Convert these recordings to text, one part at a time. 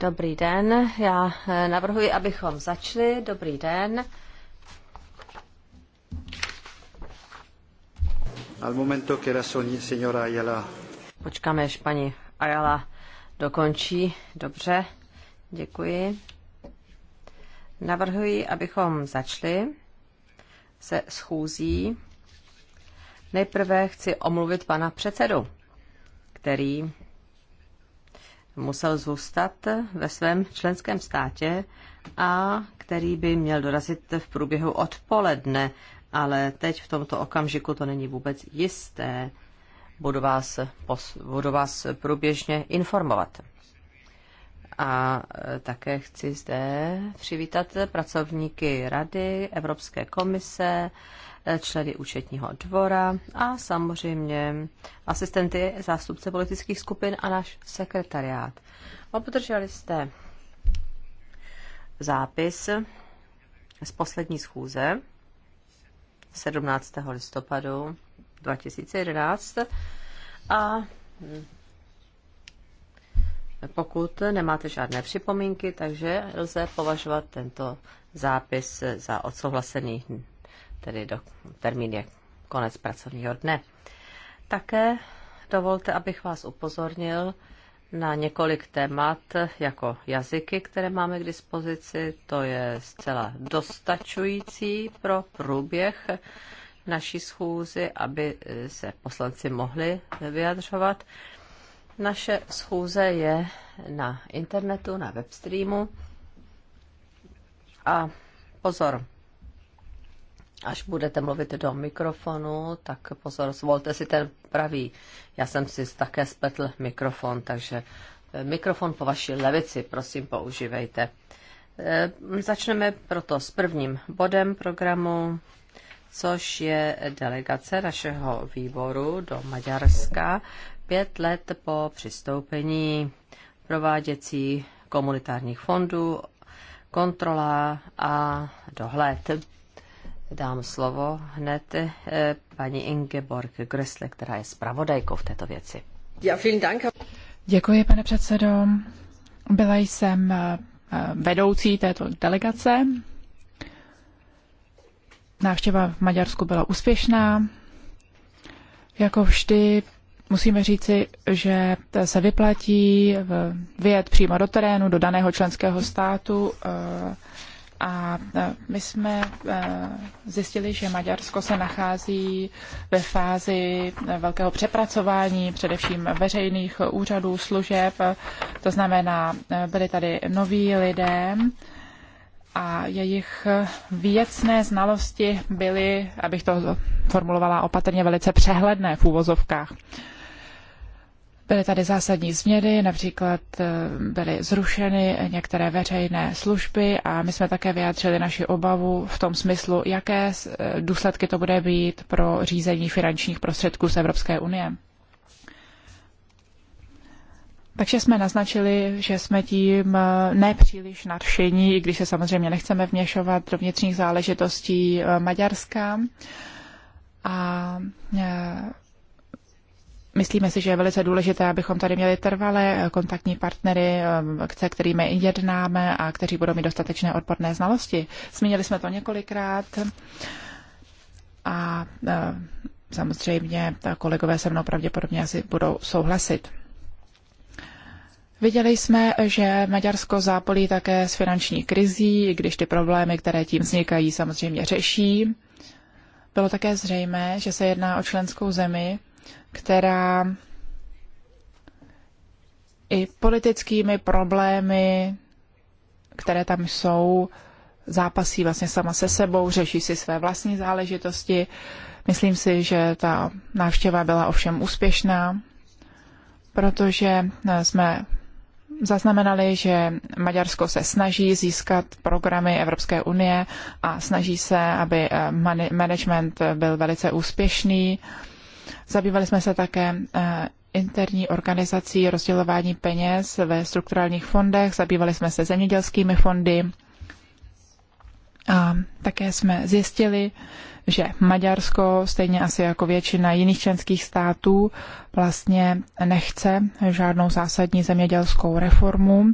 Dobrý den, já eh, navrhuji, abychom začali. Dobrý den. Al momento que la señora Ayala. Počkáme, až paní Ayala dokončí. Dobře, děkuji. Navrhuji, abychom začali se schůzí. Nejprve chci omluvit pana předsedu, který musel zůstat ve svém členském státě a který by měl dorazit v průběhu odpoledne, ale teď v tomto okamžiku to není vůbec jisté. Budu vás, budu vás průběžně informovat. A e, také chci zde přivítat pracovníky Rady Evropské komise, členy účetního dvora a samozřejmě asistenty, zástupce politických skupin a náš sekretariát. Obdrželi jste zápis z poslední schůze 17. listopadu 2011 a pokud nemáte žádné připomínky, takže lze považovat tento zápis za odsouhlasený tedy do, termín je konec pracovního dne. Také dovolte, abych vás upozornil na několik témat jako jazyky, které máme k dispozici. To je zcela dostačující pro průběh naší schůzy, aby se poslanci mohli vyjadřovat. Naše schůze je na internetu, na webstreamu. A pozor, Až budete mluvit do mikrofonu, tak pozor, zvolte si ten pravý. Já jsem si také spletl mikrofon, takže eh, mikrofon po vaší levici, prosím, používejte. Eh, začneme proto s prvním bodem programu, což je delegace našeho výboru do Maďarska pět let po přistoupení prováděcí komunitárních fondů, kontrola a dohled dám slovo hned eh, paní Ingeborg Gressle, která je zpravodajkou v této věci. Děkuji, pane předsedo. Byla jsem eh, eh, vedoucí této delegace. Návštěva v Maďarsku byla úspěšná. Jako vždy musíme říci, že se vyplatí vyjet přímo do terénu, do daného členského státu, a e, my jsme e, zjistili, že Maďarsko se nachází ve fázi e, velkého přepracování, především veřejných úřadů, služeb. To znamená, byli tady noví lidé a jejich věcné znalosti byly, abych to formulovala opatrně, velice přehledné v úvozovkách. Byly tady zásadní změny, například eh, byly zrušeny některé veřejné služby a my jsme také vyjádřili naši obavu v tom smyslu, jaké eh, důsledky to bude být pro řízení finančních prostředků z Evropské unie. Takže jsme naznačili, že jsme tím eh, nepříliš nadšení, i když se samozřejmě nechceme vměšovat do vnitřních záležitostí Maďarska. A Myslíme si, že je velice důležité, abychom tady měli trvalé kontaktní partnery, se eh, kterými jednáme a kteří budou mít dostatečné odborné znalosti. Zmínili jsme to několikrát a eh, samozřejmě kolegové se mnou pravděpodobně asi budou souhlasit. Viděli jsme, že Maďarsko zápolí také s finanční krizí, když ty problémy, které tím vznikají, samozřejmě řeší. Bylo také zřejmé, že se jedná o členskou zemi, která i politickými problémy, které tam jsou, zápasí vlastně sama se sebou, řeší si své vlastní záležitosti. Myslím si, že ta návštěva byla ovšem úspěšná, protože eh, jsme zaznamenali, že Maďarsko se snaží získat programy Evropské unie a snaží se, aby eh, management byl velice úspěšný. Zabývali jsme se také eh, interní organizací rozdělování peněz ve strukturálních fondech, zabývali jsme se zemědělskými fondy a také jsme zjistili, že Maďarsko, stejně asi jako většina jiných členských států, vlastně nechce žádnou zásadní zemědělskou reformu.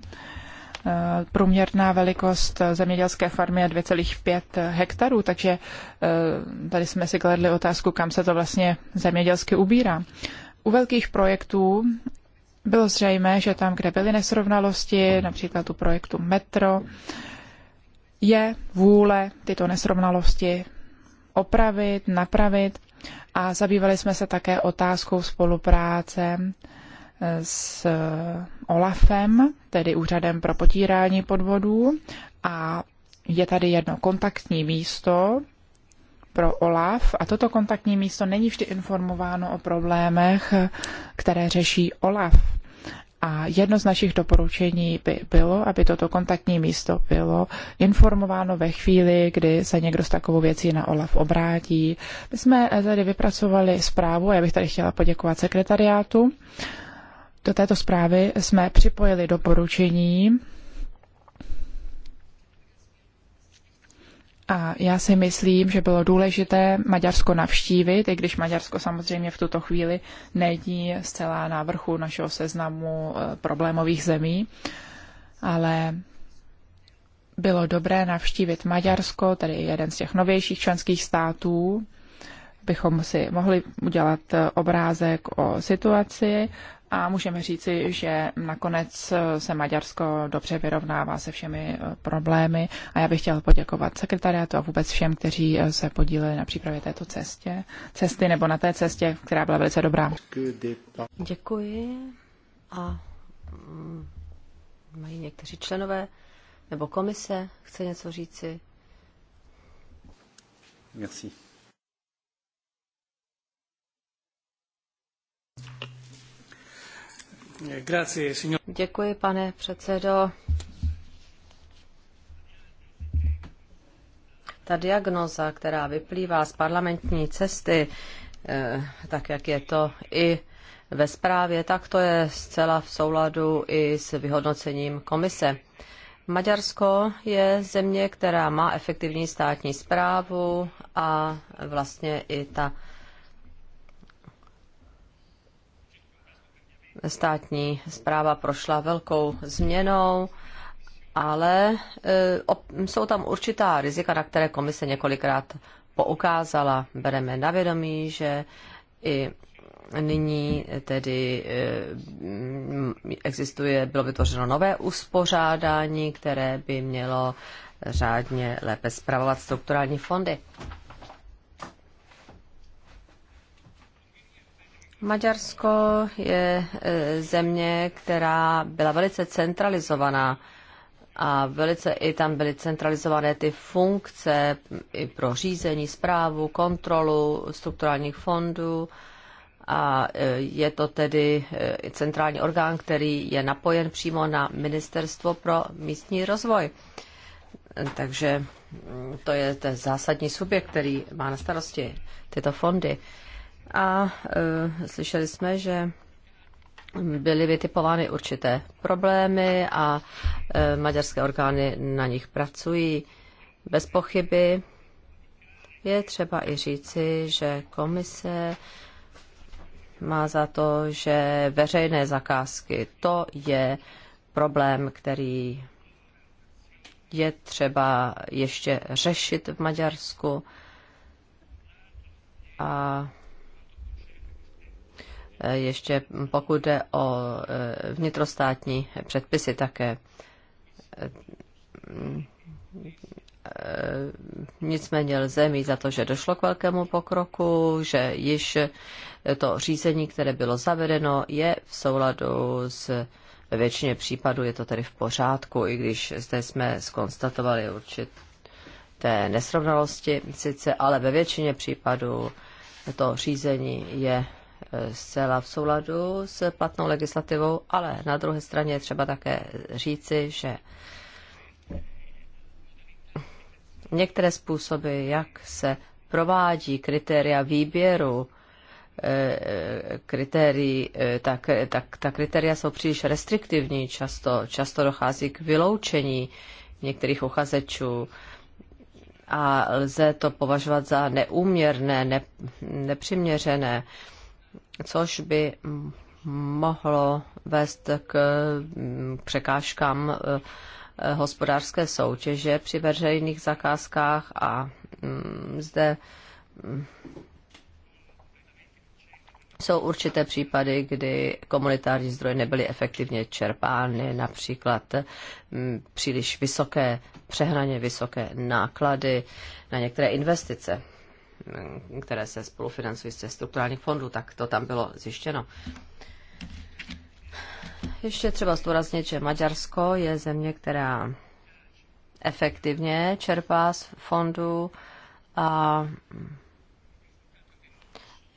Průměrná velikost zemědělské farmy je 2,5 hektarů, takže eh, tady jsme si kladli otázku, kam se to vlastně zemědělsky ubírá. U velkých projektů bylo zřejmé, že tam, kde byly nesrovnalosti, například u projektu Metro, je vůle tyto nesrovnalosti opravit, napravit a zabývali jsme se také otázkou spolupráce s eh, OLAFem, tedy Úřadem pro potírání podvodů, a je tady jedno kontaktní místo pro OLAF a toto kontaktní místo není vždy informováno o problémech, které řeší OLAF. A jedno z našich doporučení by bylo, aby toto kontaktní místo bylo informováno ve chvíli, kdy se někdo s takovou věcí na OLAF obrátí. My jsme eh, tady vypracovali zprávu, a já bych tady chtěla poděkovat sekretariátu do této zprávy jsme připojili doporučení A já si myslím, že bylo důležité Maďarsko navštívit, i když Maďarsko samozřejmě v tuto chvíli není zcela na vrchu našeho seznamu eh, problémových zemí, ale bylo dobré navštívit Maďarsko, tedy jeden z těch novějších členských států, bychom si mohli udělat eh, obrázek o situaci a můžeme říci, že nakonec se Maďarsko dobře vyrovnává se všemi eh, problémy a já bych chtěl poděkovat sekretariátu a vůbec všem, kteří eh, se podíleli na přípravě této cestě, cesty nebo na té cestě, která byla velice dobrá. Děkuji a mm, mají někteří členové nebo komise, chce něco říci? Merci. Děkuji, pane předsedo. Ta diagnoza, která vyplývá z parlamentní cesty, eh, tak jak je to i ve zprávě, tak to je zcela v souladu i s vyhodnocením komise. Maďarsko je země, která má efektivní státní správu a vlastně i ta státní zpráva prošla velkou změnou, ale eh, jsou tam určitá rizika, na které komise několikrát poukázala. Bereme na vědomí, že i nyní tedy eh, existuje, bylo vytvořeno nové uspořádání, které by mělo řádně lépe zpravovat strukturální fondy. Maďarsko je e, země, která byla velice centralizovaná a velice i tam byly centralizované ty funkce i pro řízení, zprávu, kontrolu strukturálních fondů a e, je to tedy e, centrální orgán, který je napojen přímo na Ministerstvo pro místní rozvoj. Takže to je ten zásadní subjekt, který má na starosti tyto fondy a e, slyšeli jsme, že byly vytipovány určité problémy a e, maďarské orgány na nich pracují. Bez pochyby je třeba i říci, že komise má za to, že veřejné zakázky to je problém, který je třeba ještě řešit v Maďarsku. A ještě pokud jde o eh, vnitrostátní předpisy také. Eh, nicméně lze mít za to, že došlo k velkému pokroku, že již to řízení, které bylo zavedeno, je v souladu s ve většině případů je to tedy v pořádku, i když zde jsme skonstatovali určité nesrovnalosti, sice, ale ve většině případů to řízení je zcela v souladu s platnou legislativou, ale na druhé straně je třeba také říci, že některé způsoby, jak se provádí kritéria výběru, eh, kritérií, eh, tak, tak ta kritéria jsou příliš restriktivní, často, často dochází k vyloučení některých uchazečů a lze to považovat za neúměrné, ne, nepřiměřené což by mohlo vést k mm, překážkám eh, hospodářské soutěže při veřejných zakázkách a mm, zde mm, jsou určité případy, kdy komunitární zdroje nebyly efektivně čerpány, například příliš vysoké, přehraně vysoké náklady na některé investice. Eh, které se spolufinancují ze strukturálních fondů, tak to tam bylo zjištěno. Ještě třeba zdůraznit, že Maďarsko je země, která efektivně čerpá z fondů a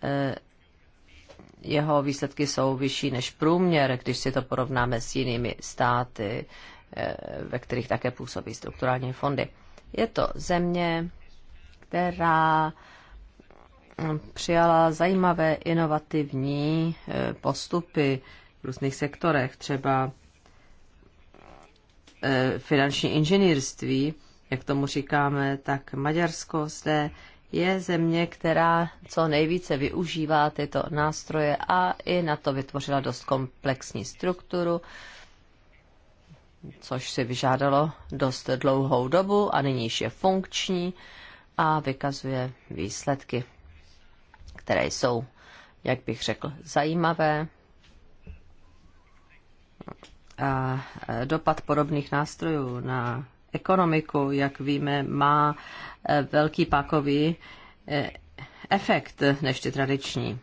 eh, jeho výsledky jsou vyšší než průměr, když si to porovnáme s jinými státy, eh, ve kterých také působí strukturální fondy. Je to země, která přijala zajímavé inovativní eh, postupy v různých sektorech, třeba eh, finanční inženýrství, jak tomu říkáme, tak Maďarsko zde je země, která co nejvíce využívá tyto nástroje a i na to vytvořila dost komplexní strukturu, což si vyžádalo dost dlouhou dobu a nyní již je funkční a vykazuje výsledky které jsou, jak bych řekl, zajímavé. A e, dopad podobných nástrojů na ekonomiku, jak víme, má e, velký pákový e, efekt než ty tradiční.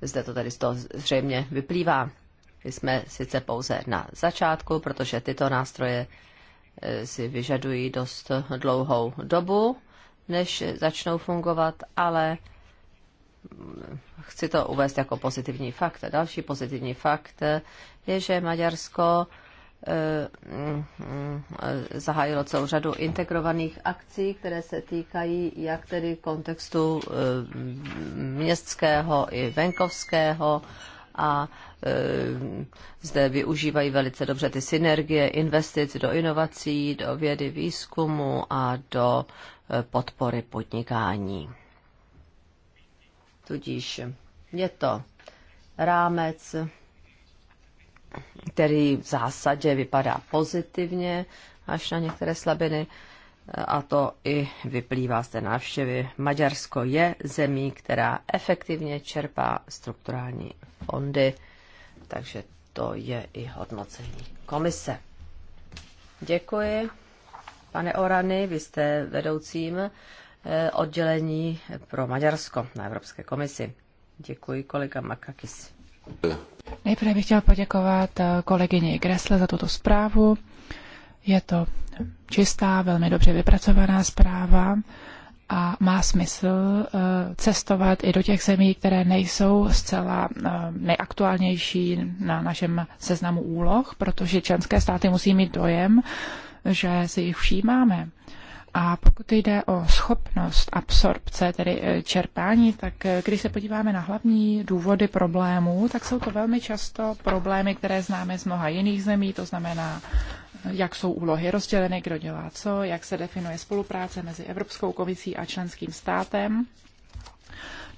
Zde to tady z toho zřejmě vyplývá. My jsme sice pouze na začátku, protože tyto nástroje si vyžadují dost dlouhou dobu, než začnou fungovat, ale chci to uvést jako pozitivní fakt. Další pozitivní fakt je, že Maďarsko eh, mm, zahájilo celou řadu integrovaných akcí, které se týkají jak tedy kontextu eh, městského i venkovského a e, zde využívají velice dobře ty synergie investic do inovací, do vědy, výzkumu a do e, podpory podnikání. Tudíž je to rámec, který v zásadě vypadá pozitivně až na některé slabiny a to i vyplývá z té návštěvy. Maďarsko je zemí, která efektivně čerpá strukturální fondy, takže to je i hodnocení komise. Děkuji. Pane Orany, vy jste vedoucím eh, oddělení pro Maďarsko na Evropské komisi. Děkuji kolega Makakis. Nejprve bych chtěl poděkovat eh, kolegyni Gresle za tuto zprávu. Je to čistá, velmi dobře vypracovaná zpráva a má smysl eh, cestovat i do těch zemí, které nejsou zcela eh, nejaktuálnější na našem seznamu úloh, protože členské státy musí mít dojem, že si jich všímáme. A pokud jde o schopnost absorpce, tedy eh, čerpání, tak když se podíváme na hlavní důvody problémů, tak jsou to velmi často problémy, které známe z mnoha jiných zemí, to znamená jak jsou úlohy rozděleny, kdo dělá co, jak se definuje spolupráce mezi Evropskou komisí a členským státem,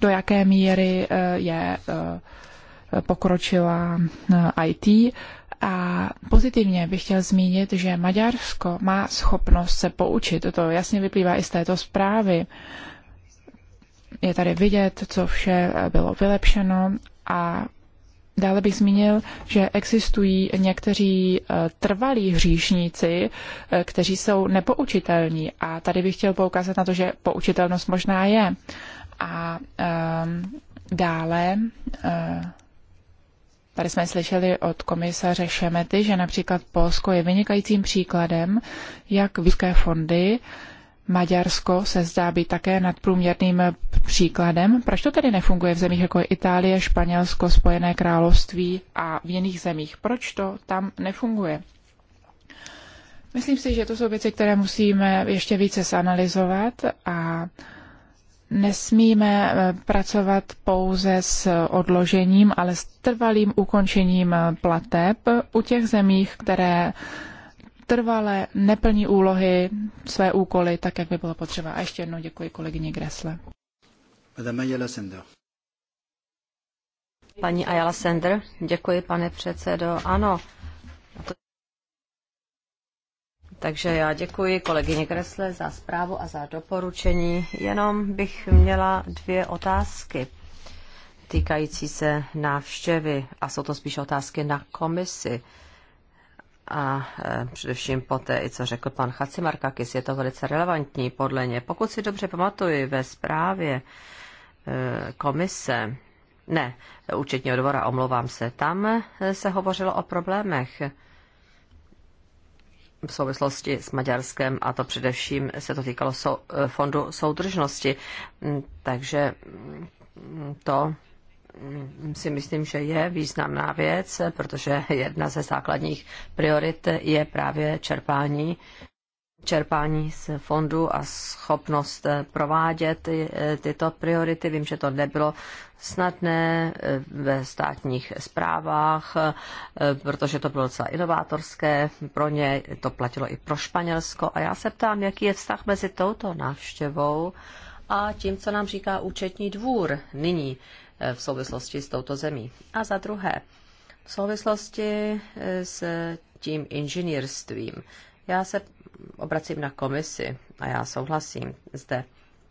do jaké míry eh, je eh, pokročila eh, IT. A pozitivně bych chtěl zmínit, že Maďarsko má schopnost se poučit. To jasně vyplývá i z této zprávy. Je tady vidět, co vše bylo vylepšeno a Dále bych zmínil, že existují někteří eh, trvalí hříšníci, eh, kteří jsou nepoučitelní. A tady bych chtěl poukázat na to, že poučitelnost možná je. A um, dále. Eh, tady jsme slyšeli od komisaře Šemety, že například Polsko je vynikajícím příkladem, jak vyské fondy uh, Maďarsko se zdá být také nadprůměrným příkladem. Proč to tedy nefunguje v zemích jako je Itálie, Španělsko, Spojené království a v jiných zemích? Proč to tam nefunguje? Myslím si, že to jsou věci, které musíme ještě více zanalizovat a nesmíme eh, pracovat pouze s odložením, ale s trvalým ukončením eh, plateb u těch zemích, které trvale neplní úlohy, své úkoly, tak, jak by bylo potřeba. A ještě jednou děkuji kolegyni Gresle. Paní Ayala Sender, děkuji, pane předsedo. Ano. Takže já děkuji kolegyni Gresle za zprávu a za doporučení. Jenom bych měla dvě otázky týkající se návštěvy a jsou to spíš otázky na komisi a e, především poté, i co řekl pan Chacimarkakis, je to velice relevantní podle ně. Pokud si dobře pamatuju, ve zprávě e, komise, ne, účetního dvora, omlouvám se, tam e, se hovořilo o problémech v souvislosti s Maďarskem a to především se to týkalo sou, fondu soudržnosti. Takže to Mm, si myslím, že je významná věc, protože jedna ze základních priorit je právě čerpání čerpání z fondu a schopnost eh, provádět eh, tyto priority. Vím, že to nebylo snadné eh, ve státních zprávách, protože to bylo docela inovátorské pro ně, to platilo i pro Španělsko. A já se ptám, jaký je vztah mezi touto návštěvou a tím, co nám říká účetní dvůr nyní v souvislosti s touto zemí. A za druhé, v souvislosti s tím inženýrstvím. Já se obracím na komisi a já souhlasím zde.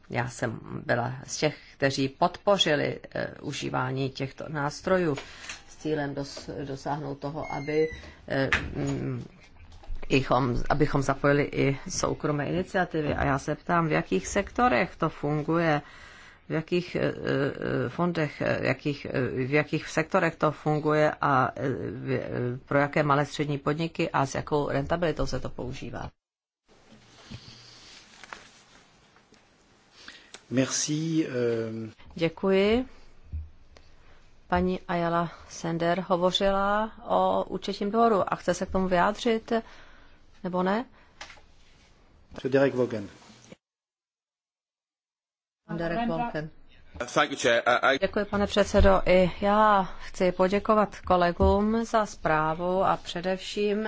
Já jsem byla z těch, kteří podpořili eh, užívání těchto nástrojů s cílem dos, dosáhnout toho, aby e, eh, mm, Ichom, abychom zapojili i soukromé iniciativy. A já se ptám, v jakých sektorech to funguje, v jakých eh, eh, fondech, eh, jakých, v jakých sektorech to funguje a pro jaké malé střední podniky a s jakou rentabilitou se to používá. Merci. Děkuji. Paní Ayala Sender hovořila o účetním dvoru a chce se k tomu vyjádřit, nebo ne? Frederik Vogen. Děkuji, pane předsedo. I já chci poděkovat kolegům za zprávu a především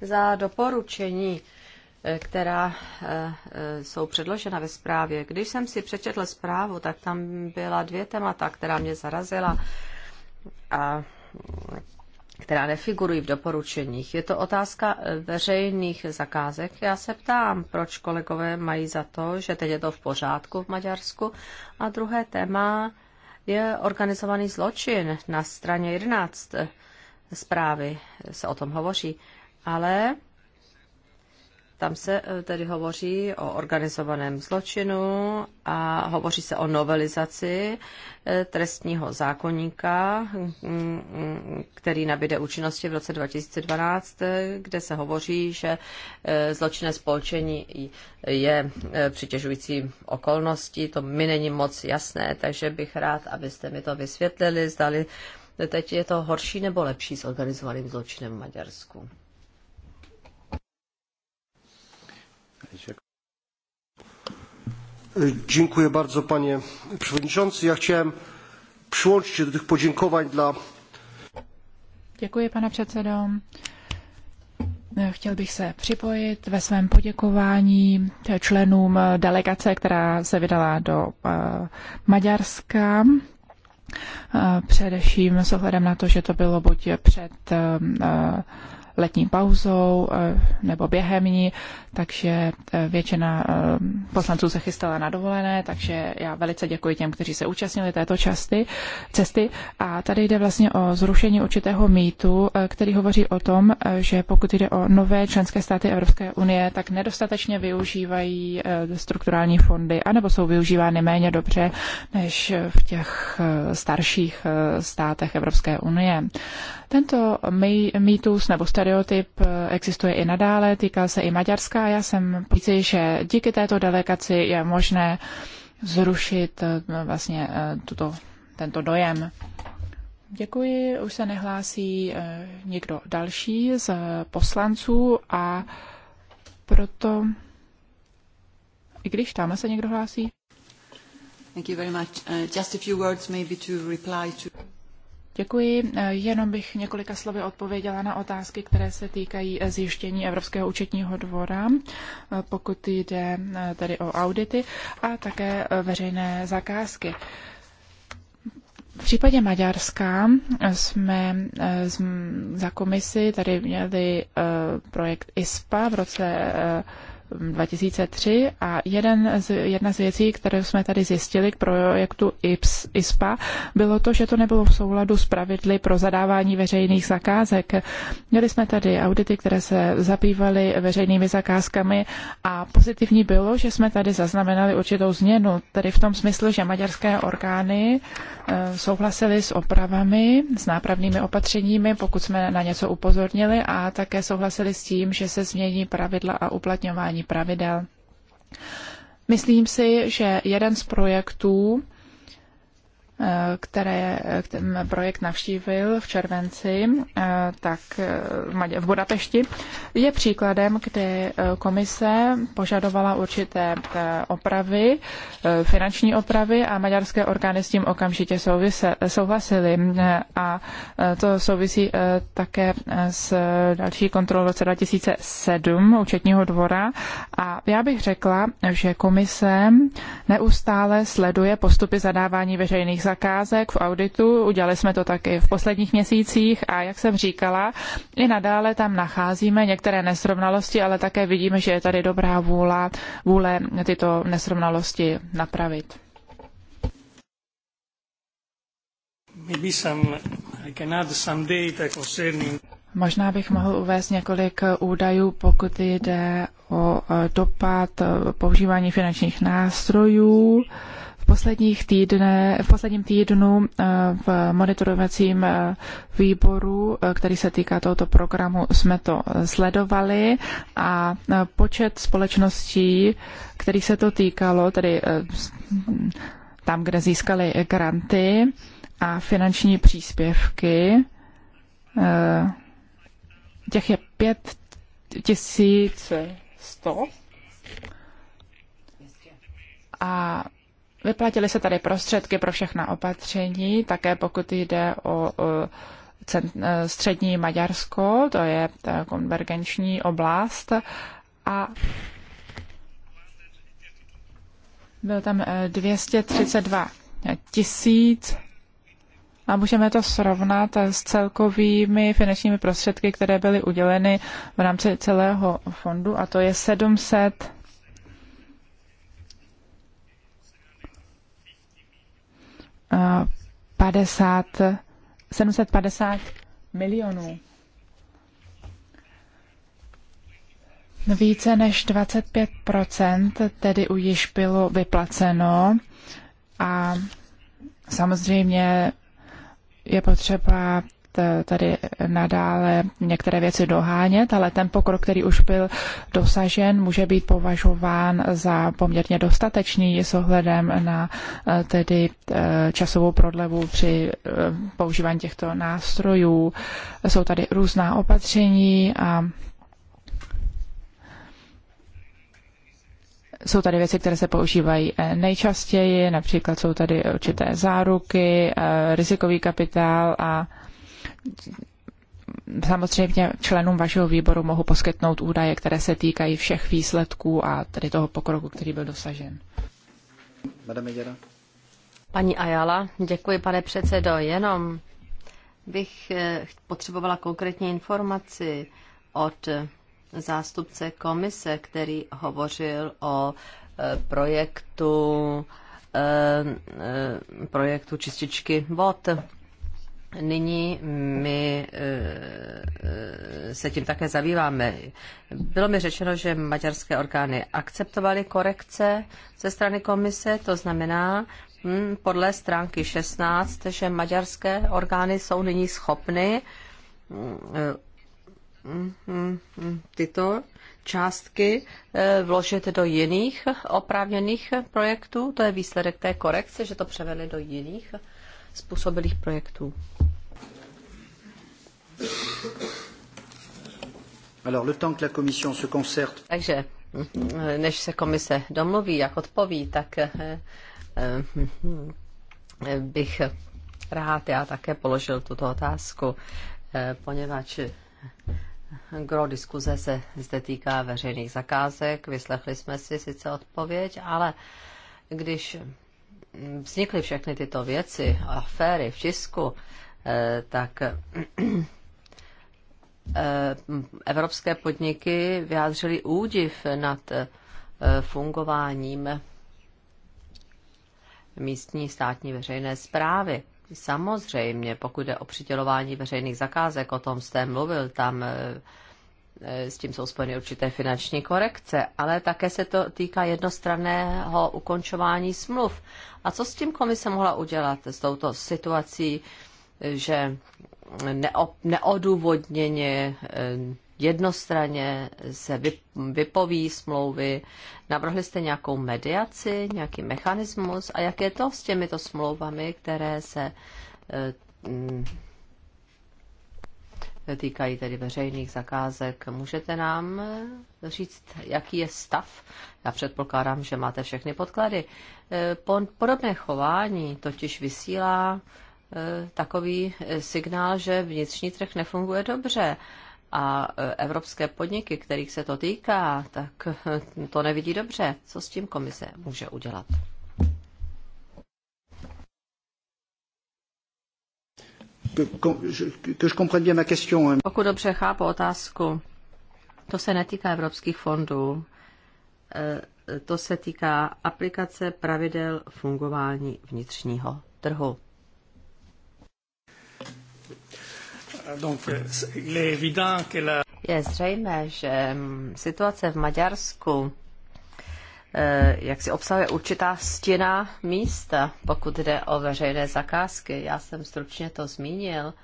za doporučení, eh, která eh, jsou předložena ve zprávě. Když jsem si přečetl zprávu, tak tam byla dvě témata, která mě zarazila. A která nefigurují v doporučeních. Je to otázka eh, veřejných zakázek. Já se ptám, proč kolegové mají za to, že teď je to v pořádku v Maďarsku. A druhé téma je organizovaný zločin. Na straně 11 zprávy se o tom hovoří. Ale tam se eh, tedy hovoří o organizovaném zločinu a hovoří se o novelizaci eh, trestního zákonníka, mm, mm, který nabíde účinnosti v roce 2012, eh, kde se hovoří, že zločinné spolčení je přitěžující okolností. To mi není moc jasné, takže bych rád, abyste mi to vysvětlili, zdali teď je to horší nebo lepší s organizovaným zločinem v Maďarsku. panie przewodniczący. Ja chciałem przyłączyć się do tych podziękowań dla Děkuji, pane předsedo. Chtěl bych se připojit ve svém poděkování členům delegace, která se vydala do eh, Maďarska. Eh, především s ohledem na to, že to bylo buď před eh, letní pauzou eh, nebo během ní, takže eh, většina eh, poslanců se chystala na dovolené, takže já velice děkuji těm, kteří se účastnili této časty, cesty. A tady jde vlastně o zrušení určitého mýtu, který hovoří o tom, že pokud jde o nové členské státy Evropské unie, tak nedostatečně využívají strukturální fondy, anebo jsou využívány méně dobře než v těch starších státech Evropské unie. Tento mýtus nebo stereotyp stereotyp eh, existuje i nadále, týká se i Maďarska. Já jsem říci, že díky této delegaci je možné zrušit eh, vlastně eh, tuto, tento dojem. Děkuji, už se nehlásí někdo další z poslanců a proto, i když tam se někdo hlásí. Thank you very much. Uh, just a few words maybe to reply to... Děkuji. Eh, jenom bych několika slovy odpověděla na otázky, které se týkají eh, zjištění Evropského účetního dvora, eh, pokud jde tedy o audity a také veřejné zakázky. V případě Maďarska jsme za komisi tady měli projekt ISPA v roce 2003 a jeden z, jedna z věcí, které jsme tady zjistili k projektu IPS, ISPA, bylo to, že to nebylo v souladu s pravidly pro zadávání veřejných zakázek. Měli jsme tady audity, které se zabývaly veřejnými zakázkami a pozitivní bylo, že jsme tady zaznamenali určitou změnu, tedy v tom smyslu, že maďarské orgány eh, souhlasily s opravami, s nápravnými opatřeními, pokud jsme na něco upozornili a také souhlasili s tím, že se změní pravidla a uplatňování dodržování pravidel. Myslím si, že jeden z projektů, které ten projekt navštívil v červenci, eh, tak eh, v Budapešti, je příkladem, kdy eh, komise požadovala určité opravy, finanční opravy a maďarské orgány s tím okamžitě souhlasily. A to souvisí také s další kontrolou v roce 2007 účetního dvora. A já bych řekla, že komise neustále sleduje postupy zadávání veřejných zakázek v auditu, udělali jsme to taky v posledních měsících a jak jsem říkala, i nadále tam nacházíme některé nesrovnalosti, ale také vidíme, že je tady dobrá vůle, vůle tyto nesrovnalosti napravit. Možná bych mohl uvést několik údajů, pokud jde o dopad používání finančních nástrojů. V, posledních týdne, v posledním týdnu eh, v monitorovacím eh, výboru, eh, který se týká tohoto programu, jsme to sledovali a počet společností, kterých se to týkalo, tedy tam, kde získali granty a finanční příspěvky, těch je 5100 a Vyplatily se tady prostředky pro všechna opatření, také pokud jde o, e, střední Maďarsko, to je konvergenční oblast. A byl tam 232 e, tisíc a můžeme to srovnat e, s celkovými finančními prostředky, které byly uděleny v rámci celého fondu a to je 700 50, 750 milionů. Více než 25 tedy u již bylo vyplaceno a samozřejmě je potřeba Eh, tady nadále některé věci dohánět, ale ten pokrok, který už byl dosažen, může být považován za poměrně dostatečný s ohledem na eh, tedy eh, časovou prodlevu při používání těchto nástrojů. Jsou tady různá opatření a Jsou tady věci, které se používají nejčastěji, například jsou tady určité záruky, rizikový kapitál a samozřejmě členům vašeho výboru mohu poskytnout údaje, které se týkají všech výsledků a tedy toho pokroku, který byl dosažen. Pani Ayala, Paní děkuji pane předsedo. Jenom bych eh, potřebovala konkrétní informaci od eh, zástupce komise, který hovořil o eh, projektu projektu čističky vod Nyní my eh, eh, se tím také zabýváme. Bylo mi řečeno, že maďarské orgány akceptovaly korekce ze strany komise, to znamená hm, podle stránky 16, že maďarské orgány jsou nyní schopny hm, hm, tyto částky eh, vložit do jiných oprávněných projektů. To je výsledek té korekce, že to převedli do jiných způsobilých projektů. Alors, le temps que la commission se concerte... Takže, eh, než se komise domluví, jak odpoví, tak eh, eh, bych rád já také položil tuto otázku, poněvadž Gro diskuze se zde týká veřejných zakázek. Vyslechli jsme si sice odpověď, ale když vznikly všechny tyto věci, aféry v Česku, tak Eh, evropské podniky vyjádřily údiv nad eh, fungováním místní státní veřejné zprávy. Samozřejmě, pokud jde o přidělování veřejných zakázek, o tom jste mluvil, tam eh, s tím jsou spojeny určité finanční korekce, ale také se to týká jednostranného ukončování smluv. A co s tím komise mohla udělat s touto situací že neodůvodněně eh, jednostranně se vypoví smlouvy. Navrhli jste nějakou mediaci, nějaký mechanismus a jak je to s těmito smlouvami, které se eh, mm, týkají tedy veřejných zakázek. Můžete nám eh, říct, jaký je stav? Já předpokládám, že máte všechny podklady. Podobné chování totiž vysílá E, takový e, signál, že vnitřní trh nefunguje dobře a e, evropské podniky, kterých se to týká, tak to nevidí dobře. Co s tím komise může udělat? Pokud dobře chápu otázku, to se netýká evropských fondů, to se týká aplikace pravidel fungování vnitřního trhu. Je zřejmé, že mm, situace v Maďarsku eh, jak si obsahuje určitá stěna místa, pokud jde o veřejné zakázky. Já jsem stručně to zmínil,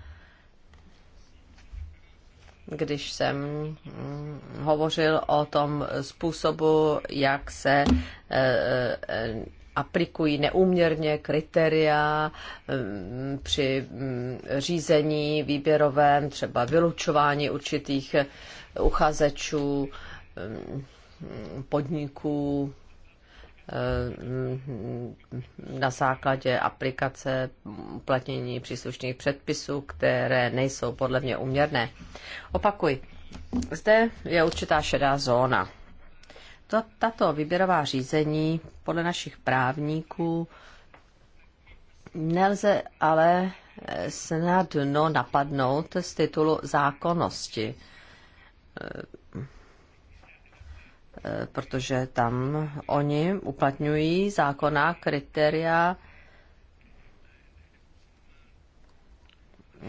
když jsem mm, hovořil o tom způsobu, jak se eh, eh, aplikují neúměrně kritéria mm, při mm, řízení výběrovém, třeba vylučování určitých eh, uchazečů, mm, podniků eh, na základě aplikace uplatnění příslušných předpisů, které nejsou podle mě uměrné. Opakuj, zde je určitá šedá zóna tato výběrová řízení podle našich právníků nelze ale snadno napadnout z titulu zákonnosti, protože tam oni uplatňují zákonná kritéria,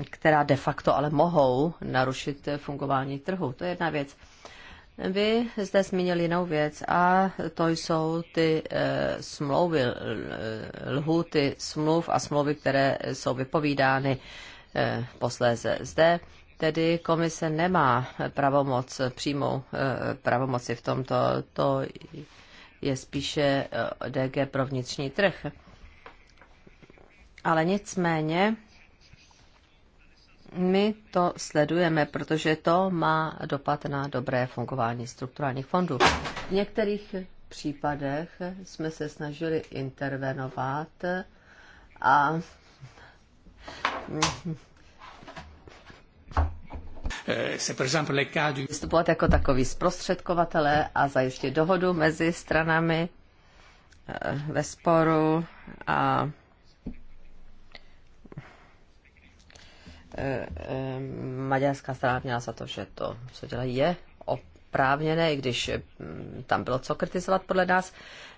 která de facto ale mohou narušit fungování trhu. To je jedna věc. Vy zde zmínil jinou věc a to jsou ty e, smlouvy, eh, lhuty smluv a smlouvy, které jsou vypovídány e, posléze. Zde tedy komise nemá pravomoc, přímou e, pravomoci v tomto, to je spíše DG pro vnitřní trh. Ale nicméně my to sledujeme, protože to má dopad na dobré fungování strukturálních fondů. V některých případech jsme se snažili intervenovat a eh, vystupovat jako takový zprostředkovatele a zajistit dohodu mezi stranami eh, ve sporu a Eh, eh, maďarská strana měla za to, že to, co dělají, je oprávněné, i když eh, tam bylo co kritizovat podle nás.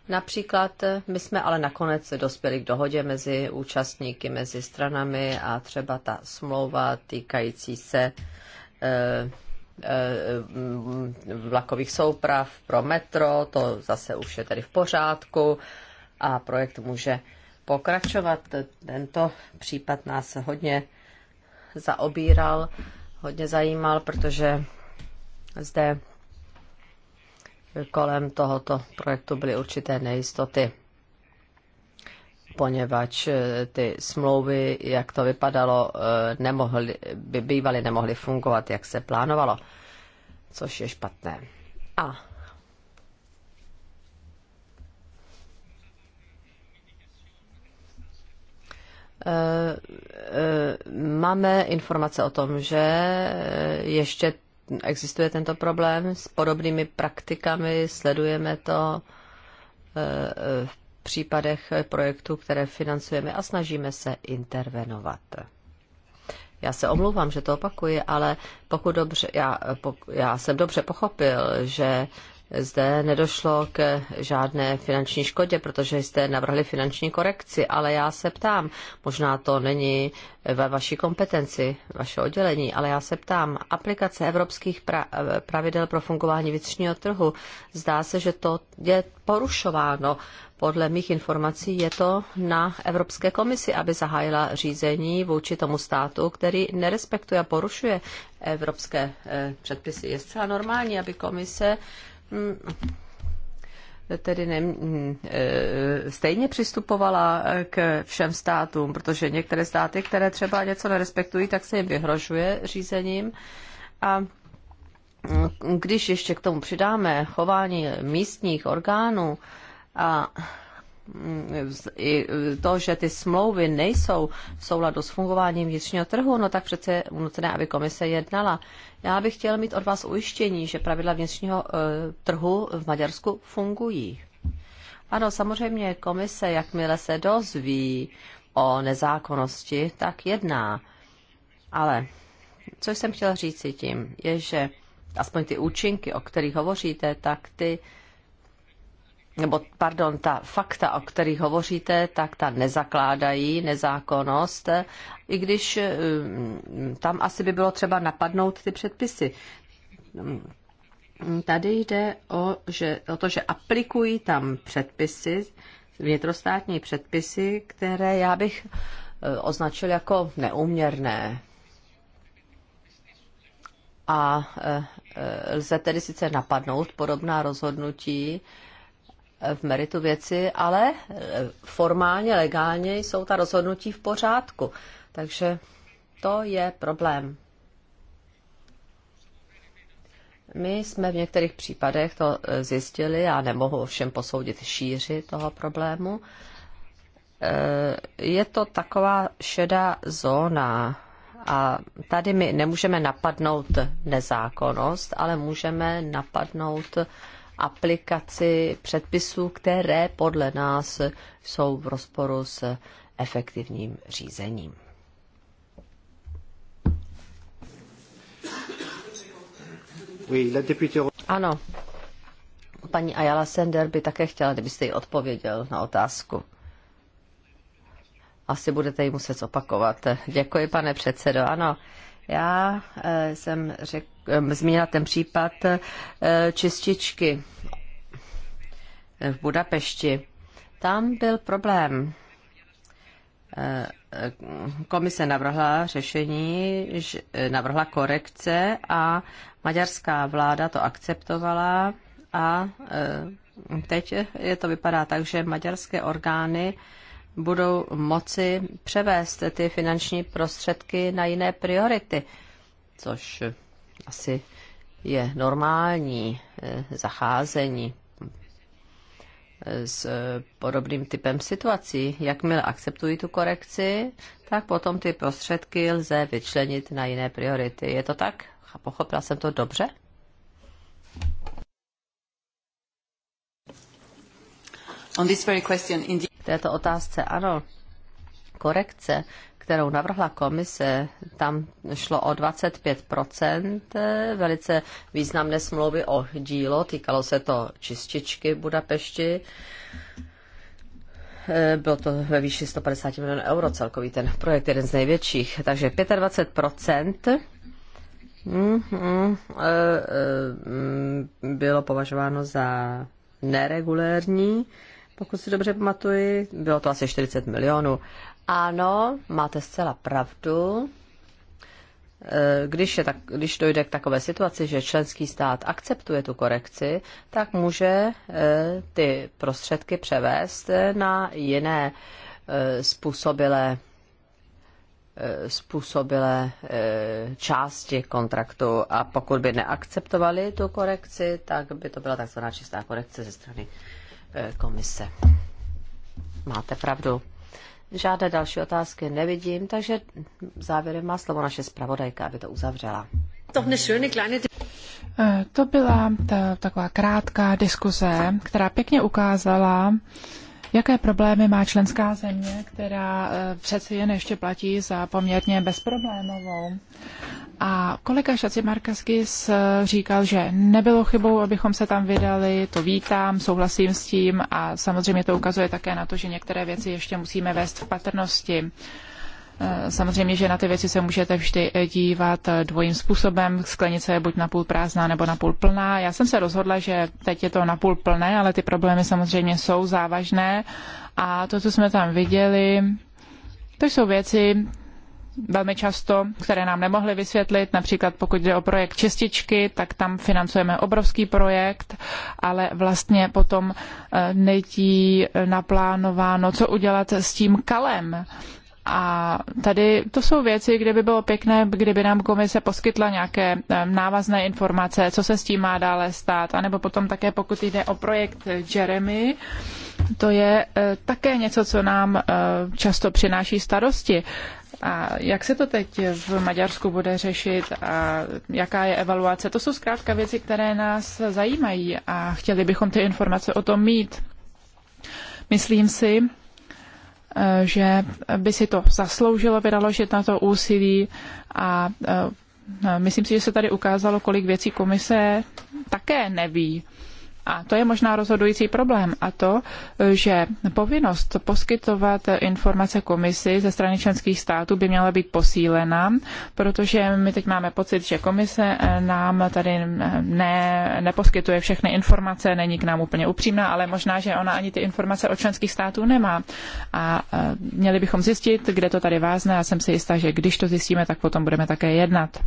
Například my jsme ale nakonec dospěli k dohodě mezi účastníky, mezi stranami a třeba ta smlouva týkající se mm, vlakových souprav pro metro, to zase už je tedy v pořádku a projekt může pokračovat. Tento případ nás hodně zaobíral, hodně zajímal, protože zde kolem tohoto projektu byly určité nejistoty, poněvadž eh, ty smlouvy, jak to vypadalo, eh, nemohly, by bývaly nemohly fungovat, jak se plánovalo, což je špatné. A Eh, eh, máme informace o tom, že ještě existuje tento problém s podobnými praktikami, sledujeme to eh, v případech projektů, které financujeme a snažíme se intervenovat. Já se omlouvám, že to opakuji, ale pokud dobře, já, já jsem dobře pochopil, že zde nedošlo k žádné finanční škodě, protože jste navrhli finanční korekci, ale já se ptám, možná to není ve vaší kompetenci, vaše oddělení, ale já se ptám, aplikace evropských pra- pravidel pro fungování vnitřního trhu, zdá se, že to je porušováno. Podle mých informací je to na Evropské komisi, aby zahájila řízení vůči tomu státu, který nerespektuje a porušuje evropské eh, předpisy. Je zcela normální, aby komise Mm. tedy ne, mm, eh, stejně přistupovala k všem státům, protože některé státy, které třeba něco nerespektují, tak se jim vyhrožuje řízením. A mm, když ještě k tomu přidáme chování místních orgánů a i to, že ty smlouvy nejsou v souladu s fungováním vnitřního trhu, no tak přece je nutné, aby komise jednala. Já bych chtěl mít od vás ujištění, že pravidla vnitřního e, trhu v Maďarsku fungují. Ano, samozřejmě komise, jakmile se dozví o nezákonnosti, tak jedná. Ale co jsem chtěl si tím, je, že aspoň ty účinky, o kterých hovoříte, tak ty uh, nebo pardon, ta fakta, o kterých hovoříte, tak ta nezakládají nezákonnost, i když um, tam asi by bylo třeba napadnout ty předpisy. Um, tady jde o, že, o to, že aplikují tam předpisy, vnitrostátní předpisy, které já bych uh, označil jako neuměrné. A uh, lze tedy sice napadnout podobná rozhodnutí, v meritu věci, ale eh, formálně, legálně jsou ta rozhodnutí v pořádku. Takže to je problém. My jsme v některých případech to eh, zjistili, já nemohu ovšem posoudit šíři toho problému. Eh, je to taková šedá zóna a tady my nemůžeme napadnout nezákonnost, ale můžeme napadnout aplikaci předpisů, které podle nás jsou v rozporu s efektivním řízením. Ano, paní Ayala Sender by také chtěla, kdybyste jí odpověděl na otázku. Asi budete ji muset zopakovat. Děkuji, pane předsedo. Ano, já eh, jsem řekl, Eh, zmínila ten případ eh, čističky v Budapešti. Tam byl problém. Eh, komise navrhla řešení, navrhla korekce a maďarská vláda to akceptovala a teď je to vypadá tak, že maďarské orgány budou moci převést ty finanční prostředky na jiné priority, což asi je normální eh, zacházení eh, s eh, podobným typem situací. Jakmile akceptují tu korekci, tak potom ty prostředky lze vyčlenit na jiné priority. Je to tak? Pochopila jsem to dobře? On this very question, indeed. V této otázce ano, korekce kterou navrhla komise, tam šlo o 25 eh, velice významné smlouvy o dílo, týkalo se to čističky v Budapešti. Eh, bylo to ve výši 150 milionů euro celkový ten projekt, jeden z největších. Takže 25 mm-hmm, eh, bylo považováno za neregulérní, pokud si dobře pamatuji. Bylo to asi 40 milionů. Ano, máte zcela pravdu. E, když, je tak, když dojde k takové situaci, že členský stát akceptuje tu korekci, tak může e, ty prostředky převést na jiné e, způsobilé způsobilé části kontraktu a pokud by neakceptovali tu korekci, tak by to byla takzvaná čistá korekce ze strany komise. Máte pravdu. Žádné další otázky nevidím, takže závěrem má slovo naše zpravodajka, aby to uzavřela. To byla ta, taková krátká diskuze, která pěkně ukázala, jaké problémy má členská země, která eh, přeci jen ještě platí za poměrně bezproblémovou. A kolega Šaci Markaskis eh, říkal, že nebylo chybou, abychom se tam vydali, to vítám, souhlasím s tím a samozřejmě to ukazuje také na to, že některé věci ještě musíme vést v patrnosti. Eh, samozřejmě, že na ty věci se můžete vždy dívat eh, dvojím způsobem. Sklenice je buď napůl prázdná nebo napůl plná. Já jsem se rozhodla, že teď je to napůl plné, ale ty problémy samozřejmě jsou závažné. A to, co jsme tam viděli, to jsou věci, velmi často, které nám nemohli vysvětlit. Například pokud jde o projekt Čističky, tak tam financujeme obrovský projekt, ale vlastně potom eh, netí eh, naplánováno, co udělat s tím kalem. A tady to jsou věci, kde by bylo pěkné, kdyby nám komise poskytla nějaké eh, návazné informace, co se s tím má dále stát. A nebo potom také, pokud jde o projekt Jeremy, to je také něco, co nám často přináší starosti. A jak se to teď v Maďarsku bude řešit a jaká je evaluace? To jsou zkrátka věci, které nás zajímají a chtěli bychom ty informace o tom mít. Myslím si, že by si to zasloužilo vynaložit na to úsilí a e, myslím si, že se tady ukázalo, kolik věcí komise také neví. A to je možná rozhodující problém a to, že povinnost poskytovat informace komisi ze strany členských států by měla být posílena, protože my teď máme pocit, že komise eh, nám tady eh, ne, neposkytuje všechny informace, není k nám úplně upřímná, ale možná, že ona ani ty informace od členských států nemá. A eh, měli bychom zjistit, kde to tady vázne a jsem si jistá, že když to zjistíme, tak potom budeme také jednat.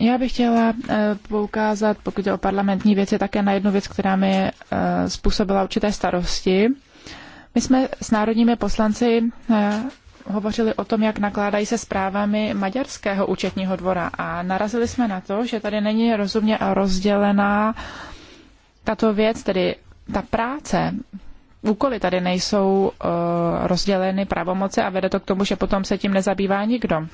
Já bych chtěla eh, poukázat, pokud je o parlamentní věci, také na jednu věc, která mi eh, způsobila určité starosti. My jsme s národními poslanci eh, hovořili o tom, jak nakládají se zprávami maďarského účetního dvora a narazili jsme na to, že tady není rozumně rozdělená tato věc, tedy ta práce, úkoly tady nejsou rozděleny pravomoce a vede to k tomu, že potom se tím nezabývá nikdo.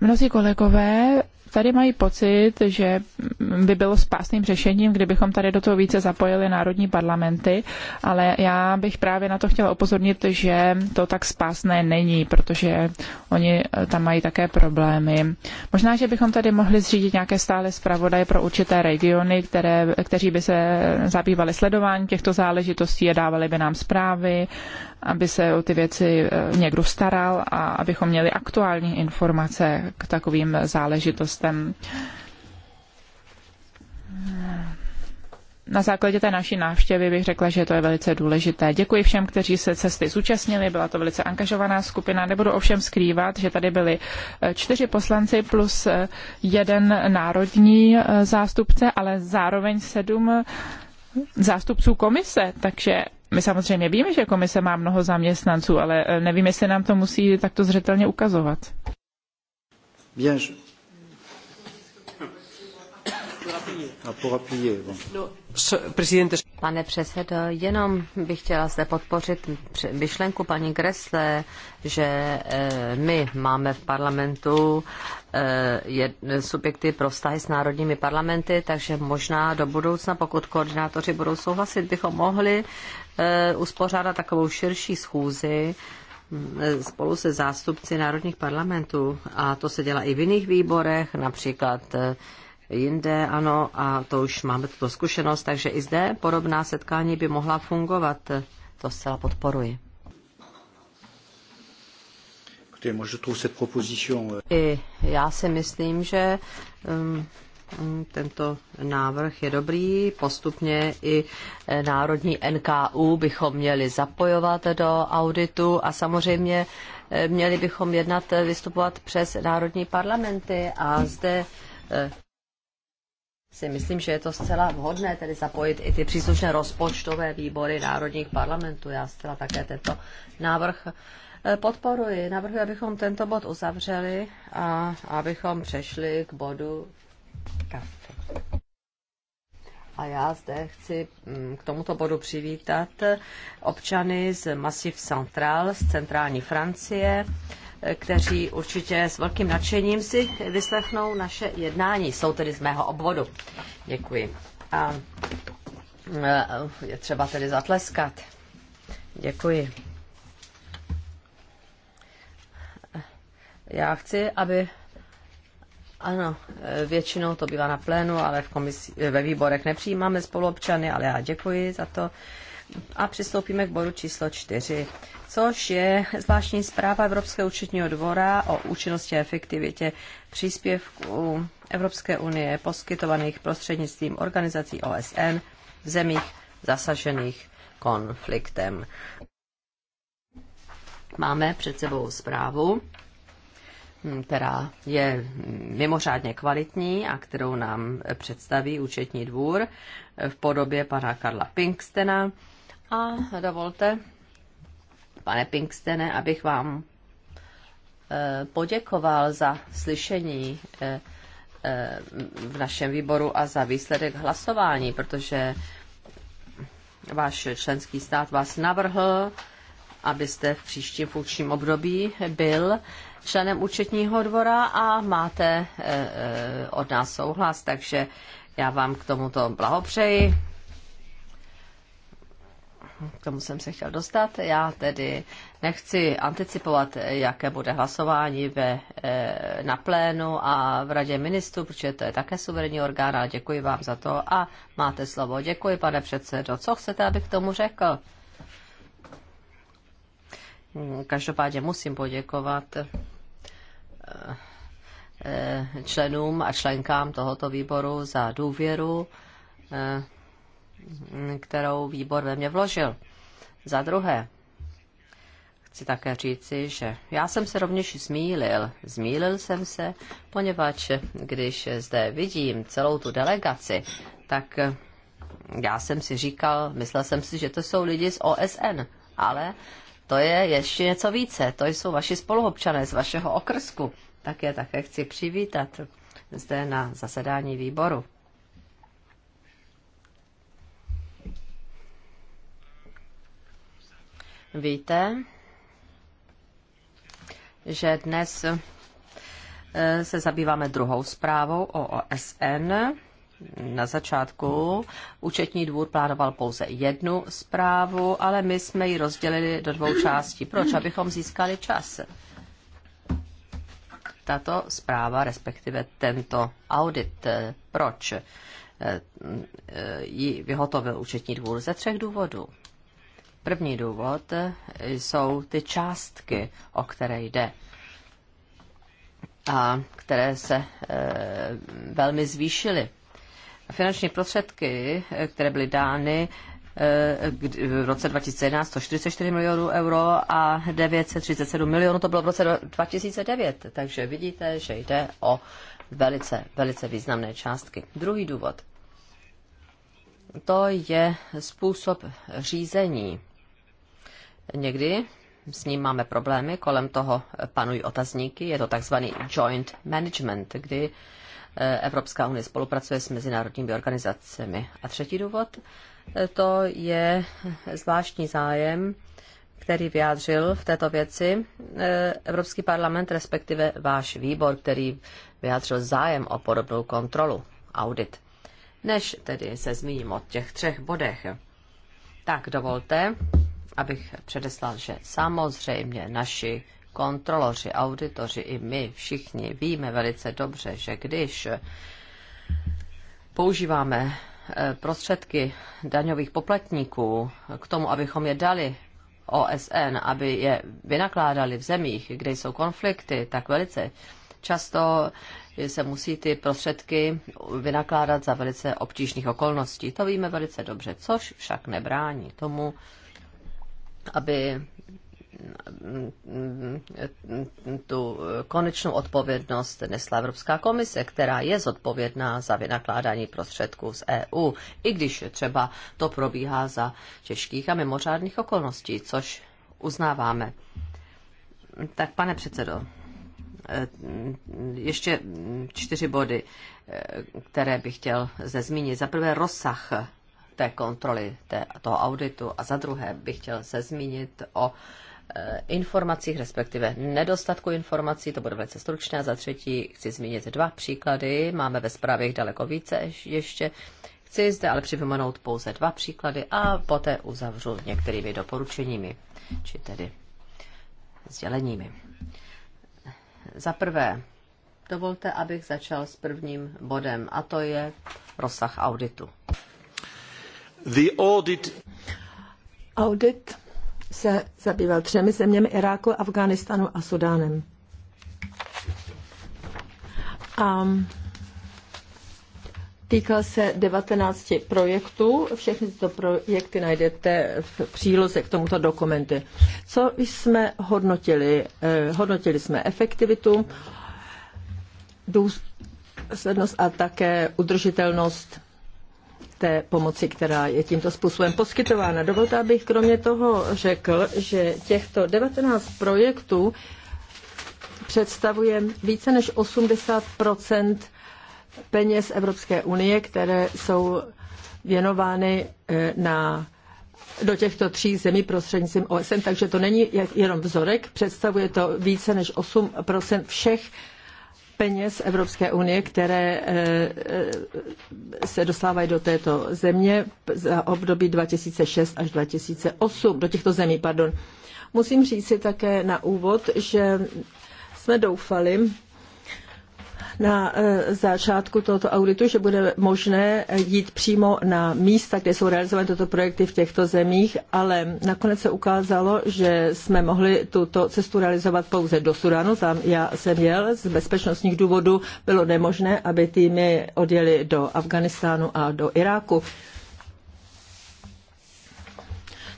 mnozí kolegové tady mají pocit, že by bylo spásným řešením, kdybychom tady do toho více zapojili národní parlamenty, ale já bych právě na to chtěla upozornit, že to tak spásné není, protože oni eh, tam mají také problémy. Možná, že bychom tady mohli zřídit nějaké stále zpravodaje pro určité regiony, které, kteří by se zabývali sledováním těchto záležitostí a dávali by nám zprávy aby se o ty věci eh, někdo staral a abychom měli aktuální informace k takovým záležitostem. Na základě té naší návštěvy bych řekla, že to je velice důležité. Děkuji všem, kteří se cesty zúčastnili, byla to velice angažovaná skupina. Nebudu ovšem skrývat, že tady byli eh, čtyři poslanci plus eh, jeden národní zástupce, ale zároveň sedm zástupců komise, takže my samozřejmě víme, že komise má mnoho zaměstnanců, ale e, nevím, jestli nám to musí takto zřetelně ukazovat. Bien, je... Ah, no, Pane předsedo, jenom bych chtěla zde podpořit myšlenku paní Gresle, že e, my máme v parlamentu Eh, subjekty pro vztahy s národními parlamenty, takže možná do budoucna, pokud koordinátoři budou souhlasit, bychom mohli eh, uspořádat takovou širší schůzi mm, spolu se zástupci národních parlamentů. A to se dělá i v jiných výborech, například eh, jinde, ano, a to už máme tuto zkušenost, takže i zde podobná setkání by mohla fungovat. To zcela podporuji. Euh, I já si myslím, že um, um, tento návrh je dobrý. Postupně i eh, národní NKU bychom měli zapojovat do auditu a samozřejmě eh, měli bychom jednat, eh, vystupovat přes národní parlamenty a zde si myslím, že je to zcela vhodné tedy zapojit i ty příslušné rozpočtové výbory národních parlamentů. Já zcela také tento návrh podporuji. Navrhuji, abychom tento bod uzavřeli a abychom přešli k bodu kafe. A já zde chci mm, k tomuto bodu přivítat občany z Massif Central, z centrální Francie, kteří určitě s velkým nadšením si vyslechnou naše jednání. Jsou tedy z mého obvodu. Děkuji. A mm, je třeba tedy zatleskat. Děkuji. Já chci, aby ano, většinou to bývá na plénu, ale v komisi, ve výborech nepřijímáme spoluobčany, ale já děkuji za to. A přistoupíme k bodu číslo čtyři, což je zvláštní zpráva Evropského účetního dvora o účinnosti a efektivitě příspěvků Evropské unie poskytovaných prostřednictvím organizací OSN v zemích zasažených konfliktem. Máme před sebou zprávu která je mimořádně kvalitní a kterou nám představí účetní dvůr v podobě pana Karla Pinkstena. A dovolte, pane Pinkstene, abych vám eh, poděkoval za slyšení eh, eh, v našem výboru a za výsledek hlasování, protože váš členský stát vás navrhl, abyste v příštím funkčním období byl členem účetního dvora a máte eh, eh, od nás souhlas, takže já vám k tomuto blahopřeji. K tomu jsem se chtěl dostat. Já tedy nechci anticipovat, jaké bude hlasování ve, eh, na plénu a v radě ministrů, protože to je také suverénní orgán, ale děkuji vám za to a máte slovo. Děkuji, pane předsedo. Co chcete, abych k tomu řekl? Každopádně musím poděkovat eh, eh, členům a členkám tohoto výboru za důvěru, eh, kterou výbor ve mě vložil. Za druhé, chci také říci, že já jsem se rovněž zmílil. Zmílil jsem se, poněvadž když zde vidím celou tu delegaci, tak já jsem si říkal, myslel jsem si, že to jsou lidi z OSN, ale to je ještě něco více. To jsou vaši spoluobčané z vašeho okrsku. Tak je také chci přivítat zde na zasedání výboru. Víte, že dnes eh, se zabýváme druhou zprávou o OSN na začátku účetní dvůr plánoval pouze jednu zprávu, ale my jsme ji rozdělili do dvou částí. Proč? Abychom získali čas. Tato zpráva, respektive tento audit, proč eh, eh, ji vyhotovil účetní dvůr? Ze třech důvodů. První důvod jsou ty částky, o které jde a které se e, velmi zvýšily finanční prostředky, eh, které byly dány eh, v roce 2011 144 milionů euro a 937 milionů to bylo v roce 2009. Takže vidíte, že jde o velice, velice významné částky. Druhý důvod. To je způsob řízení. Někdy s ním máme problémy, kolem toho panují otazníky, je to takzvaný joint management, kdy Evropská unie spolupracuje s mezinárodními organizacemi. A třetí důvod, e, to je zvláštní zájem, který vyjádřil v této věci e, Evropský parlament, respektive váš výbor, který vyjádřil zájem o podobnou kontrolu, audit. Než tedy se zmíním o těch třech bodech, tak dovolte, abych předeslal, že samozřejmě naši kontroloři, auditoři i my všichni víme velice dobře, že když používáme eh, prostředky daňových poplatníků k tomu, abychom je dali OSN, aby je vynakládali v zemích, kde jsou konflikty, tak velice často se musí ty prostředky vynakládat za velice obtížných okolností. To víme velice dobře, což však nebrání tomu, aby tu konečnou odpovědnost nesla Evropská komise, která je zodpovědná za vynakládání prostředků z EU, i když třeba to probíhá za těžkých a mimořádných okolností, což uznáváme. Tak pane předsedo, eh, ještě čtyři body, eh, které bych chtěl zde zmínit. Za prvé rozsah té kontroly, té, toho auditu a za druhé bych chtěl se zmínit o Eh, informacích, respektive nedostatku informací, to bude velice stručné. Za třetí chci zmínit dva příklady, máme ve zprávě daleko více ještě. Chci zde ale připomenout pouze dva příklady a poté uzavřu některými doporučeními, či tedy sděleními. Za prvé, dovolte, abych začal s prvním bodem, a to je rozsah auditu. The audit... Audit se zabýval třemi zeměmi Iráku, Afghánistánu a Sudánem. A týkal se 19 projektů. Všechny tyto projekty najdete v příloze k tomuto dokumentu. Co jsme hodnotili? Eh, hodnotili jsme efektivitu, důslednost a také udržitelnost té pomoci, která je tímto způsobem poskytována. Dovolte, abych kromě toho řekl, že těchto 19 projektů představuje více než 80 peněz Evropské unie, které jsou věnovány eh, na, do těchto tří zemí prostřednictvím OSN, takže to není jenom vzorek, představuje to více než 8 všech peněz Evropské unie, které eh, eh, se dostávají do této země za období 2006 až 2008, do těchto zemí, pardon. Musím říct si také na úvod, že jsme doufali, na e, začátku tohoto auditu, že bude možné e, jít přímo na místa, kde jsou realizovány tyto projekty v těchto zemích, ale nakonec se ukázalo, že jsme mohli tuto cestu realizovat pouze do Sudánu. Tam já jsem jel, z bezpečnostních důvodů bylo nemožné, aby týmy odjeli do Afganistánu a do Iráku.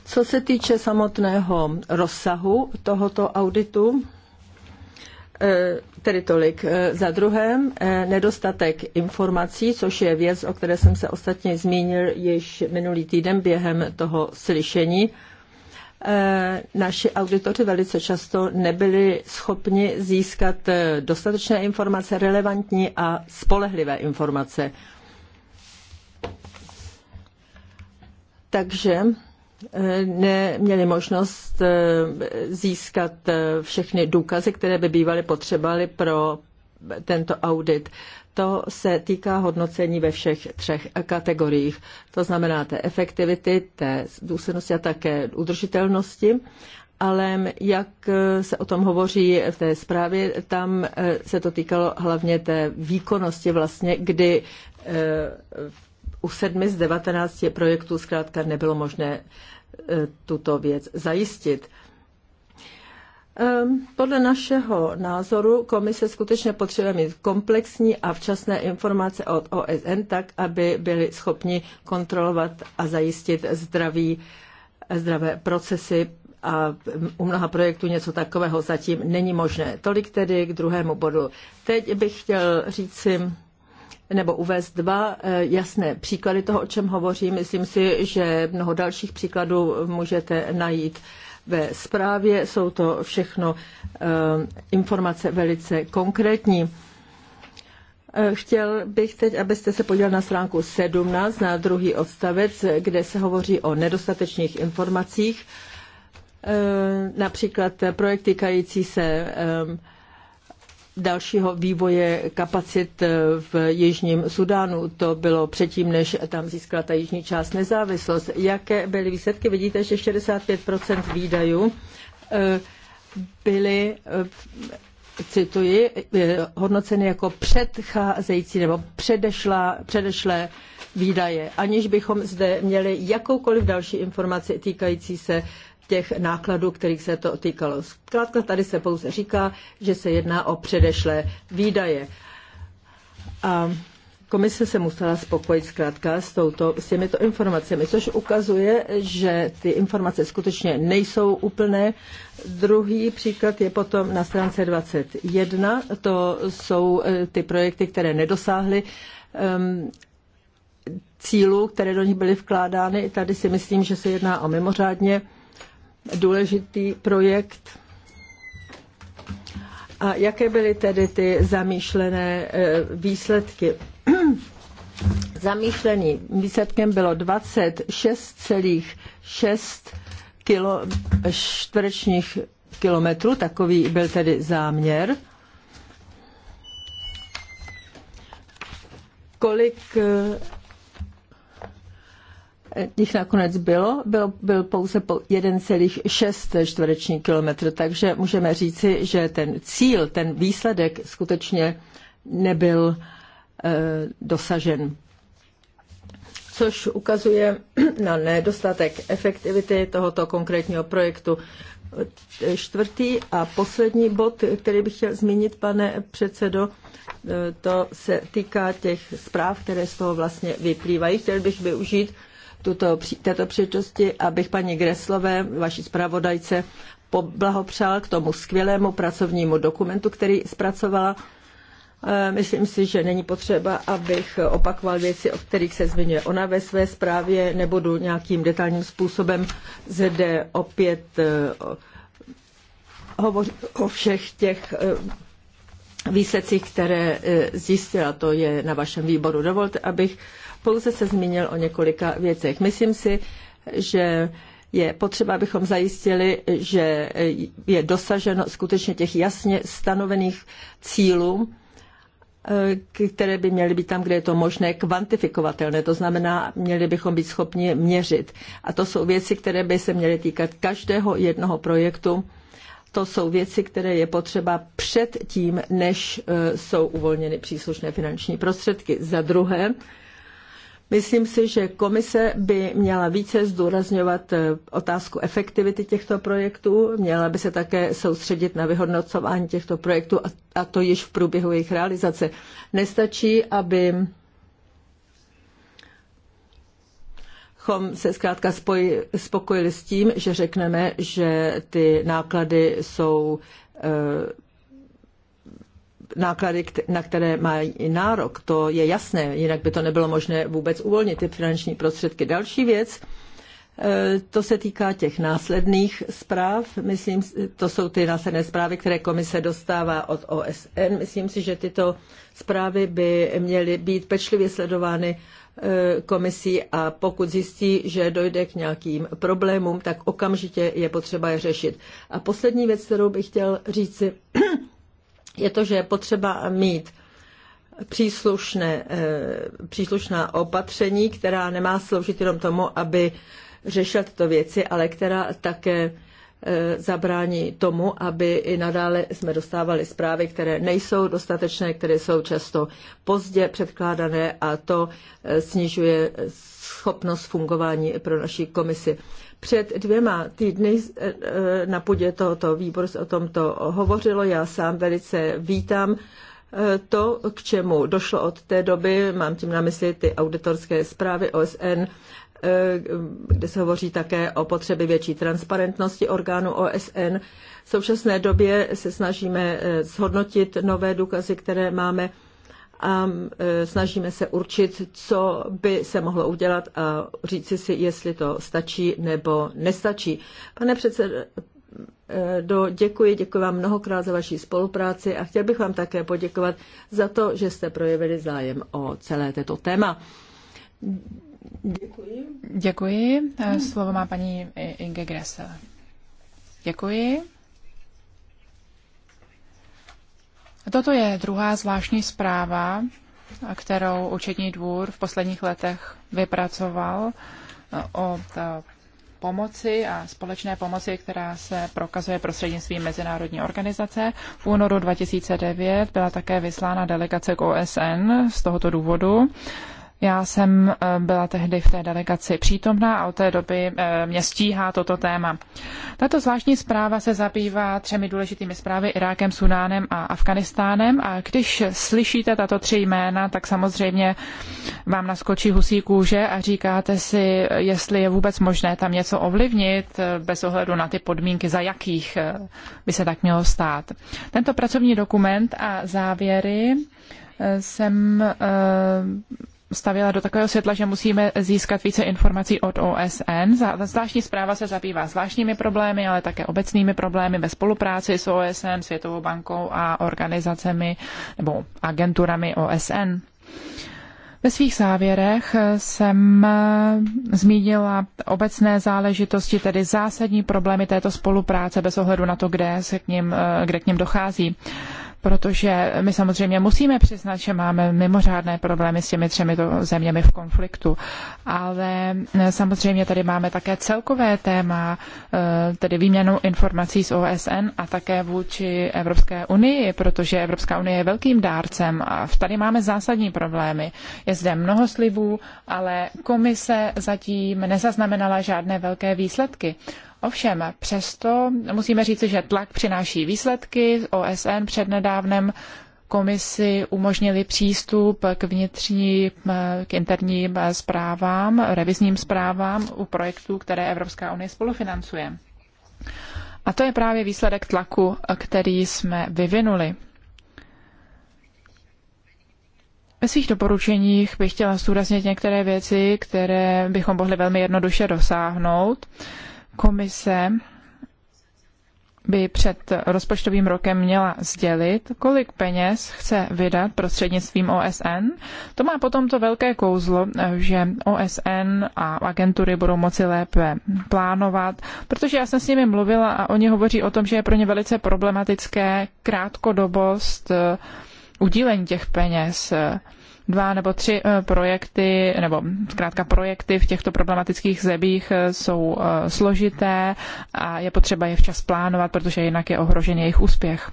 Co se týče samotného rozsahu tohoto auditu, e, Tedy tolik. Eh, za druhém, eh, nedostatek informací, což je věc, o které jsem se ostatně zmínil již minulý týden během toho slyšení. Eh, naši auditoři velice často nebyli schopni získat dostatečné informace, relevantní a spolehlivé informace. Takže neměli možnost eh, získat eh, všechny důkazy, které by bývaly potřebovaly pro tento audit. To se týká hodnocení ve všech třech kategoriích. To znamená té efektivity, té důslednosti a také udržitelnosti. Ale jak eh, se o tom hovoří v té zprávě, tam se to týkalo hlavně té výkonnosti vlastně, kdy v u sedmi z devatenácti projektů zkrátka nebylo možné e, tuto věc zajistit. Ehm, podle našeho názoru komise skutečně potřebuje mít komplexní a včasné informace od OSN tak, aby byli schopni kontrolovat a zajistit zdraví, zdravé procesy a u mnoha projektů něco takového zatím není možné. Tolik tedy k druhému bodu. Teď bych chtěl říct, si, nebo uvést dva eh, jasné příklady toho, o čem hovořím. Myslím si, že mnoho dalších příkladů můžete najít ve zprávě. Jsou to všechno eh, informace velice konkrétní. Eh, chtěl bych teď, abyste se podíval na stránku 17, na druhý odstavec, kde se hovoří o nedostatečných informacích, například projekt týkající se dalšího vývoje kapacit eh, v Jižním Sudánu. To bylo předtím, než tam získala ta jižní část nezávislost. Jaké byly výsledky? Vidíte, že 65 výdajů eh, byly eh, cituji, hodnoceny jako předcházející nebo předešla, předešlé výdaje, aniž bychom zde měli jakoukoliv další informaci týkající se těch nákladů, kterých se to týkalo. Zkrátka tady se pouze říká, že se jedná o předešlé výdaje. A komise se musela spokojit zkrátka s, touto, s těmito informacemi, což ukazuje, že ty informace skutečně nejsou úplné. Druhý příklad je potom na stránce 21, to jsou eh, ty projekty, které nedosáhly um, cílů, které do nich byly vkládány. Tady si myslím, že se jedná o mimořádně důležitý projekt. A jaké byly tedy ty zamýšlené eh, výsledky? Zamýšlený výsledkem bylo 26,6 kilo, čtverečních kilometrů, takový byl tedy záměr. Kolik eh, jich nakonec bylo, byl, byl pouze po 1,6 čtvereční kilometr, takže můžeme říci, že ten cíl, ten výsledek skutečně nebyl e, dosažen. Což ukazuje na nedostatek efektivity tohoto konkrétního projektu. Čtvrtý a poslední bod, který bych chtěl zmínit, pane předsedo, e, to se týká těch zpráv, které z toho vlastně vyplývají. Chtěl bych využít by tuto, této příležitosti, abych paní Greslové, vaší zpravodajce, poblahopřál k tomu skvělému pracovnímu dokumentu, který zpracovala. E, myslím si, že není potřeba, abych opakoval věci, o kterých se zmiňuje ona ve své zprávě. Nebudu nějakým detailním způsobem zde opět e, hovořit o všech těch e, výsledcích, které zjistila. To je na vašem výboru. Dovolte, abych pouze se zmínil o několika věcech. Myslím si, že je potřeba, abychom zajistili, že je dosaženo skutečně těch jasně stanovených cílů, eh, které by měly být tam, kde je to možné, kvantifikovatelné. To znamená, měli bychom být schopni měřit. A to jsou věci, které by se měly týkat každého jednoho projektu. To jsou věci, které je potřeba před tím, než eh, jsou uvolněny příslušné finanční prostředky. Za druhé, Myslím si, že komise by měla více zdůrazňovat eh, otázku efektivity těchto projektů, měla by se také soustředit na vyhodnocování těchto projektů a to již v průběhu jejich realizace. Nestačí, aby se zkrátka spoj, spokojili s tím, že řekneme, že ty náklady jsou eh, náklady, na které mají nárok. To je jasné, jinak by to nebylo možné vůbec uvolnit ty finanční prostředky. Další věc, e, to se týká těch následných zpráv. Myslím, to jsou ty následné zprávy, které komise dostává od OSN. Myslím si, že tyto zprávy by měly být pečlivě sledovány e, komisí a pokud zjistí, že dojde k nějakým problémům, tak okamžitě je potřeba je řešit. A poslední věc, kterou bych chtěl říci, je to, že je potřeba mít příslušné, eh, příslušná opatření, která nemá sloužit jenom tomu, aby řešila tyto věci, ale která také eh, zabrání tomu, aby i nadále jsme dostávali zprávy, které nejsou dostatečné, které jsou často pozdě předkládané a to eh, snižuje schopnost fungování pro naší komisi. Před dvěma týdny eh, eh, na půdě tohoto výboru se o tomto hovořilo. Já sám velice vítám eh, to, k čemu došlo od té doby, mám tím na mysli ty auditorské zprávy OSN, kde se hovoří také o potřebě větší transparentnosti orgánu OSN. V současné době se snažíme zhodnotit nové důkazy, které máme a e, snažíme se určit, co by se mohlo udělat a říci si, jestli to stačí nebo nestačí. Pane předsedo, e, děkuji, děkuji vám mnohokrát za vaši spolupráci a chtěl bych vám také poděkovat za to, že jste projevili zájem o celé této téma. Děkuji. Děkuji. E, slovo má paní Inge Gressel. Děkuji. Toto je druhá zvláštní zpráva, kterou Učetní dvůr v posledních letech vypracoval eh, o eh, pomoci a společné pomoci, která se prokazuje prostřednictvím mezinárodní organizace. V únoru 2009 byla také vyslána delegace k OSN z tohoto důvodu já jsem eh, byla tehdy v té delegaci přítomná a od té doby eh, mě stíhá toto téma. Tato zvláštní zpráva se zabývá třemi důležitými zprávy Irákem, Sunánem a Afganistánem a když slyšíte tato tři jména, tak samozřejmě vám naskočí husí kůže a říkáte si, jestli je vůbec možné tam něco ovlivnit eh, bez ohledu na ty podmínky, za jakých by se tak mělo stát. Tento pracovní dokument a závěry jsem stavěla do takového světla, že musíme získat více informací od OSN. Zvláštní zpráva se zabývá zvláštními problémy, ale také obecnými problémy ve spolupráci s OSN, Světovou bankou a organizacemi nebo agenturami OSN. Ve svých závěrech jsem eh, zmínila obecné záležitosti, tedy zásadní problémy této spolupráce bez ohledu na to, kde, se k ním, eh, kde k ním dochází protože my samozřejmě musíme přiznat, že máme mimořádné problémy s těmi třemi zeměmi v konfliktu. Ale e, samozřejmě tady máme také celkové téma, e, tedy výměnu informací z OSN a také vůči Evropské unii, protože Evropská unie je velkým dárcem a tady máme zásadní problémy. Je zde mnoho slibů, ale komise zatím nezaznamenala žádné velké výsledky. Ovšem, přesto musíme říci, že tlak přináší výsledky. OSN přednedávnem komisi umožnili přístup k vnitřní, k interním zprávám, revizním zprávám u projektů, které Evropská unie spolufinancuje. A to je právě výsledek tlaku, který jsme vyvinuli. Ve svých doporučeních bych chtěla zdůraznit některé věci, které bychom mohli velmi jednoduše dosáhnout komise by před rozpočtovým rokem měla sdělit, kolik peněz chce vydat prostřednictvím OSN. To má potom to velké kouzlo, že OSN a agentury budou moci lépe plánovat, protože já jsem s nimi mluvila a oni hovoří o tom, že je pro ně velice problematické krátkodobost eh, udílení těch peněz dva nebo tři eh, projekty, nebo zkrátka projekty v těchto problematických zemích eh, jsou eh, složité a je potřeba je včas plánovat, protože jinak je ohrožen jejich úspěch.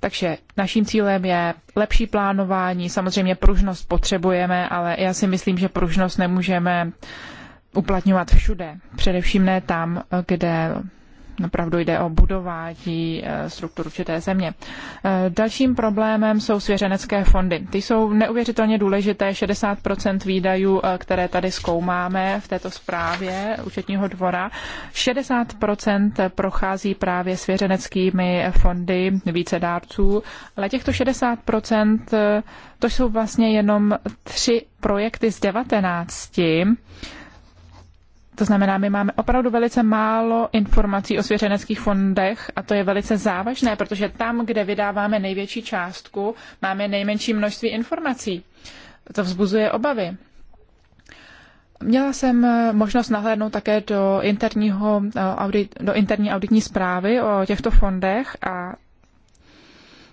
Takže naším cílem je lepší plánování, samozřejmě pružnost potřebujeme, ale já si myslím, že pružnost nemůžeme uplatňovat všude, především ne tam, kde Napravdu jde o budování eh, struktur určité země. Eh, dalším problémem jsou svěřenecké fondy. Ty jsou neuvěřitelně důležité. 60 výdajů, eh, které tady zkoumáme v této zprávě účetního dvora, 60 prochází právě svěřeneckými fondy více dárců, ale těchto 60 to jsou vlastně jenom tři projekty z 19, to znamená, my máme opravdu velice málo informací o svěřeneckých fondech a to je velice závažné, protože tam, kde vydáváme největší částku, máme nejmenší množství informací. To vzbuzuje obavy. Měla jsem možnost nahlédnout také do, interního, eh, do interní auditní zprávy o těchto fondech a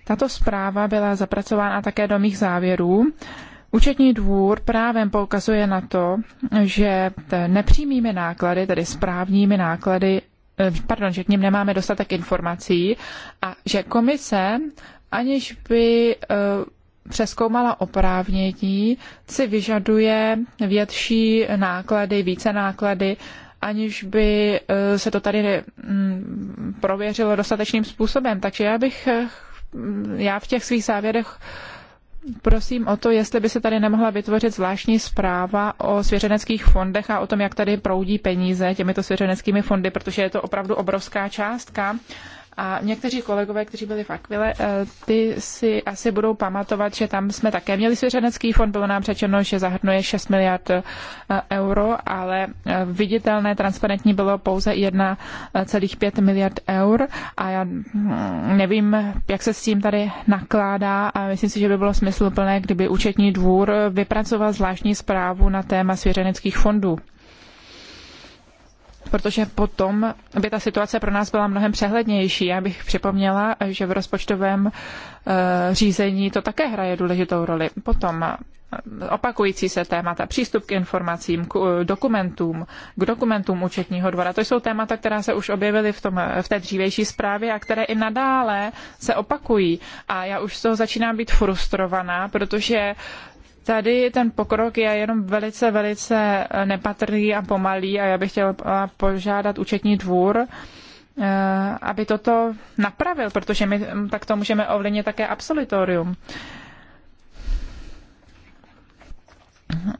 tato zpráva byla zapracována také do mých závěrů. Účetní dvůr právem poukazuje na to, že nepřímými náklady, tedy správními náklady, eh, pardon, že k ním nemáme dostatek informací a že komise, aniž by eh, přeskoumala oprávnění, si vyžaduje větší náklady, více náklady, aniž by eh, se to tady mm, prověřilo dostatečným způsobem. Takže já bych já v těch svých závěrech prosím o to, jestli by se tady nemohla vytvořit zvláštní zpráva o svěřeneckých fondech a o tom, jak tady proudí peníze těmito svěřeneckými fondy, protože je to opravdu obrovská částka a někteří kolegové, kteří byli v Akvile, eh, ty si asi budou pamatovat, že tam jsme také měli svěřenecký fond, bylo nám řečeno, že zahrnuje 6 miliard eh, euro, ale eh, viditelné, transparentní bylo pouze 1,5 miliard eur a já hm, nevím, jak se s tím tady nakládá a myslím si, že by bylo smysluplné, kdyby účetní dvůr vypracoval zvláštní zprávu na téma svěřeneckých fondů protože potom by ta situace pro nás byla mnohem přehlednější. Já bych připomněla, že v rozpočtovém eh, řízení to také hraje důležitou roli. Potom eh, opakující se témata, přístup k informacím, k eh, dokumentům, k dokumentům účetního dvora. To jsou témata, která se už objevily v, tom, v té dřívější zprávě a které i nadále se opakují. A já už z toho začínám být frustrovaná, protože Tady ten pokrok je jenom velice, velice eh, nepatrný a pomalý a já bych chtěla eh, požádat účetní dvůr, eh, aby toto napravil, protože my mm, takto můžeme ovlivnit také absolutorium.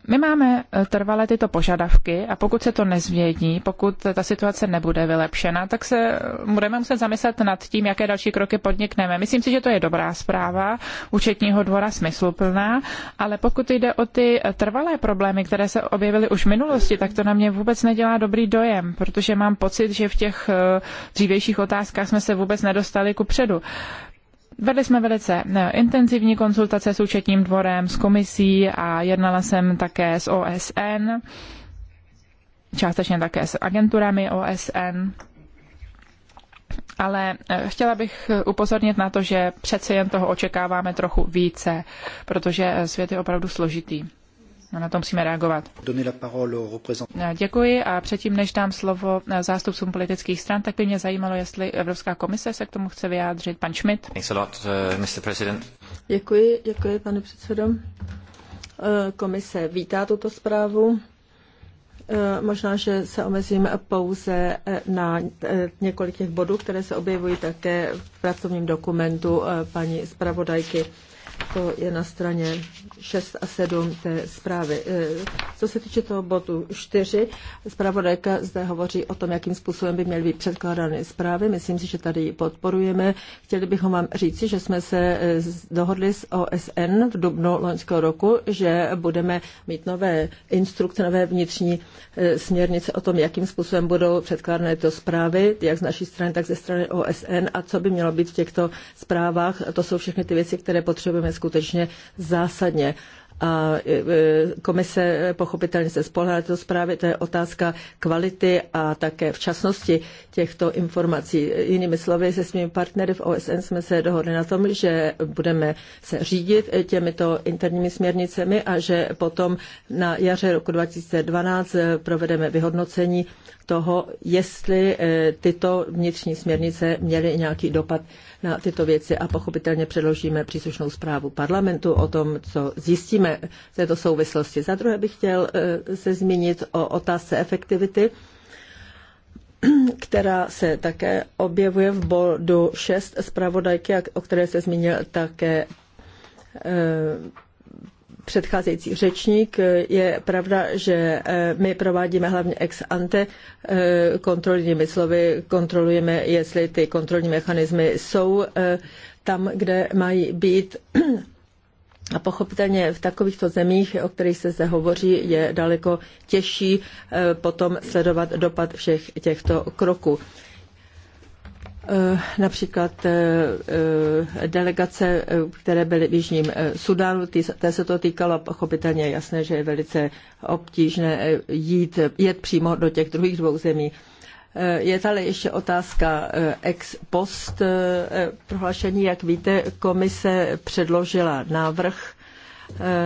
My máme eh, trvalé tyto požadavky a pokud se to nezmění, pokud ta situace nebude vylepšena, tak se eh, budeme muset zamyslet nad tím, jaké další kroky podnikneme. Myslím si, že to je dobrá zpráva, účetního dvora smysluplná, ale pokud jde o ty eh, trvalé problémy, které se objevily už v minulosti, tak to na mě vůbec nedělá dobrý dojem, protože mám pocit, že v těch dřívějších otázkách jsme se vůbec nedostali ku předu. Vedli jsme velice eh, intenzivní konzultace s účetním dvorem, s komisí a jednala jsem také s OSN, částečně také s agenturami OSN. Ale eh, chtěla bych eh, upozornit na to, že přece jen toho očekáváme trochu více, protože svět je opravdu složitý. No, na to musíme reagovat. Děkuji a předtím, než dám slovo eh, zástupcům politických stran, tak by mě zajímalo, jestli Evropská komise se k tomu chce vyjádřit. Pan Schmidt. Lot, uh, děkuji, děkuji, pane předsedo. Eh, komise vítá tuto zprávu. Možná, že se omezím pouze na několik těch bodů, které se objevují také v pracovním dokumentu paní zpravodajky. To je na straně 6 a 7 té zprávy. Eh, co se týče toho bodu 4, zpravodajka zde hovoří o tom, jakým způsobem by měly být předkládány zprávy. Myslím si, že tady ji podporujeme. Chtěli bychom vám říci, že jsme se eh, dohodli s OSN v dubnu loňského roku, že budeme mít nové instrukce, nové vnitřní eh, směrnice o tom, jakým způsobem budou předkládány to zprávy, jak z naší strany, tak ze strany OSN a co by mělo být v těchto zprávách. To jsou všechny ty věci, které potřebujeme skutečně zásadně. A e, e, komise pochopitelně se spolehá to zprávy, to je otázka kvality a také včasnosti těchto informací. Jinými slovy, se svými partnery v OSN jsme se dohodli na tom, že budeme se řídit těmito interními směrnicemi a že potom na jaře roku 2012 provedeme vyhodnocení toho, jestli eh, tyto vnitřní směrnice měly nějaký dopad na tyto věci a pochopitelně předložíme příslušnou zprávu parlamentu o tom, co zjistíme v této souvislosti. Za druhé bych chtěl eh, se zmínit o otázce efektivity která se také objevuje v bodu 6 zpravodajky, o které se zmínil také eh, předcházející řečník, je pravda, že eh, my provádíme hlavně ex ante eh, kontrolními slovy, kontrolujeme, jestli ty kontrolní mechanismy jsou eh, tam, kde mají být. A pochopitelně v takovýchto zemích, o kterých se zde hovoří, je daleko těžší potom sledovat dopad všech těchto kroků. Eh, například eh, eh, delegace, které byly v Jižním Sudánu, té se to týkalo, pochopitelně jasné, že je velice obtížné jít, jet přímo do těch druhých dvou zemí. Je tady ještě otázka ex post prohlášení. Jak víte, komise předložila návrh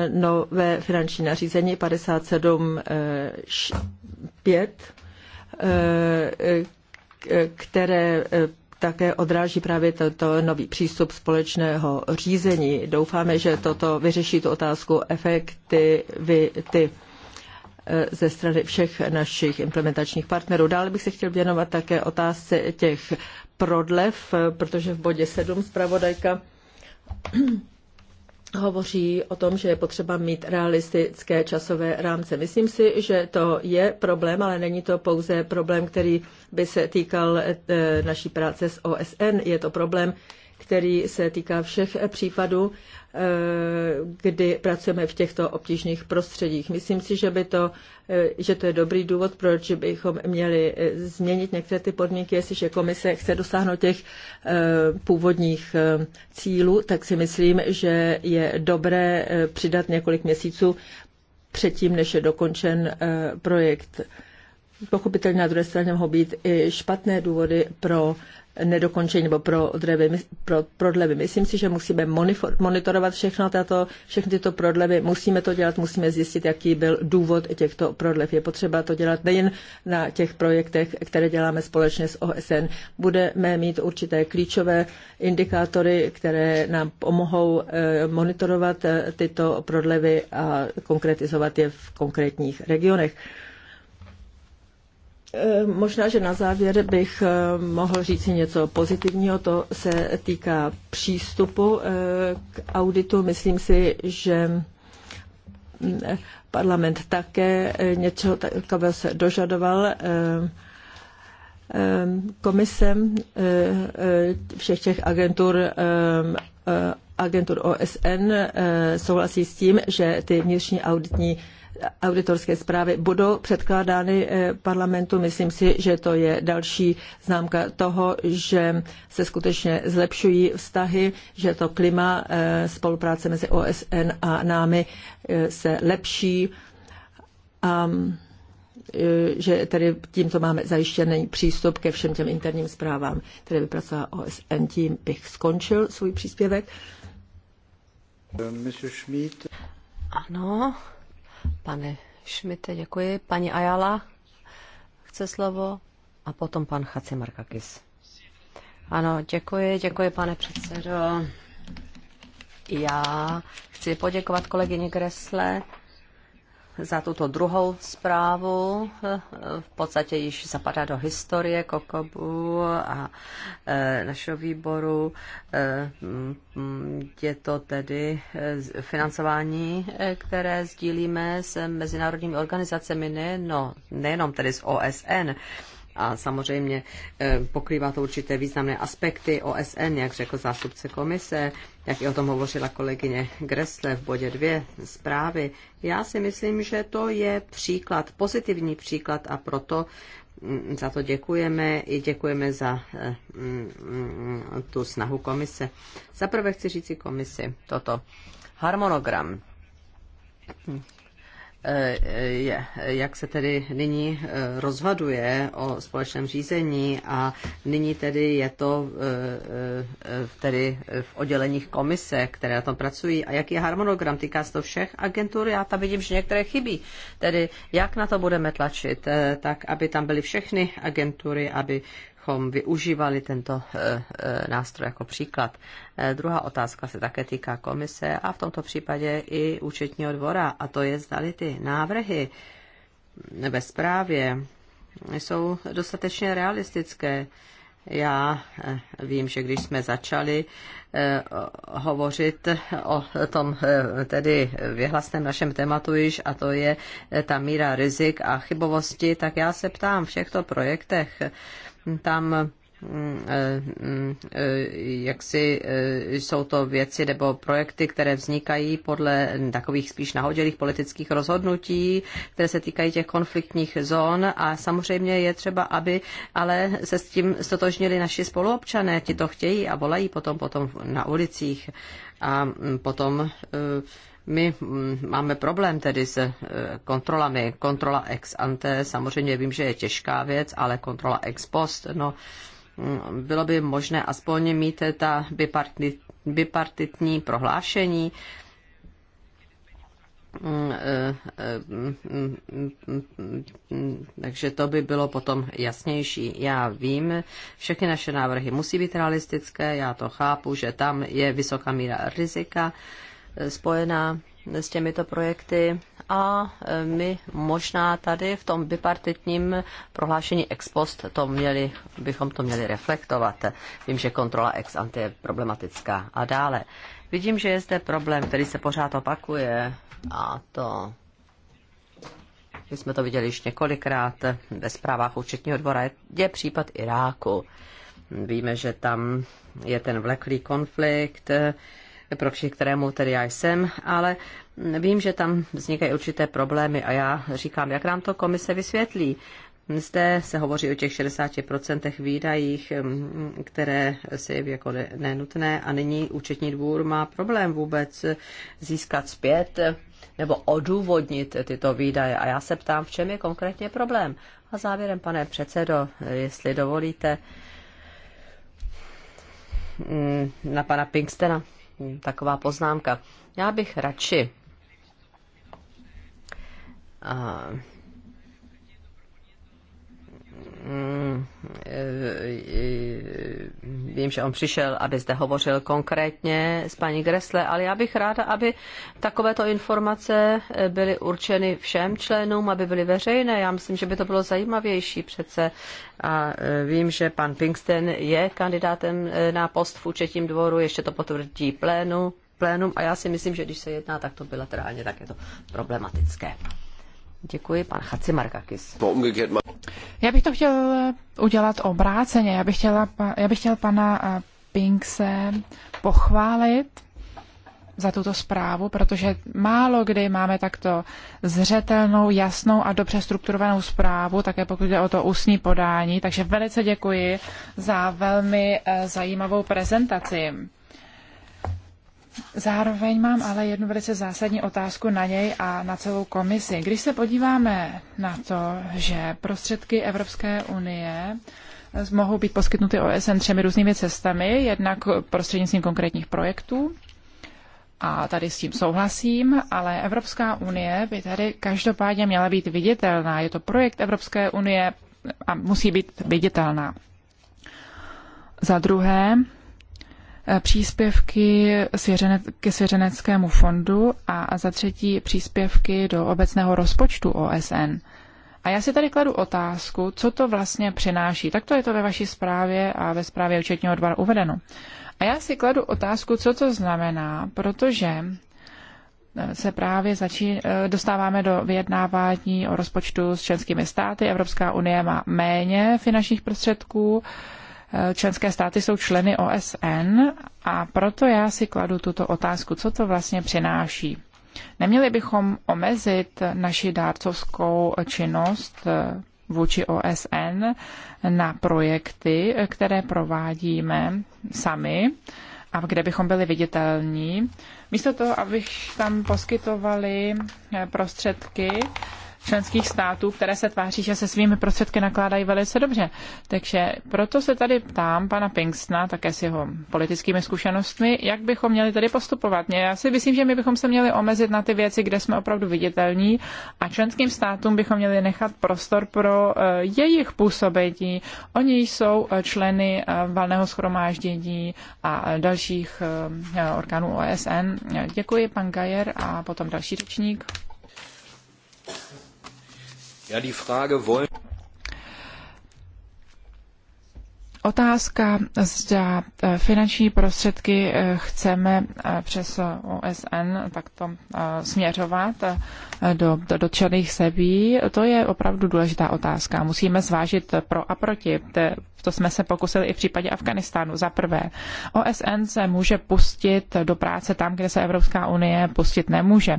nové finanční nařízení 575, které také odráží právě tento nový přístup společného řízení. Doufáme, že toto vyřeší tu otázku efektivity eh, ze strany všech našich implementačních partnerů. Dále bych se chtěl věnovat také otázce těch prodlev, eh, protože v bodě 7 zpravodajka hovoří o tom, že je potřeba mít realistické časové rámce. Myslím si, že to je problém, ale není to pouze problém, který by se týkal eh, naší práce s OSN. Je to problém, který se týká všech případů, eh, kdy pracujeme v těchto obtížných prostředích. Myslím si, že, by to, eh, že to je dobrý důvod, proč bychom měli eh, změnit některé ty podmínky. Jestliže komise chce dosáhnout těch původních cílů, tak si myslím, že je dobré přidat několik měsíců předtím, než je dokončen projekt. Pochopitelně na druhé straně mohou být i špatné důvody pro nedokončení nebo pro, dřevy, pro prodlevy. Myslím si, že musíme monitorovat všechno tato, všechny tyto prodlevy. Musíme to dělat, musíme zjistit, jaký byl důvod těchto prodlev. Je potřeba to dělat nejen na těch projektech, které děláme společně s OSN. Budeme mít určité klíčové indikátory, které nám pomohou eh, monitorovat eh, tyto prodlevy a konkretizovat je v konkrétních regionech. Eh, možná, že na závěr bych eh, mohl říct něco pozitivního. To se týká přístupu eh, k auditu. Myslím si, že parlament také něco takového se dožadoval komisem všech těch agentur agentur OSN souhlasí s tím, že ty vnitřní auditní auditorské zprávy budou předkládány eh, parlamentu. Myslím si, že to je další známka toho, že se skutečně zlepšují vztahy, že to klima eh, spolupráce mezi OSN a námi eh, se lepší a že tedy tímto máme zajištěný přístup ke všem těm interním zprávám, které vypracovala OSN. Tím bych skončil svůj příspěvek. Ano. Pane Šmite, děkuji. Paní Ajala chce slovo a potom pan Markakis. Ano, děkuji, děkuji, pane předsedo. Já chci poděkovat kolegyni Gresle za tuto druhou zprávu. V podstatě již zapadá do historie Kokobu a e, našeho výboru. E, je to tedy e, financování, které sdílíme s mezinárodními organizacemi, nejenom, nejenom tedy s OSN a samozřejmě pokrývá to určité významné aspekty OSN, jak řekl zástupce komise, jak i o tom hovořila kolegyně Gressle v bodě dvě zprávy. Já si myslím, že to je příklad, pozitivní příklad a proto mm, za to děkujeme i děkujeme za eh, mm, mm, tu snahu komise. Za prvé chci říct si komisi toto. Harmonogram je, jak se tedy nyní eh, rozhoduje o společném řízení a nyní tedy je to eh, eh, tedy v odděleních komise, které na tom pracují a jaký je harmonogram, týká se to všech agentur, já tam vidím, že některé chybí. Tedy jak na to budeme tlačit, tak aby tam byly všechny agentury, aby abychom využívali tento eh, eh, nástroj jako příklad. Eh, druhá otázka se také týká komise a v tomto případě i účetního dvora, a to je zdali ty návrhy ve zprávě jsou dostatečně realistické. Já vím, že když jsme začali hovořit o tom tedy vyhlasném našem tématu již, a to je ta míra rizik a chybovosti, tak já se ptám v těchto projektech, tam mm, eh, mm, eh, jak si eh, jsou to věci nebo projekty, které vznikají podle takových spíš nahodilých politických rozhodnutí, které se týkají těch konfliktních zón a samozřejmě je třeba, aby ale se s tím stotožnili naši spoluobčané, ti to chtějí a volají potom, potom na ulicích a mm, potom my mm, máme problém tedy s e, kontrolami. Kontrola ex ante, samozřejmě vím, že je těžká věc, ale kontrola ex post, no, mm, bylo by možné aspoň mít ta bipartit, bipartitní prohlášení, mm, e, e, takže to by bylo potom jasnější. Já vím, všechny naše návrhy musí být realistické, já to chápu, že tam je vysoká míra rizika, spojená s těmito projekty a e, my možná tady v tom bipartitním prohlášení ex post to měli, bychom to měli reflektovat. Vím, že kontrola ex ante je problematická. A dále. Vidím, že je zde problém, který se pořád opakuje a to my jsme to viděli již několikrát ve zprávách účetního dvora, je případ Iráku. Víme, že tam je ten vleklý konflikt, pro všech, kterému tedy já jsem, ale vím, že tam vznikají určité problémy a já říkám, jak nám to komise vysvětlí. Zde se hovoří o těch 60% výdajích, mm, které se je jako nenutné a nyní účetní dvůr má problém vůbec získat zpět nebo odůvodnit tyto výdaje. A já se ptám, v čem je konkrétně problém. A závěrem, pane předsedo, jestli dovolíte, mm, na pana Pinkstena taková poznámka. Já bych radši Mm, e, e, vím, že on přišel, aby zde hovořil konkrétně s paní Gresle, ale já bych ráda, aby takovéto informace e, byly určeny všem členům, aby byly veřejné. Já myslím, že by to bylo zajímavější přece. A vím, že pan Pinkston je kandidátem na post v účetním dvoru, ještě to potvrdí plénu, plénum a já si myslím, že když se jedná takto bilaterálně, tak je to problematické. Děkuji, pan Chaci Markakis. Já bych to chtěl udělat obráceně. Já bych, chtěla, já bych chtěl pana eh, Pinkse pochválit za tuto zprávu, protože málo kdy máme takto zřetelnou, jasnou a dobře strukturovanou zprávu, také pokud jde o to ústní podání. Takže velice děkuji za velmi eh, zajímavou prezentaci. Zároveň mám ale jednu velice zásadní otázku na něj a na celou komisi. Když se podíváme na to, že prostředky Evropské unie mohou být poskytnuty OSN třemi různými cestami, jednak prostřednictvím konkrétních projektů, a tady s tím souhlasím, ale Evropská unie by tady každopádně měla být viditelná. Je to projekt Evropské unie a musí být viditelná. Za druhé, Eh, příspěvky ke svěřeneckému fondu a za třetí příspěvky do obecného rozpočtu OSN. A já si tady kladu otázku, co to vlastně přináší. Tak to je to ve vaší zprávě a ve zprávě účetního dvora uvedeno. A já si kladu otázku, co to znamená, protože eh, se právě začí, eh, dostáváme do vyjednávání o rozpočtu s členskými státy. Evropská unie má méně finančních prostředků, Eh, členské státy jsou členy OSN a proto já si kladu tuto otázku, co to vlastně přináší. Neměli bychom omezit naši dárcovskou činnost eh, vůči OSN na projekty, které provádíme sami a kde bychom byli viditelní. Místo toho, abych tam poskytovali eh, prostředky, členských států, které se tváří, že se svými prostředky nakládají velice dobře. Takže proto se tady ptám pana Pinkstna, také s jeho politickými zkušenostmi, jak bychom měli tady postupovat. Já si myslím, že my bychom se měli omezit na ty věci, kde jsme opravdu viditelní a členským státům bychom měli nechat prostor pro eh, jejich působení. Oni jsou eh, členy eh, valného schromáždění a dalších orgánů OSN. Děkuji, pan Gajer a potom další řečník. Otázka, zda eh, finanční prostředky eh, chceme eh, přes OSN takto směřovat, do dotčených sebí, to je opravdu důležitá otázka. Musíme zvážit pro a proti. To jsme se pokusili i v případě Afganistánu. Za prvé, OSN se může pustit do práce tam, kde se Evropská unie pustit nemůže.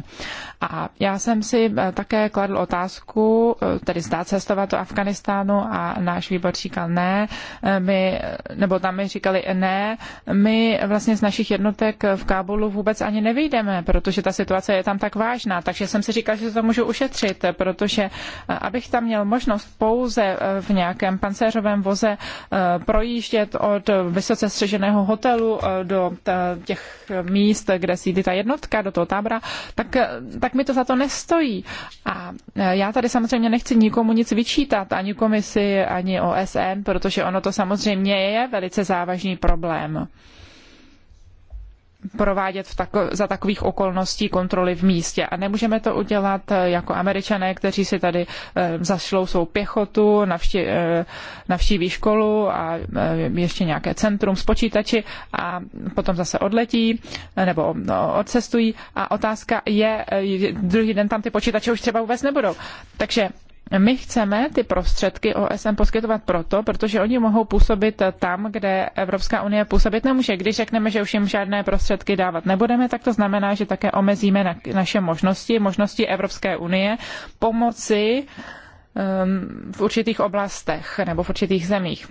A já jsem si eh, také kladl otázku, eh, tedy zdá cestovat do Afganistánu a náš výbor říkal ne, eh, my, nebo tam mi říkali ne, my vlastně z našich jednotek v Kábulu vůbec ani nevyjdeme, protože ta situace je tam tak vážná. Takže jsem si říkal, říkal, že to můžu ušetřit, protože eh, abych tam měl možnost pouze eh, v nějakém pancéřovém voze eh, projíždět od vysoce střeženého hotelu do těch míst, kde sídlí ta jednotka, do toho tábora, tak, tak mi to za to nestojí. A já tady samozřejmě nechci nikomu nic vyčítat, ani komisi, ani OSN, protože ono to samozřejmě je velice závažný problém provádět v tako, za takových okolností kontroly v místě. A nemůžeme to udělat eh, jako američané, kteří si tady e, zašlou svou pěchotu, navští, e, eh, navštíví školu a e, ještě nějaké centrum s počítači a potom zase odletí nebo no, odcestují. A otázka je, druhý den tam ty počítače už třeba vůbec nebudou. Takže my chceme ty prostředky OSN poskytovat proto, protože oni mohou působit tam, kde Evropská unie působit nemůže. Když řekneme, že už jim žádné prostředky dávat nebudeme, tak to znamená, že také omezíme na, naše možnosti, možnosti Evropské unie pomoci um, v určitých oblastech nebo v určitých zemích.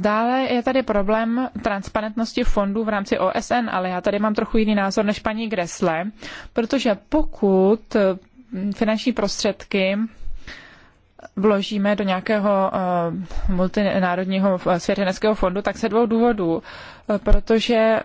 Dále je tady problém transparentnosti fondů v rámci OSN, ale já tady mám trochu jiný názor než paní Gresle, protože pokud finanční prostředky vložíme do nějakého eh, multinárodního eh, svěřeneckého fondu, tak se dvou důvodů. Eh, protože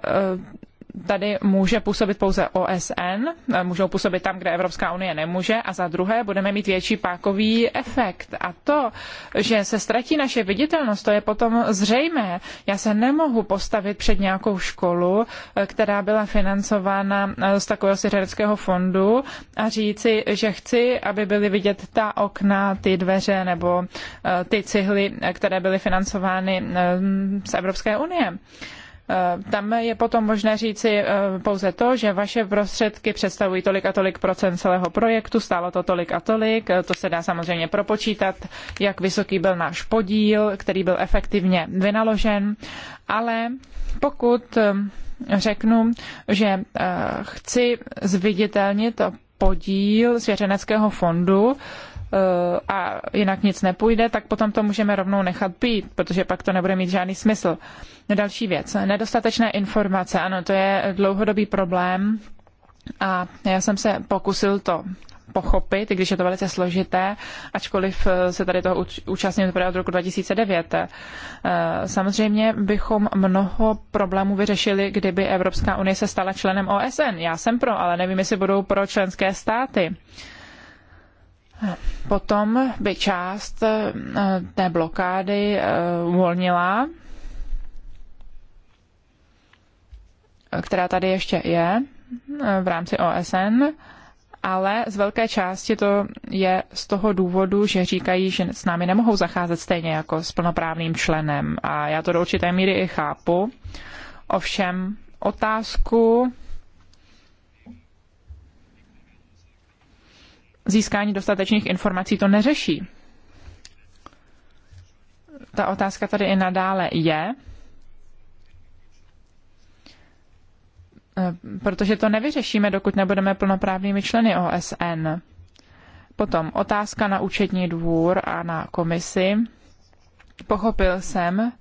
tady může působit pouze OSN, můžou působit tam, kde Evropská unie nemůže a za druhé budeme mít větší pákový efekt. A to, že se ztratí naše viditelnost, to je potom zřejmé. Já se nemohu postavit před nějakou školu, která byla financována eh, z takového syřeckého fondu a říci, že chci, aby byly vidět ta okna, ty dveře nebo eh, ty cihly, eh, které byly financovány z Evropské unie. Eh, tam je potom možné říci eh, pouze to, že vaše prostředky představují tolik a tolik procent celého projektu, stálo to tolik a tolik, eh, to se dá samozřejmě propočítat, jak vysoký byl náš podíl, který byl efektivně vynaložen, ale pokud řeknu, že chci zviditelnit podíl svěřeneckého fondu, Eh, a jinak nic nepůjde, tak potom to můžeme rovnou nechat být, protože pak to nebude mít žádný smysl. No, další věc. Nedostatečné informace. Ano, to je dlouhodobý problém a já jsem se pokusil to pochopit, i když je to velice složité, ačkoliv eh, se tady toho účastním teprve od roku 2009. Eh, samozřejmě bychom mnoho problémů vyřešili, kdyby Evropská unie se stala členem OSN. Já jsem pro, ale nevím, jestli budou pro členské státy potom by část eh, té blokády eh, uvolnila, která tady ještě je eh, v rámci OSN, ale z velké části to je z toho důvodu, že říkají, že s námi nemohou zacházet stejně jako s plnoprávným členem. A já to do určité míry i chápu. Ovšem otázku získání dostatečných informací to neřeší. Ta otázka tady i nadále je, eh, protože to nevyřešíme, dokud nebudeme plnoprávnými členy OSN. Potom otázka na účetní dvůr a na komisi. Pochopil jsem,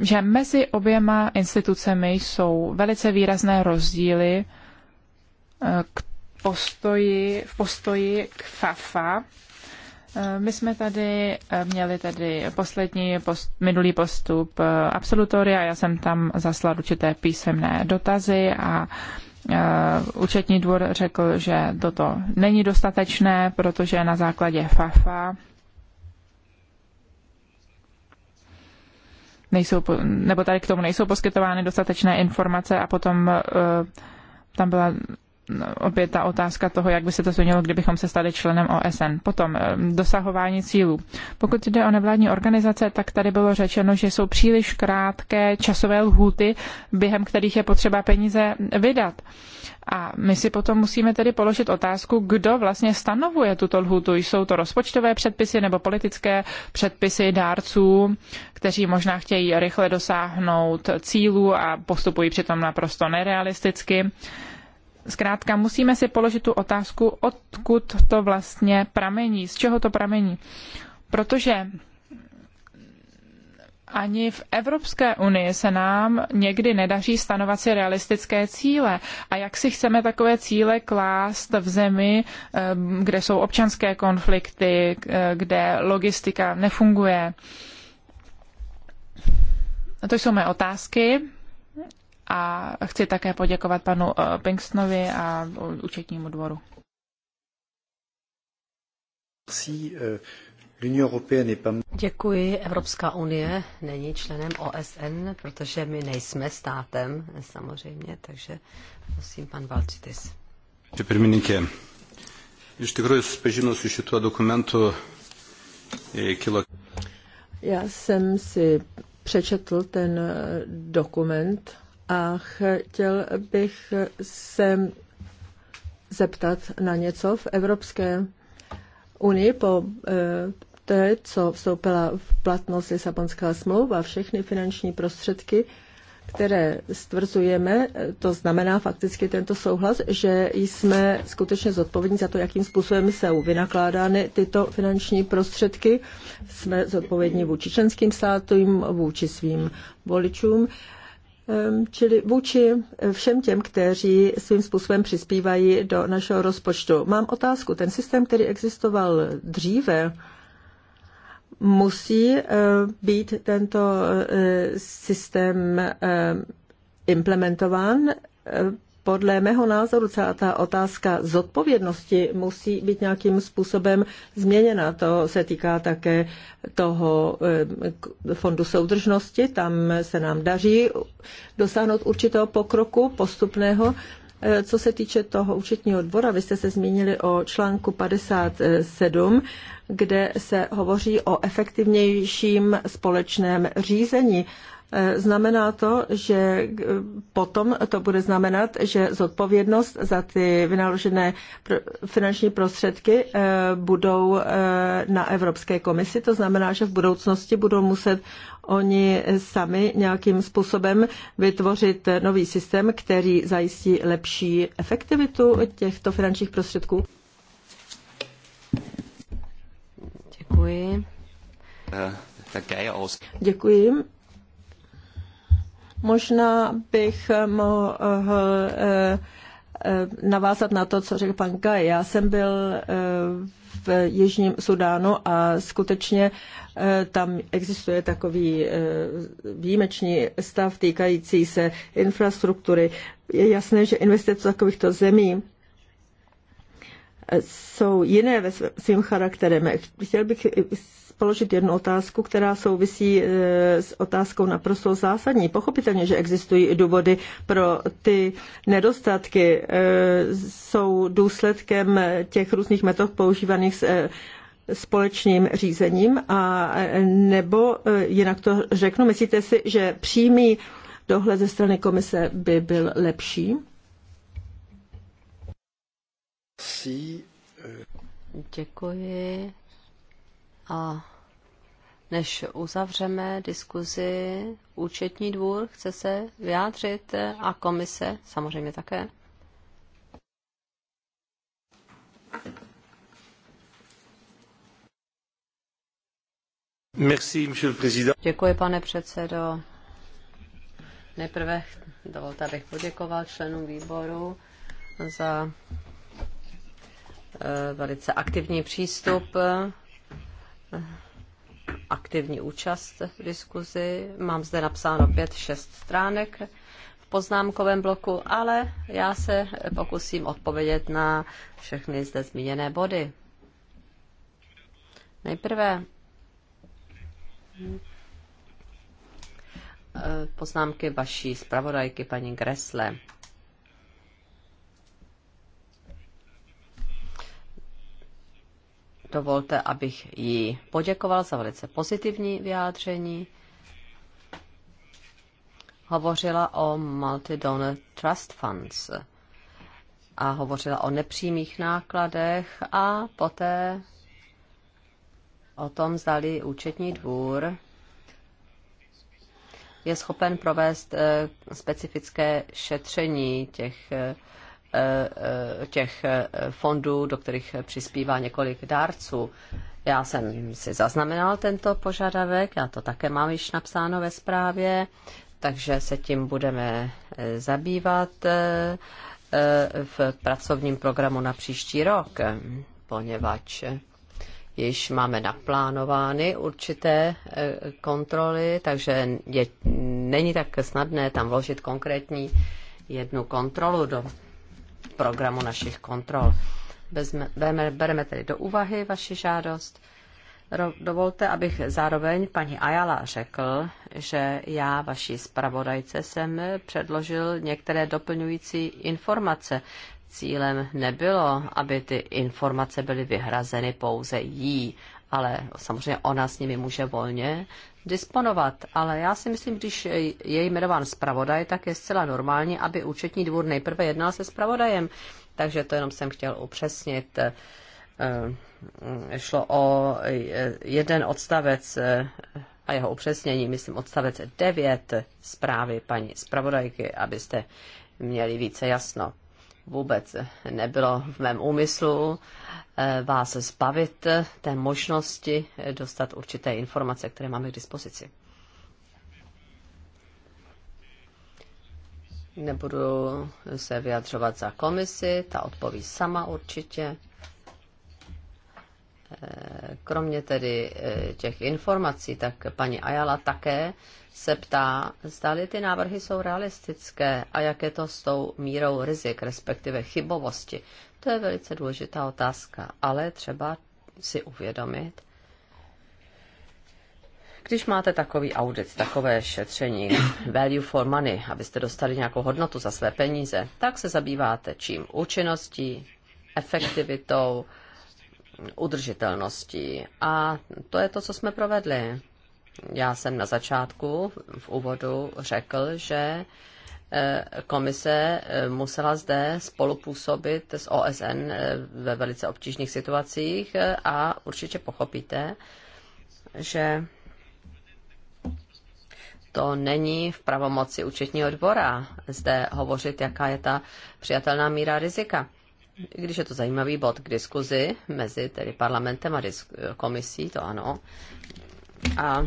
že mezi oběma institucemi jsou velice výrazné rozdíly, k eh, postoji, v postoji k FAFA. Eh, my jsme tady eh, měli tady poslední post, minulý postup eh, absolutoria, já jsem tam zaslal určité písemné dotazy a účetní dvor řekl, že toto není dostatečné, protože na základě FAFA nejsou, nebo tady k tomu nejsou poskytovány dostatečné informace a potom tam byla opět ta otázka toho, jak by se to změnilo, kdybychom se stali členem OSN. Potom eh, dosahování cílů. Pokud jde o nevládní organizace, tak tady bylo řečeno, že jsou příliš krátké časové lhůty, během kterých je potřeba peníze vydat. A my si potom musíme tedy položit otázku, kdo vlastně stanovuje tuto lhutu. Jsou to rozpočtové předpisy nebo politické předpisy dárců, kteří možná chtějí rychle dosáhnout cílů a postupují přitom naprosto nerealisticky. Zkrátka musíme si položit tu otázku, odkud to vlastně pramení, z čeho to pramení. Protože ani v Evropské unii se nám někdy nedaří stanovat si realistické cíle. A jak si chceme takové cíle klást v zemi, eh, kde jsou občanské konflikty, eh, kde logistika nefunguje? A to jsou mé otázky a chci také poděkovat panu eh, Pinkstnovi a účetnímu dvoru. Eh, Děkuji. Evropská unie není členem OSN, protože my nejsme státem, samozřejmě, takže prosím, pan Valčitis. Pirmininkė, iš tikrųjų susipažinus su šituo dokumentu e, kilo. Já jsem si přečetl ten eh, dokument a chtěl bych se zeptat na něco v Evropské unii po eh, té, co vstoupila v platnost Lisabonská smlouva, všechny finanční prostředky, které stvrzujeme, to znamená fakticky tento souhlas, že jsme skutečně zodpovědní za to, jakým způsobem jsou vynakládány tyto finanční prostředky. Jsme zodpovědní vůči členským státům, vůči svým voličům. Ehm, čili vůči eh, všem těm, kteří svým způsobem přispívají do našeho rozpočtu. Mám otázku. Ten systém, který existoval dříve, musí eh, být tento eh, systém ehm, implementován podle mého názoru celá ta otázka zodpovědnosti musí být nějakým způsobem změněna. To se týká také toho eh, fondu soudržnosti. Tam se nám daří dosáhnout určitého pokroku postupného. Eh, co se týče toho účetního dvora, vy jste se zmínili o článku 57, kde se hovoří o efektivnějším společném řízení. Eh, znamená to, že eh, potom to bude znamenat, že zodpovědnost za ty vynaložené finanční prostředky eh, budou na Evropské komisi. To znamená, že v budoucnosti budou muset oni sami nějakým způsobem vytvořit nový systém, který zajistí lepší efektivitu těchto finančních prostředků. Děkuji. Děkuji. Možná bych mohl eh, eh, navázat na to, co řekl pan Kaj. Já jsem byl eh, v Jižním Sudánu a skutečně tam existuje takový výjimečný stav týkající se infrastruktury. Je jasné, že investice takovýchto zemí jsou jiné ve svým charakterem. Chtěl bych položit jednu otázku, která souvisí e, s otázkou naprosto zásadní. Pochopitelně, že existují důvody pro ty nedostatky. E, jsou důsledkem těch různých metod používaných s e, společným řízením a nebo, jinak to řeknu, myslíte si, že přímý dohled ze strany komise by byl lepší? Děkuji. A než uzavřeme diskuzi, účetní dvůr chce se vyjádřit a komise samozřejmě také. Merci, Děkuji, pane předsedo. Nejprve dovolte, abych poděkoval členům výboru za eh, velice aktivní přístup aktivní účast v diskuzi. Mám zde napsáno pět šest stránek v poznámkovém bloku, ale já se pokusím odpovědět na všechny zde zmíněné body. Nejprve eh, poznámky vaší zpravodajky paní Gresle. Dovolte, abych jí poděkoval za velice pozitivní vyjádření. Hovořila o Multi-Donor Trust Funds a hovořila o nepřímých nákladech a poté o tom zdali účetní dvůr je schopen provést eh, specifické šetření těch eh, Eh, těch eh, fondů, do kterých přispívá několik dárců. Já jsem si zaznamenal tento požadavek, já to také mám již napsáno ve zprávě, takže se tím budeme eh, zabývat v pracovním programu na příští rok, poněvadž již máme naplánovány určité kontroly, takže je, není tak snadné tam vložit konkrétní jednu kontrolu do programu našich kontrol. Bezme, bereme, bereme tedy do úvahy vaši žádost. Dovolte, abych zároveň paní Ajala řekl, že já vaší zpravodajce jsem předložil některé doplňující informace. Cílem nebylo, aby ty informace byly vyhrazeny pouze jí, ale samozřejmě ona s nimi může volně disponovat, ale já si myslím, když je jmenován zpravodaj, tak je zcela normální, aby účetní dvůr nejprve jednal se zpravodajem. Takže to jenom jsem chtěl upřesnit. Eh, eh, šlo o eh, jeden odstavec a jeho upřesnění, myslím odstavec 9 zprávy paní zpravodajky, abyste měli více jasno vůbec nebylo v mém úmyslu eh, vás zbavit té možnosti dostat určité informace, které máme k dispozici. Nebudu se vyjadřovat za komisi, ta odpoví sama určitě. Eh, kromě tedy eh, těch informací, tak paní Ajala také se ptá, zdali ty návrhy jsou realistické a jak je to s tou mírou rizik, respektive chybovosti. To je velice důležitá otázka, ale třeba si uvědomit, když máte takový audit, takové šetření, value for money, abyste dostali nějakou hodnotu za své peníze, tak se zabýváte čím? Účinností, efektivitou, udržitelností. A to je to, co jsme provedli. Já jsem na začátku v úvodu řekl, že eh, komise eh, musela zde spolupůsobit s OSN eh, ve velice obtížných situacích a určitě pochopíte, že to není v pravomoci účetního dvora zde hovořit, jaká je ta přijatelná míra rizika když je to zajímavý bod k diskuzi mezi tedy parlamentem a komisí, to ano, a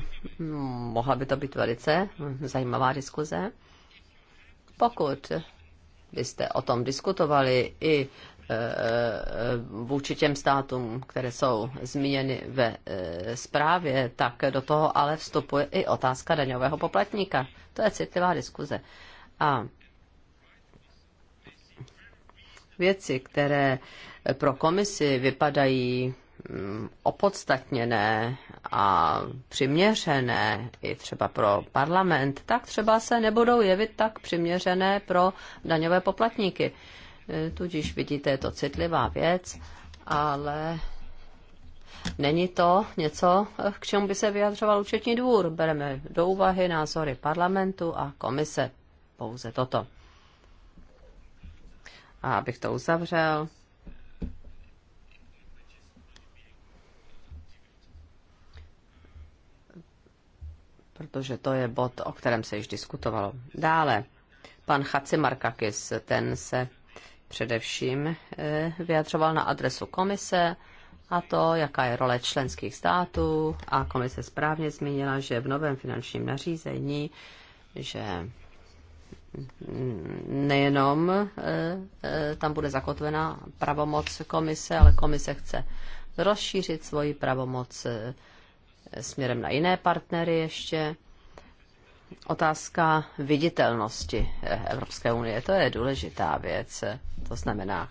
mohla by to být velice zajímavá diskuze, pokud byste o tom diskutovali i e, e, vůči těm státům, které jsou zmíněny ve e, zprávě, tak do toho ale vstupuje i otázka daňového poplatníka. To je citlivá diskuze. A věci, které pro komisi vypadají mm, opodstatněné a přiměřené i třeba pro parlament, tak třeba se nebudou jevit tak přiměřené pro daňové poplatníky. E, tudíž vidíte, je to citlivá věc, ale není to něco, e, k čemu by se vyjadřoval účetní dvůr. Bereme do úvahy názory parlamentu a komise. Pouze toto. A abych to uzavřel, protože to je bod, o kterém se již diskutovalo. Dále, pan Chacimarkakis, ten se především eh, vyjadřoval na adresu komise, a to, jaká je role členských států. A komise správně zmínila, že v novém finančním nařízení, že nejenom eh, eh, tam bude zakotvená pravomoc komise, ale komise chce rozšířit svoji pravomoc eh, směrem na jiné partnery ještě. Otázka viditelnosti Evropské unie, to je důležitá věc. To znamená,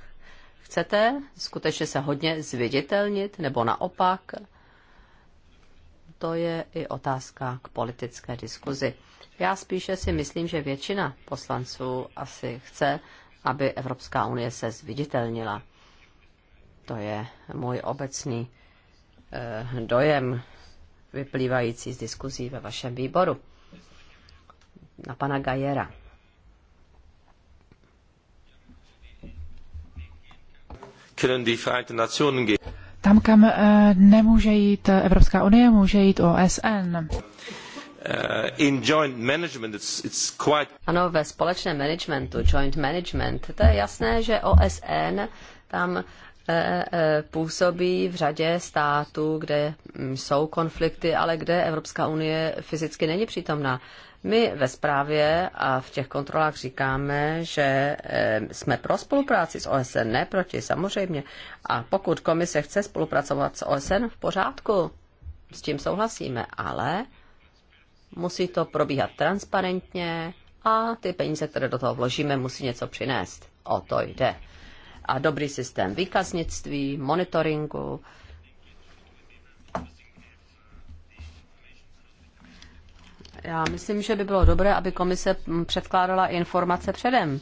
chcete skutečně se hodně zviditelnit, nebo naopak? To je i otázka k politické diskuzi. Já spíše si myslím, že většina poslanců asi chce, aby Evropská unie se zviditelnila. To je můj obecný eh, dojem vyplývající z diskuzí ve vašem výboru. Na pana Gajera. Tam, kam eh, nemůže jít Evropská unie, může jít OSN. Uh, ano, ve společném managementu, joint management, to je jasné, že OSN tam uh, uh, působí v řadě států, kde mm, jsou konflikty, ale kde Evropská unie fyzicky není přítomná. My ve zprávě a v těch kontrolách říkáme, že eh, jsme pro spolupráci s OSN, ne proti, samozřejmě. A pokud komise chce spolupracovat s OSN, v pořádku, s tím souhlasíme, ale Musí to probíhat transparentně a ty peníze, které do toho vložíme, musí něco přinést. O to jde. A dobrý systém výkaznictví, monitoringu. Já myslím, že by bylo dobré, aby komise předkládala informace předem.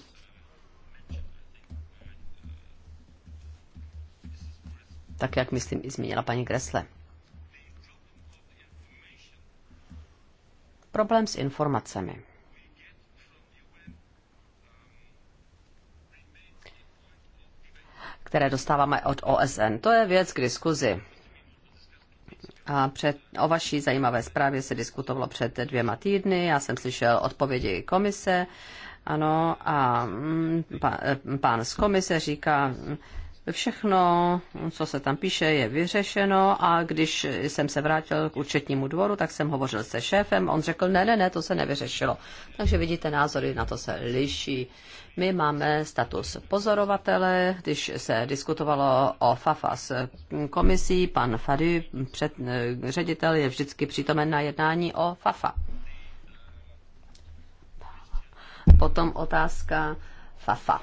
Tak, jak myslím, i zmínila paní Gresle. problém s informacemi. které dostáváme od OSN. To je věc k diskuzi. A před, o vaší zajímavé zprávě se diskutovalo před dvěma týdny. Já jsem slyšel odpovědi komise. Ano, a mm, pán, e, pán z komise říká, Všechno, co se tam píše, je vyřešeno a když jsem se vrátil k účetnímu dvoru, tak jsem hovořil se šéfem, on řekl, ne, ne, ne, to se nevyřešilo. Takže vidíte, názory na to se liší. My máme status pozorovatele, když se diskutovalo o FAFA s komisí, pan Fady, před, ředitel, je vždycky přítomen na jednání o FAFA. Potom otázka FAFA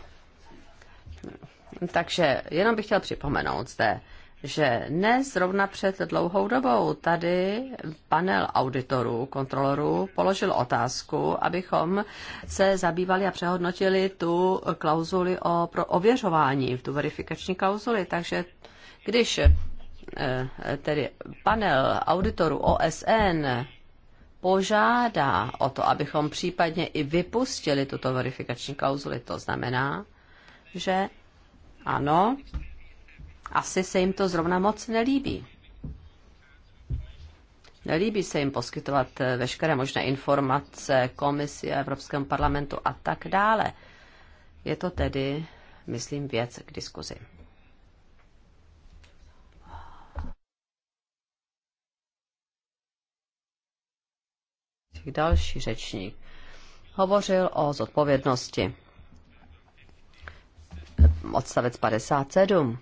takže jenom bych chtěl připomenout zde, že ne zrovna před dlouhou dobou tady panel auditorů, kontrolorů položil otázku, abychom se zabývali a přehodnotili tu klauzuli o, pro ověřování, tu verifikační klauzuli. Takže když eh, tedy panel auditorů OSN požádá o to, abychom případně i vypustili tuto verifikační klauzuli, to znamená, že ano, asi se jim to zrovna moc nelíbí. Nelíbí se jim poskytovat eh, veškeré možné informace komisi a Evropskému parlamentu a tak dále. Je to tedy, myslím, věc k diskuzi. další řečník. Hovořil o zodpovědnosti odstavec 57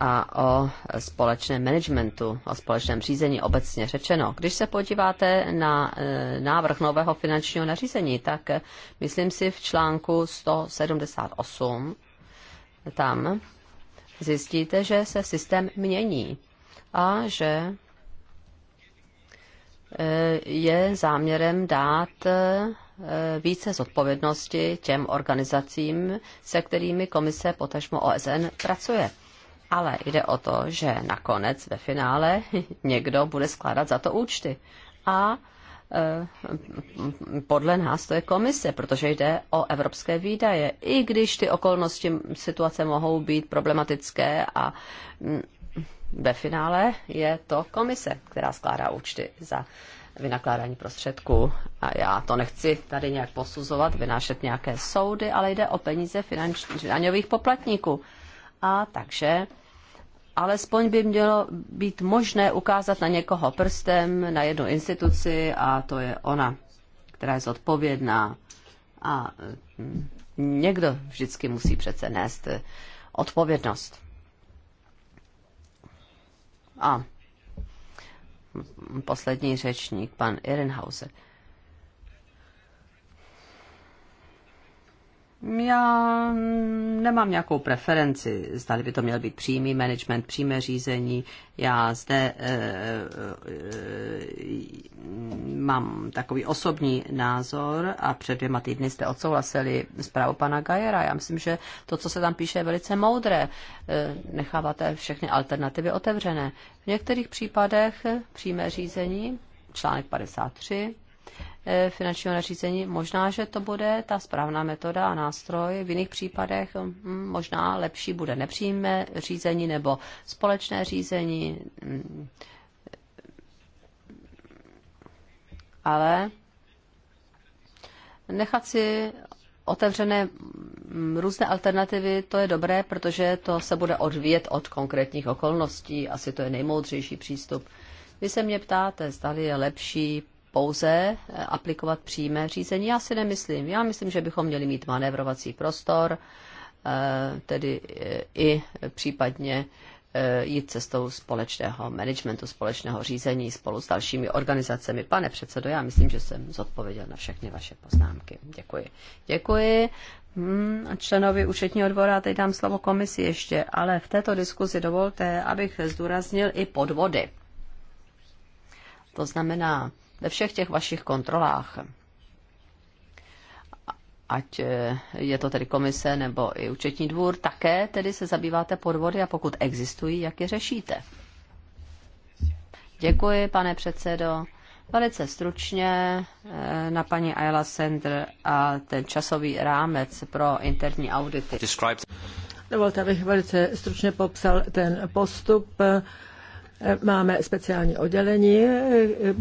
a o společném managementu, o společném řízení obecně řečeno. Když se podíváte na e, návrh nového finančního nařízení, tak myslím si v článku 178 tam zjistíte, že se systém mění a že e, je záměrem dát více zodpovědnosti těm organizacím, se kterými komise potažmo OSN pracuje. Ale jde o to, že nakonec ve finále někdo bude skládat za to účty. A eh, podle nás to je komise, protože jde o evropské výdaje. I když ty okolnosti situace mohou být problematické a mm, ve finále je to komise, která skládá účty za vynakládání prostředků. A já to nechci tady nějak posuzovat, vynášet nějaké soudy, ale jde o peníze finančních daňových poplatníků. A takže alespoň by mělo být možné ukázat na někoho prstem, na jednu instituci a to je ona, která je zodpovědná. A hm, někdo vždycky musí přece nést eh, odpovědnost. A poslední řečník, pan Ehrenhauser. Já nemám nějakou preferenci, zda by to měl být přímý management, přímé řízení. Já zde e, e, mám takový osobní názor a před dvěma týdny jste odsouhlasili zprávu pana Gajera. Já myslím, že to, co se tam píše, je velice moudré. E, necháváte všechny alternativy otevřené. V některých případech přímé řízení, článek 53, E, finančního nařízení. Možná, že to bude ta správná metoda a nástroj. V jiných případech možná lepší bude nepřímé řízení nebo společné řízení. Mm. Ale nechat si otevřené různé alternativy, to je dobré, protože to se bude odvíjet od konkrétních okolností. Asi to je nejmoudřejší přístup. Vy se mě ptáte, zda je lepší pouze eh, aplikovat přímé řízení? Já si nemyslím. Já myslím, že bychom měli mít manévrovací prostor, eh, tedy eh, i případně jít cestou společného managementu, společného řízení spolu s dalšími organizacemi. Pane předsedo, já myslím, že jsem zodpověděl na všechny vaše poznámky. Děkuji. Děkuji. Hmm, členovi účetního dvora teď dám slovo komisi ještě, ale v této diskuzi dovolte, abych zdůraznil i podvody. To znamená ve všech těch vašich kontrolách. Ať eh, je to tedy komise nebo i účetní dvůr, také tedy se zabýváte podvody a pokud existují, jak je řešíte. Děkuji, pane předsedo. Velice stručně eh, na paní Ayla Sender a ten časový rámec pro interní audity. Dovolte, abych velice stručně popsal ten postup. Máme speciální oddělení,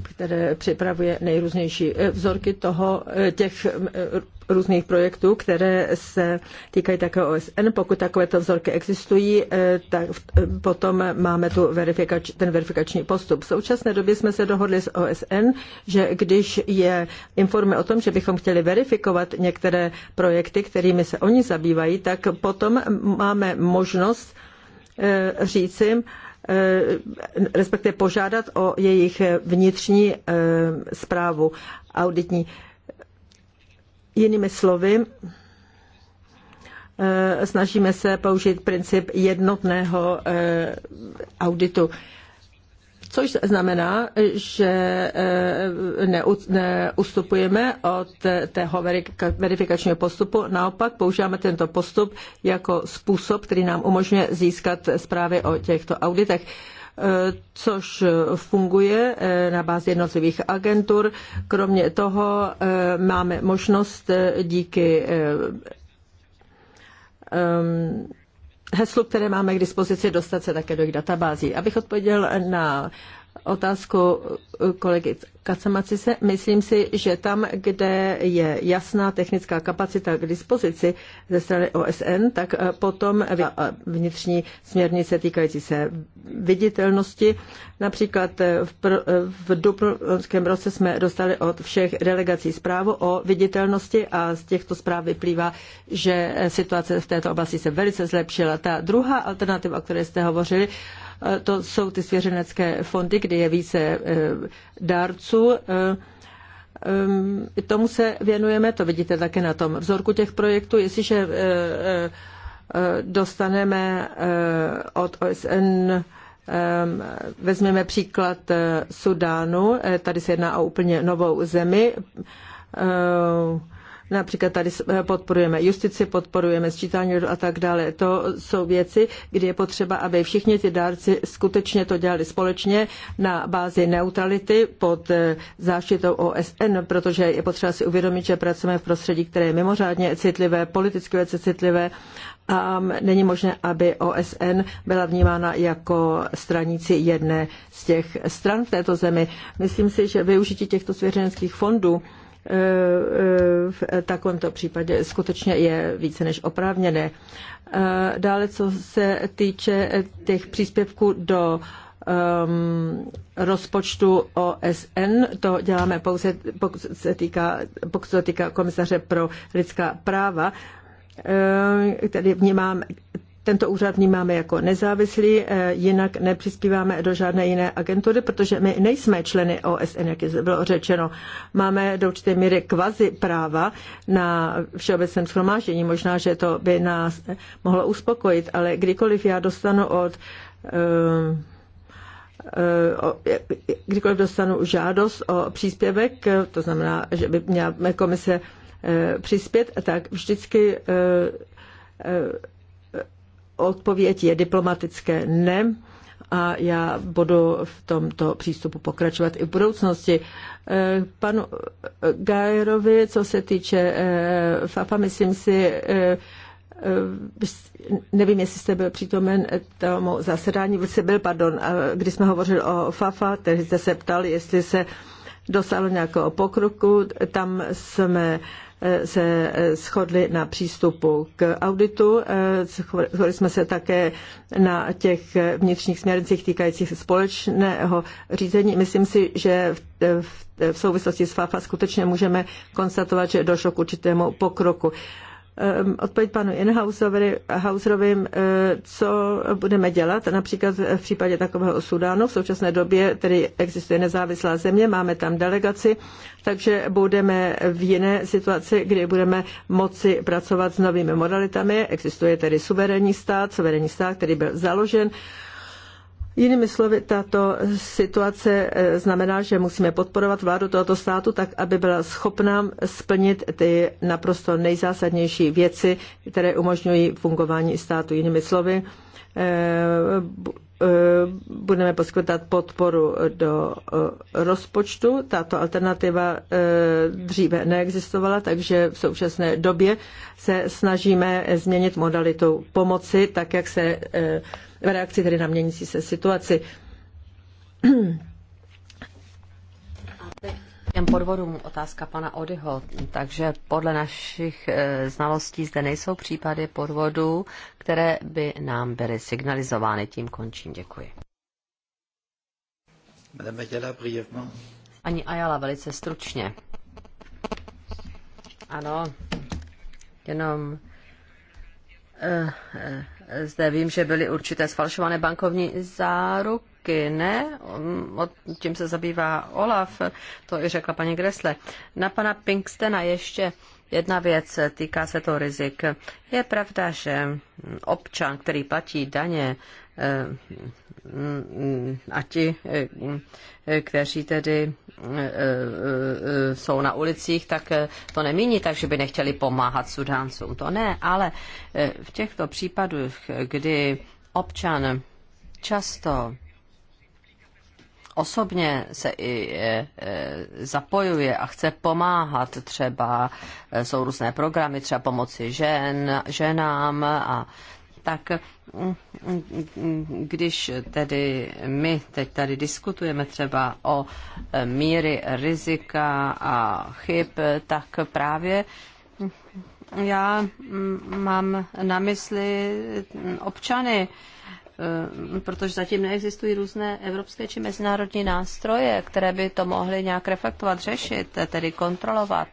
které připravuje nejrůznější vzorky toho, těch eh, různých projektů, které se týkají také OSN. Pokud takovéto vzorky existují, eh, tak eh, potom máme tu verifikač, ten verifikační postup. V současné době jsme se dohodli s OSN, že když je informuje o tom, že bychom chtěli verifikovat některé projekty, kterými se oni zabývají, tak potom máme možnost říci, Eh, respektive požádat o jejich vnitřní zprávu eh, auditní. Jinými slovy, eh, snažíme se použít princip jednotného auditu což znamená, že eh, neustupujeme od tého verifikačního postupu, naopak používáme tento postup jako způsob, který nám umožňuje získat zprávy o těchto auditech eh, což funguje eh, na bázi jednotlivých agentur. Kromě toho máme možnost díky heslu, které máme k dispozici, dostat se také do jejich databází. Abych odpověděl na otázku eh, kolegy se Myslím si, že tam, kde je jasná technická kapacita k dispozici ze strany OSN, tak eh, potom vnitřní směrnice týkající se viditelnosti. Například eh, v, v dublinském roce jsme dostali od všech delegací zprávu o viditelnosti a z těchto zpráv vyplývá, že situace v této oblasti se velice zlepšila. Ta druhá alternativa, o které jste hovořili, Eh, to jsou ty svěřenecké fondy, kde je více eh, dárců. Eh, tomu se věnujeme, to vidíte také na tom vzorku těch projektů. Jestliže dostaneme od OSN Vezmeme příklad Sudánu, tady se jedná o úplně novou zemi Například tady eh, podporujeme justici, podporujeme sčítání a tak dále. To jsou věci, kdy je potřeba, aby všichni ty dárci skutečně to dělali společně na bázi neutrality pod eh, záštitou OSN, protože je potřeba si uvědomit, že pracujeme v prostředí, které je mimořádně citlivé, politicky věce citlivé a není možné, aby OSN byla vnímána jako stranici jedné z těch stran v této zemi. Myslím si, že využití těchto svěřenských fondů E, e, v takovémto případě skutečně je více než oprávněné. E, dále, co se týče těch příspěvků do um, rozpočtu OSN. To děláme pouze, pokud se týká, pokud se týká komisaře pro lidská práva. který vnímám, tento úřad vnímáme jako nezávislý, eh, jinak nepřispíváme do žádné jiné agentury, protože my nejsme členy OSN, jak je bylo řečeno. Máme do určité míry kvazi práva na všeobecném schromáždění. Možná, že to by nás eh, mohlo uspokojit, ale kdykoliv já dostanu od eh, kdykoliv dostanu žádost o příspěvek, to znamená, že by měla komise přispět, tak vždycky odpověď je diplomatické ne a já budu v tomto přístupu pokračovat i v budoucnosti. Eh, panu eh, Gajerovi, co se týče eh, FAPA, myslím si, nevím, jestli jste byl přítomen tomu zasedání, jste byl, pardon, když jsme hovořili o FAFA, tehdy jste se ptal, jestli se dostalo nějakého pokroku. Tam jsme se eh, shodli na přístupu k auditu. Eh, shodli jsme se také na těch vnitřních směrnicích týkajících se společného řízení. Myslím si, že v souvislosti s FAFA skutečně můžeme konstatovat, že došlo k určitému pokroku. Ehm, odpověď panu Inhauserovi, ehm, co budeme dělat, například v případě takového Sudánu. V současné době tedy existuje nezávislá země, máme tam delegaci, takže budeme v jiné situaci, kdy budeme moci pracovat s novými modalitami. Existuje tedy suverénní stát, suverénní stát, který byl založen Jinými slovy, tato situace eh, znamená, že musíme podporovat vládu tohoto státu tak, aby byla schopná splnit ty naprosto nejzásadnější věci, které umožňují fungování státu. Jinými slovy, eh, eh, budeme poskytovat podporu do rozpočtu. Tato alternativa dříve neexistovala, takže v současné době se snažíme změnit modalitu pomoci, tak jak se v reakci tedy na měnící se situaci. Těm podvodům otázka pana Odyho. Takže podle našich eh, znalostí zde nejsou případy podvodů, které by nám byly signalizovány. Tím končím. Děkuji. Ani Ajala, velice stručně. Ano, jenom Eh, eh, zde vím, že byly určité sfalšované bankovní záruky, ne? Mm, o tím se zabývá Olaf, to i řekla paní Gresle. Na pana Pinkstena ještě jedna věc, týká se to rizik. Je pravda, že občan, který platí daně, Eh, mm, mm, a ti, eh, mm, kteří tedy eh, jsou na ulicích, tak to nemíní tak, že by nechtěli pomáhat Sudáncům. To ne, ale v těchto případech, kdy občan často osobně se i zapojuje a chce pomáhat. Třeba jsou různé programy, třeba pomoci žen, ženám a tak když tedy my teď tady diskutujeme třeba o míry rizika a chyb, tak právě já mám na mysli občany, protože zatím neexistují různé evropské či mezinárodní nástroje, které by to mohly nějak reflektovat, řešit, tedy kontrolovat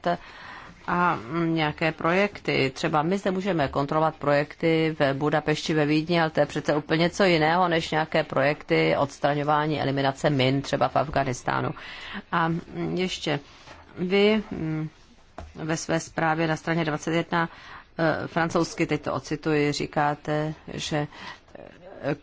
a nějaké projekty. Třeba my se můžeme kontrolovat projekty v Budapešti, ve Vídni, ale to je přece úplně něco jiného než nějaké projekty odstraňování, eliminace min třeba v Afganistánu. A ještě vy mm, ve své zprávě na straně 21 eh, francouzsky, teď to ocituji, říkáte, že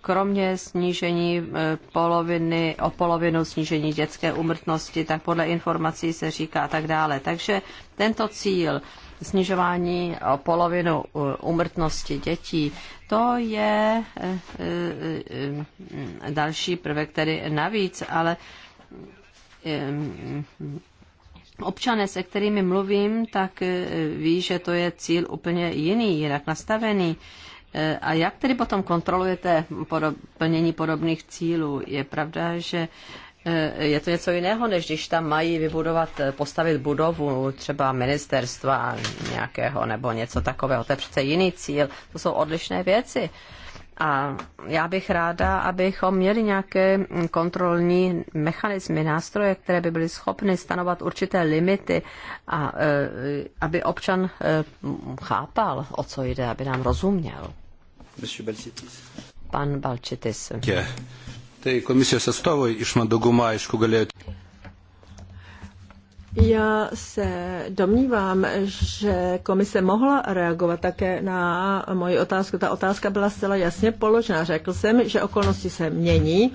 kromě snížení eh, poloviny, o polovinu snížení dětské umrtnosti, tak podle informací se říká a tak dále. Takže tento cíl snižování o polovinu umrtnosti eh, dětí, to je eh, další prvek, tedy navíc, ale občané, se kterými mluvím, tak ví, že to je cíl úplně jiný, jinak nastavený E, a jak tedy potom kontrolujete plnění podobných cílů? Je pravda, že e, je to něco jiného, než když tam mají vybudovat, e, postavit budovu třeba ministerstva nějakého nebo něco takového. To je přece jiný cíl, to jsou odlišné věci. A já bych ráda, abychom měli nějaké kontrolní mechanismy, nástroje, které by byly schopny stanovat určité limity a aby občan chápal, o co jde, aby nám rozuměl. Pan Balcitis. Tai komisijos atstovai iš mandagumo aišku galėjo. Já se domnívám, že komise mohla reagovat také na moji otázku. Ta otázka byla zcela jasně položena. Řekl jsem, že okolnosti se mění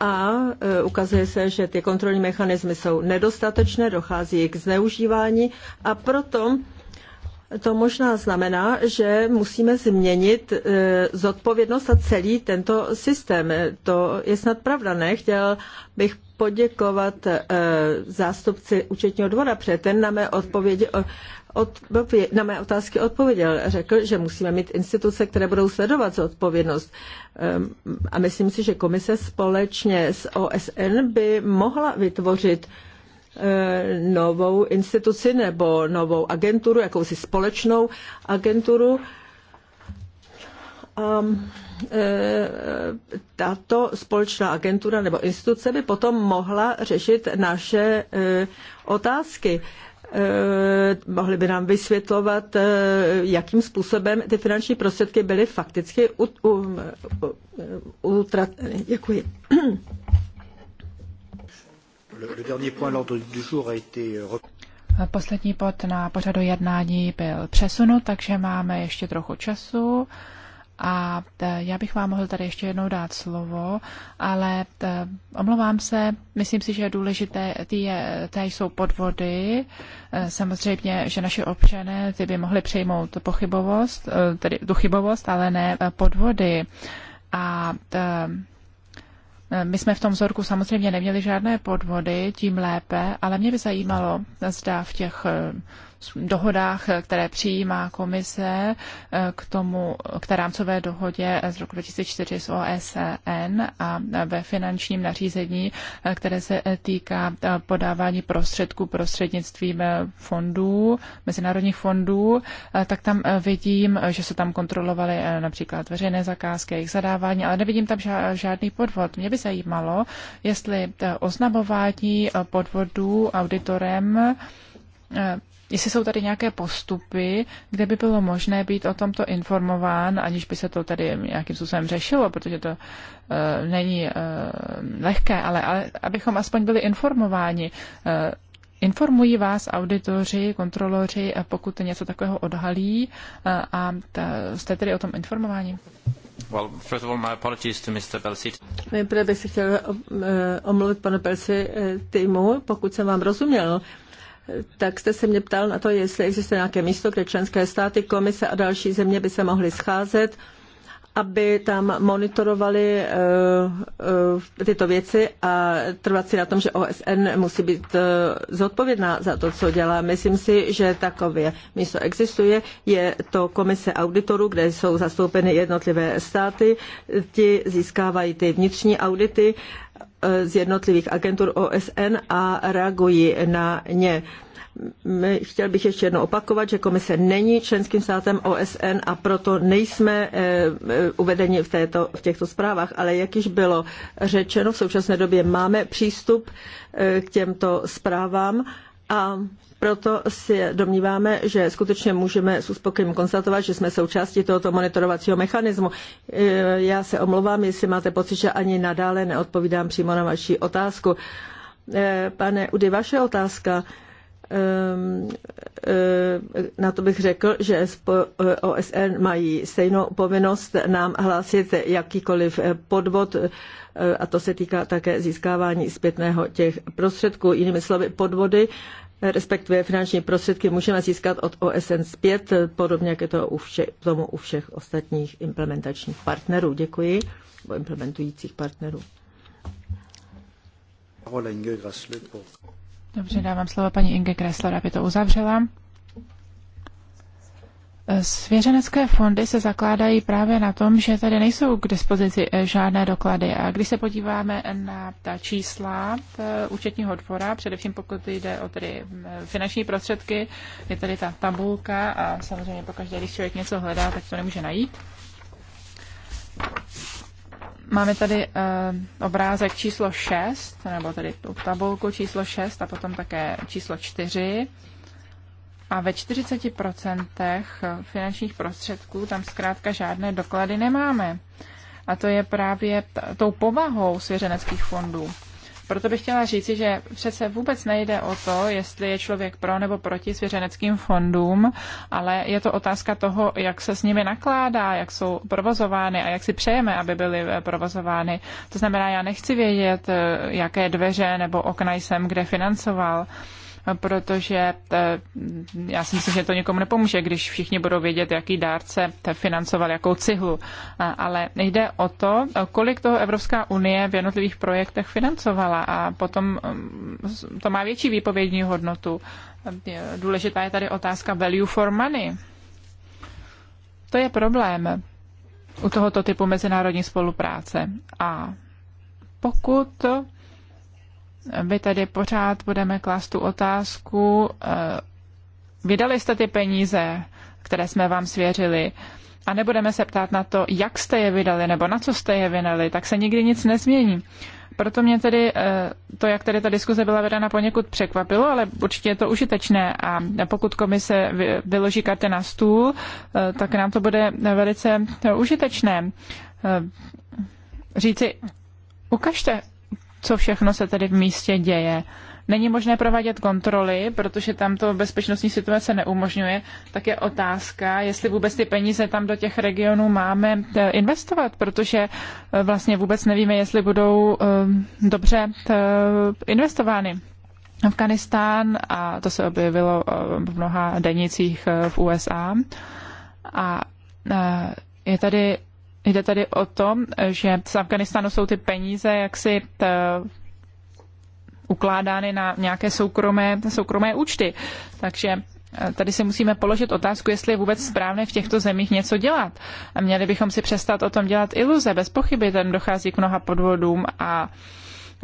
a e, ukazuje se, že ty kontrolní mechanismy jsou nedostatečné, dochází k zneužívání a proto to možná znamená, že musíme změnit e, zodpovědnost a celý tento systém. To je snad pravda, ne? Chtěl bych poděkovat e, zástupci účetního dvora, protože ten na mé odpovědi odpověd, na mé otázky odpověděl. Řekl, že musíme mít instituce, které budou sledovat zodpovědnost. E, a myslím si, že komise společně s OSN by mohla vytvořit novou instituci nebo novou agenturu, jakousi společnou agenturu. A tato společná agentura nebo instituce by potom mohla řešit naše otázky mohli by nám vysvětlovat, jakým způsobem ty finanční prostředky byly fakticky utraceny. Děkuji. Poslední bod na pořadu jednání byl přesunut, takže máme ještě trochu času. A e, já bych vám mohl tady ještě jednou dát slovo, ale e, omlouvám se, myslím si, že je důležité, ty, je, ty jsou podvody. E, samozřejmě, že naše občané ty by mohli přijmout pochybovost, tedy tu chybovost, ale ne podvody. A t, my jsme v tom vzorku samozřejmě neměli žádné podvody, tím lépe, ale mě by zajímalo, zda v těch eh, dohodách, které přijímá komise eh, k tomu, k té rámcové dohodě z roku 2004 s OSN a ve finančním nařízení, eh, které se eh, týká podávání prostředků prostřednictvím fondů, mezinárodních fondů, tak tam vidím, že se tam kontrolovaly například veřejné zakázky, jejich zadávání, ale nevidím tam žádný podvod. Mě by zajímalo, jestli oznamování podvodů auditorem jestli jsou tady nějaké postupy, kde by bylo možné být o tomto informován, aniž by se to tady nějakým způsobem řešilo, protože to uh, není uh, lehké, ale, ale abychom aspoň byli informováni. Uh, Informují vás auditoři, kontroloři, pokud něco takového odhalí uh, a ta, jste tedy o tom informováni? Well, first of all, my apologies to Mr. Nejprve bych se chtěl omluvit panu Pelsi týmu, pokud jsem vám rozuměl. Uh, tak jste se mě ptal na to, jestli existuje nějaké místo, kde členské státy, komise a další země by se mohly scházet, aby tam monitorovali eh, eh, tyto věci a trvat si na tom, že OSN musí být eh, zodpovědná za to, co dělá. Myslím si, že takové místo existuje. Je to komise auditorů, kde jsou zastoupeny jednotlivé státy. Ti získávají ty vnitřní audity z jednotlivých agentur OSN a reagují na ně. Chtěl bych ještě jednou opakovat, že komise není členským státem OSN a proto nejsme eh, eh, uvedeni v, této, v těchto zprávách, ale jak již bylo řečeno, v současné době máme přístup eh, k těmto zprávám a proto se domníváme, že skutečně můžeme s uspokojením konstatovat, že jsme součástí tohoto monitorovacího mechanismu. E, já se omlouvám, jestli máte pocit, že ani nadále neodpovídám přímo na vaši otázku. E, pane Udy, vaše otázka ehm, e, na to bych řekl, že OSN mají stejnou povinnost nám hlásit jakýkoliv podvod a to se týká také získávání zpětného těch prostředků. Jinými slovy, podvody respektive finanční prostředky můžeme získat od OSN zpět, podobně jak je to u vše, tomu u všech ostatních implementačních partnerů. Děkuji, nebo implementujících partnerů. Dobře, dávám slovo paní Inge Kressler, aby to uzavřela. Svěřenecké fondy se zakládají právě na tom, že tady nejsou k dispozici eh, žádné doklady. A když se podíváme na ta čísla eh, účetního dvora, především pokud jde o tedy finanční prostředky, je tady ta tabulka a samozřejmě pokaždé, když člověk něco hledá, tak to nemůže najít. Máme tady uh, obrázek číslo 6, nebo tady tu tabulku číslo 6 a potom také číslo 4 a ve 40% finančních prostředků tam zkrátka žádné doklady nemáme. A to je právě tou povahou svěřeneckých fondů. Proto bych chtěla říci, že přece vůbec nejde o to, jestli je člověk pro nebo proti svěřeneckým fondům, ale je to otázka toho, jak se s nimi nakládá, jak jsou provozovány a jak si přejeme, aby byly eh, provozovány. To znamená, já nechci vědět, eh, jaké dveře nebo okna jsem kde financoval protože eh, já si myslím, že to někomu nepomůže, když všichni budou vědět, jaký dárce financoval jakou cihlu. Ale jde o to, eh, kolik toho Evropská unie v jednotlivých projektech financovala a potom mm, to má větší výpovědní hodnotu. Eh, důležitá je tady otázka value for money. To je problém u tohoto typu mezinárodní spolupráce. A pokud my tady pořád budeme klást tu otázku, eh, vydali jste ty peníze, které jsme vám svěřili, a nebudeme se ptát na to, jak jste je vydali nebo na co jste je vydali, tak se nikdy nic nezmění. Proto mě tedy eh, to, jak tady ta diskuze byla vedena, poněkud překvapilo, ale určitě je to užitečné a pokud komise vyloží karty na stůl, eh, tak nám to bude velice užitečné. Říci, ukažte co všechno se tedy v místě děje. Není možné provádět kontroly, protože tam to bezpečnostní situace neumožňuje, tak je otázka, jestli vůbec ty peníze tam do těch regionů máme eh, investovat, protože eh, vlastně vůbec nevíme, jestli budou eh, dobře investovány. Afganistán, a to se objevilo v mnoha denicích v USA, a je tady Jde tady o to, že z Afganistánu jsou ty peníze jaksi t, eh, ukládány na nějaké soukromé, soukromé účty. Takže eh, tady si musíme položit otázku, jestli je vůbec správné v těchto zemích něco dělat. A měli bychom si přestat o tom dělat iluze. Bez pochyby tam dochází k mnoha podvodům a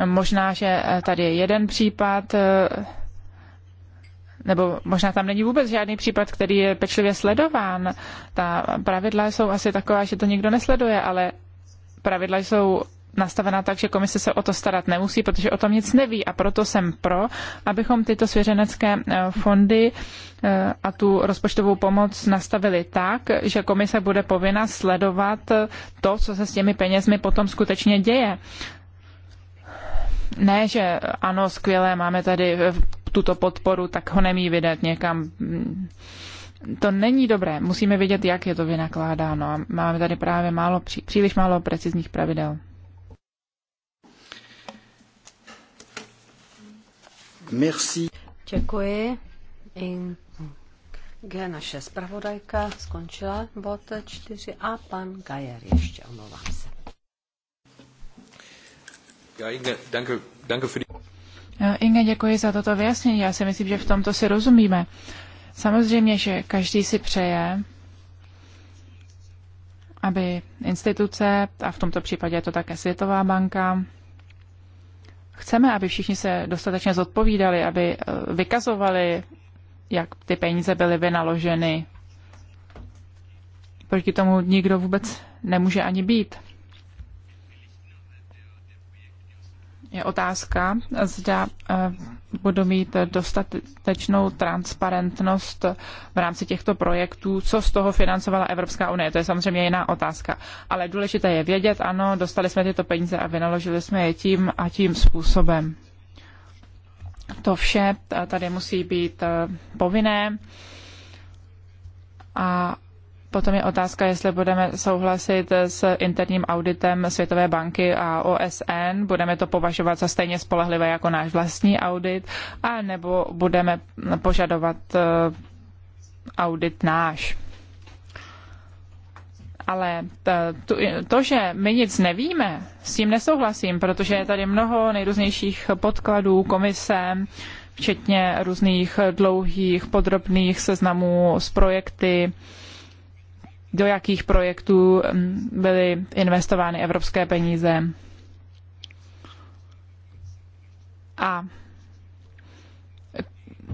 možná, že eh, tady je jeden případ nebo možná tam není vůbec žádný případ, který je pečlivě sledován. Ta pravidla jsou asi taková, že to nikdo nesleduje, ale pravidla jsou nastavená tak, že komise se o to starat nemusí, protože o tom nic neví a proto jsem pro, abychom tyto svěřenecké eh, fondy eh, a tu rozpočtovou pomoc nastavili tak, že komise bude povinna sledovat eh, to, co se s těmi penězmi potom skutečně děje. Ne, že ano, skvělé, máme tady tuto podporu, tak ho nemí vydat někam. To není dobré. Musíme vědět, jak je to vynakládáno. A máme tady právě málo, příliš málo precizních pravidel. Merci. Děkuji. G naše zpravodajka skončila bod 4 a pan Gajer ještě, omlouvám se. E, Inge, děkuji za toto vyjasnění. Já si myslím, že v tomto si rozumíme. Samozřejmě, že každý si přeje, aby instituce, a v tomto případě je to také Světová banka, chceme, aby všichni se dostatečně zodpovídali, aby e, vykazovali, jak ty peníze byly vynaloženy. Proti tomu nikdo vůbec nemůže ani být. je otázka, zda eh, budou mít dostatečnou transparentnost v rámci těchto projektů, co z toho financovala Evropská unie. To je samozřejmě jiná otázka. Ale důležité je vědět, ano, dostali jsme tyto peníze a vynaložili jsme je tím a tím způsobem. To vše eh, tady musí být eh, povinné a Potom je otázka, jestli budeme souhlasit s interním auditem Světové banky a OSN, budeme to považovat za stejně spolehlivé jako náš vlastní audit, a nebo budeme požadovat eh, audit náš. Ale eh, to, to, že my nic nevíme, s tím nesouhlasím, protože je tady mnoho nejrůznějších podkladů, komise, včetně různých dlouhých, podrobných seznamů s projekty, do jakých projektů mm, byly investovány evropské peníze. A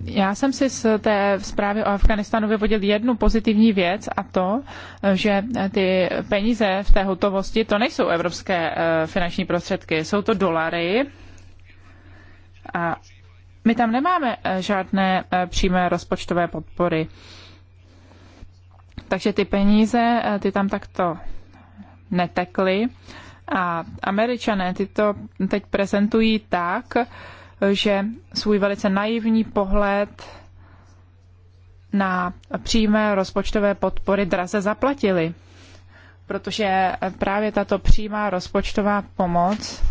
já jsem si z té zprávy o Afganistanu vyvodil jednu pozitivní věc a to, že ty peníze v té hotovosti, to nejsou evropské eh, finanční prostředky, jsou to dolary. A my tam nemáme eh, žádné eh, přímé rozpočtové podpory. Takže ty peníze, eh, ty tam takto netekly. A američané ty to teď prezentují tak, že svůj velice naivní pohled na přímé rozpočtové podpory draze zaplatili. Protože právě tato přímá rozpočtová pomoc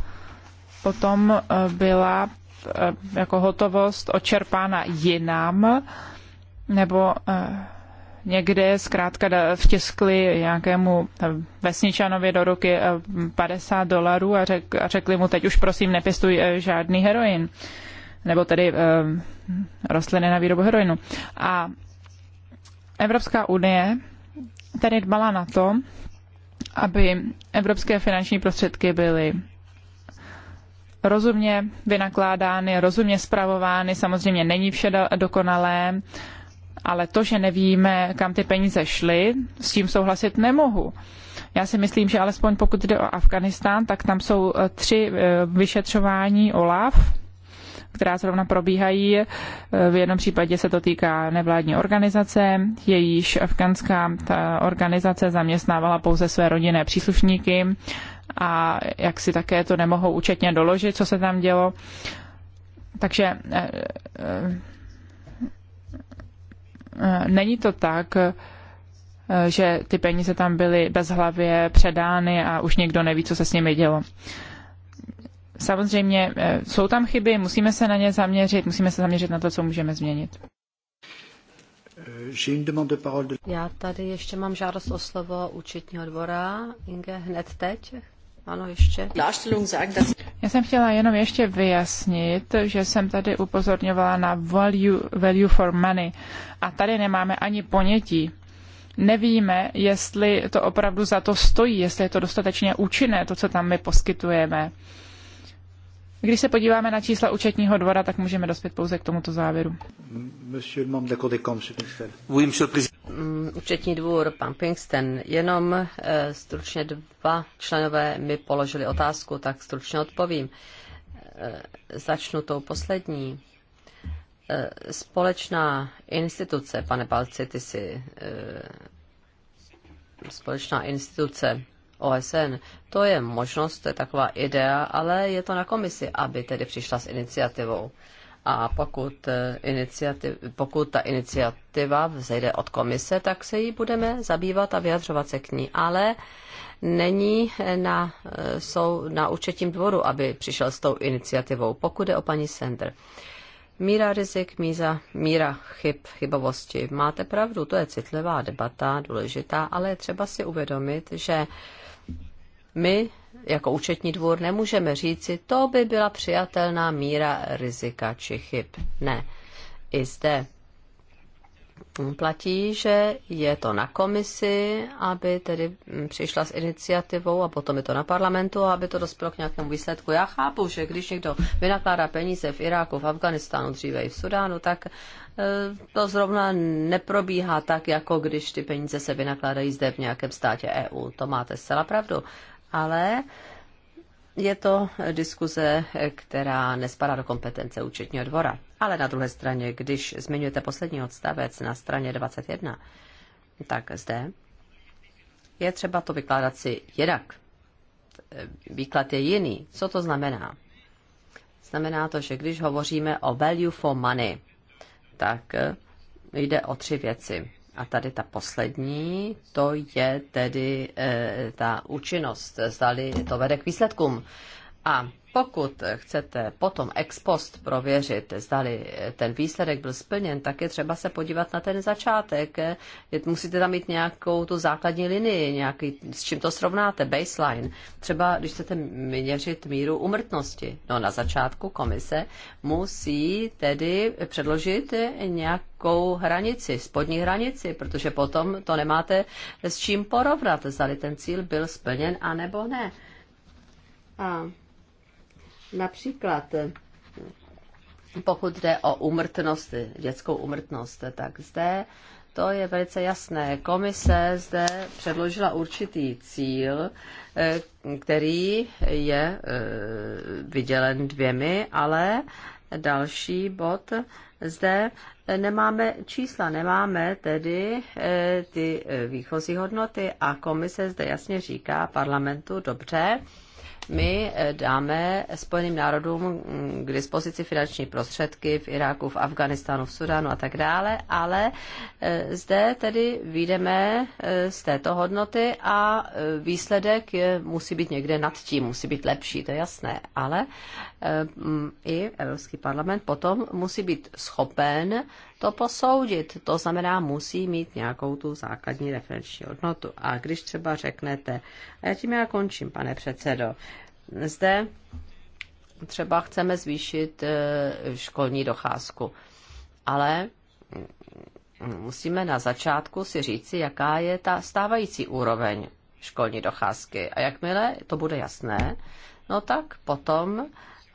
potom eh, byla eh, jako hotovost očerpána jinam, nebo někde zkrátka vtiskli nějakému eh, vesničanovi do ruky 50 eh, dolarů a, řek, a řekli mu, teď už prosím nepěstuj eh, žádný heroin, nebo tedy rostliny na výrobu heroinu. A Evropská unie tady dbala na to, aby evropské finanční prostředky byly rozumně vynakládány, rozumně spravovány. Samozřejmě není vše dokonalé ale to, že nevíme, kam ty peníze šly, s tím souhlasit nemohu. Já si myslím, že alespoň pokud jde o Afganistán, tak tam jsou eh, tři eh, vyšetřování OLAF, která zrovna probíhají. Eh, v jednom případě se to týká nevládní organizace, jejíž afgánská ta organizace zaměstnávala pouze své rodinné příslušníky a jak si také to nemohou účetně doložit, co se tam dělo. Takže Eh, není to tak, eh, že ty peníze tam byly bezhlavě předány a už někdo neví, co se s nimi dělo. Samozřejmě eh, jsou tam chyby, musíme se na ně zaměřit, musíme se zaměřit na to, co můžeme změnit. Já tady ještě mám žádost o slovo účetního dvora. Inge, hned teď ano, ještě. Já jsem chtěla jenom ještě vyjasnit, že jsem tady upozorňovala na value, value for money. A tady nemáme ani ponětí. Nevíme, jestli to opravdu za to stojí, jestli je to dostatečně účinné, to, co tam my poskytujeme. Když se podíváme na čísla účetního dvora, tak můžeme dospět pouze k tomuto závěru. Mm, účetní dvůr, pan Pinkston, jenom eh, stručně dva členové mi položili otázku, tak stručně odpovím. Eh, začnu tou poslední. Eh, společná instituce, pane Balci, ty si společná instituce OSN. To je možnost, to je taková idea, ale je to na komisi, aby tedy přišla s iniciativou. A pokud, eh, iniciativ, pokud ta iniciativa vzejde od komise, tak se jí budeme zabývat a vyjadřovat se k ní. Ale není eh, na, jsou eh, na účetním dvoru, aby přišel s tou iniciativou, pokud je o paní Sender. Míra rizik, míza, míra chyb, chybovosti. Máte pravdu, to je citlivá debata, důležitá, ale je třeba si uvědomit, že my jako účetní dvůr nemůžeme říci, to by byla přijatelná míra rizika či chyb. Ne. I zde platí, že je to na komisi, aby tedy přišla s iniciativou a potom je to na parlamentu, aby to dospělo k nějakému výsledku. Já chápu, že když někdo vynakládá peníze v Iráku, v Afganistánu, dříve i v Sudánu, tak e, to zrovna neprobíhá tak, jako když ty peníze se vynakládají zde v nějakém státě EU. To máte zcela pravdu ale je to diskuze, která nespadá do kompetence účetního dvora. Ale na druhé straně, když zmiňujete poslední odstavec na straně 21, tak zde je třeba to vykládat si jinak. Výklad je jiný. Co to znamená? Znamená to, že když hovoříme o value for money, tak jde o tři věci. A tady ta poslední, to je tedy e, ta účinnost, zdali to vede k výsledkům. A pokud chcete potom ex post prověřit, zdali ten výsledek byl splněn, tak je třeba se podívat na ten začátek. Musíte tam mít nějakou tu základní linii, nějaký, s čím to srovnáte, baseline. Třeba když chcete měřit míru umrtnosti, no na začátku komise musí tedy předložit nějakou hranici, spodní hranici, protože potom to nemáte s čím porovnat, zdali ten cíl byl splněn a nebo ne. A Například, pokud jde o umrtnost, dětskou umrtnost, tak zde to je velice jasné. Komise zde předložila určitý cíl, eh, který je eh, vydělen dvěmi, ale další bod zde nemáme čísla, nemáme tedy eh, ty výchozí hodnoty a komise zde jasně říká parlamentu, dobře, my eh, dáme Spojeným národům mm, k dispozici finanční prostředky v Iráku, v Afganistánu, v Sudánu a tak dále, ale eh, zde tedy výjdeme eh, z této hodnoty a výsledek je, musí být někde nad tím, musí být lepší, to je jasné, ale mm, i Evropský parlament potom musí být schopen to posoudit. To znamená, musí mít nějakou tu základní referenční hodnotu. A když třeba řeknete, a já tím já končím, pane předsedo, zde třeba chceme zvýšit e, školní docházku, ale mm, musíme na začátku si říci, jaká je ta stávající úroveň školní docházky. A jakmile to bude jasné, no tak potom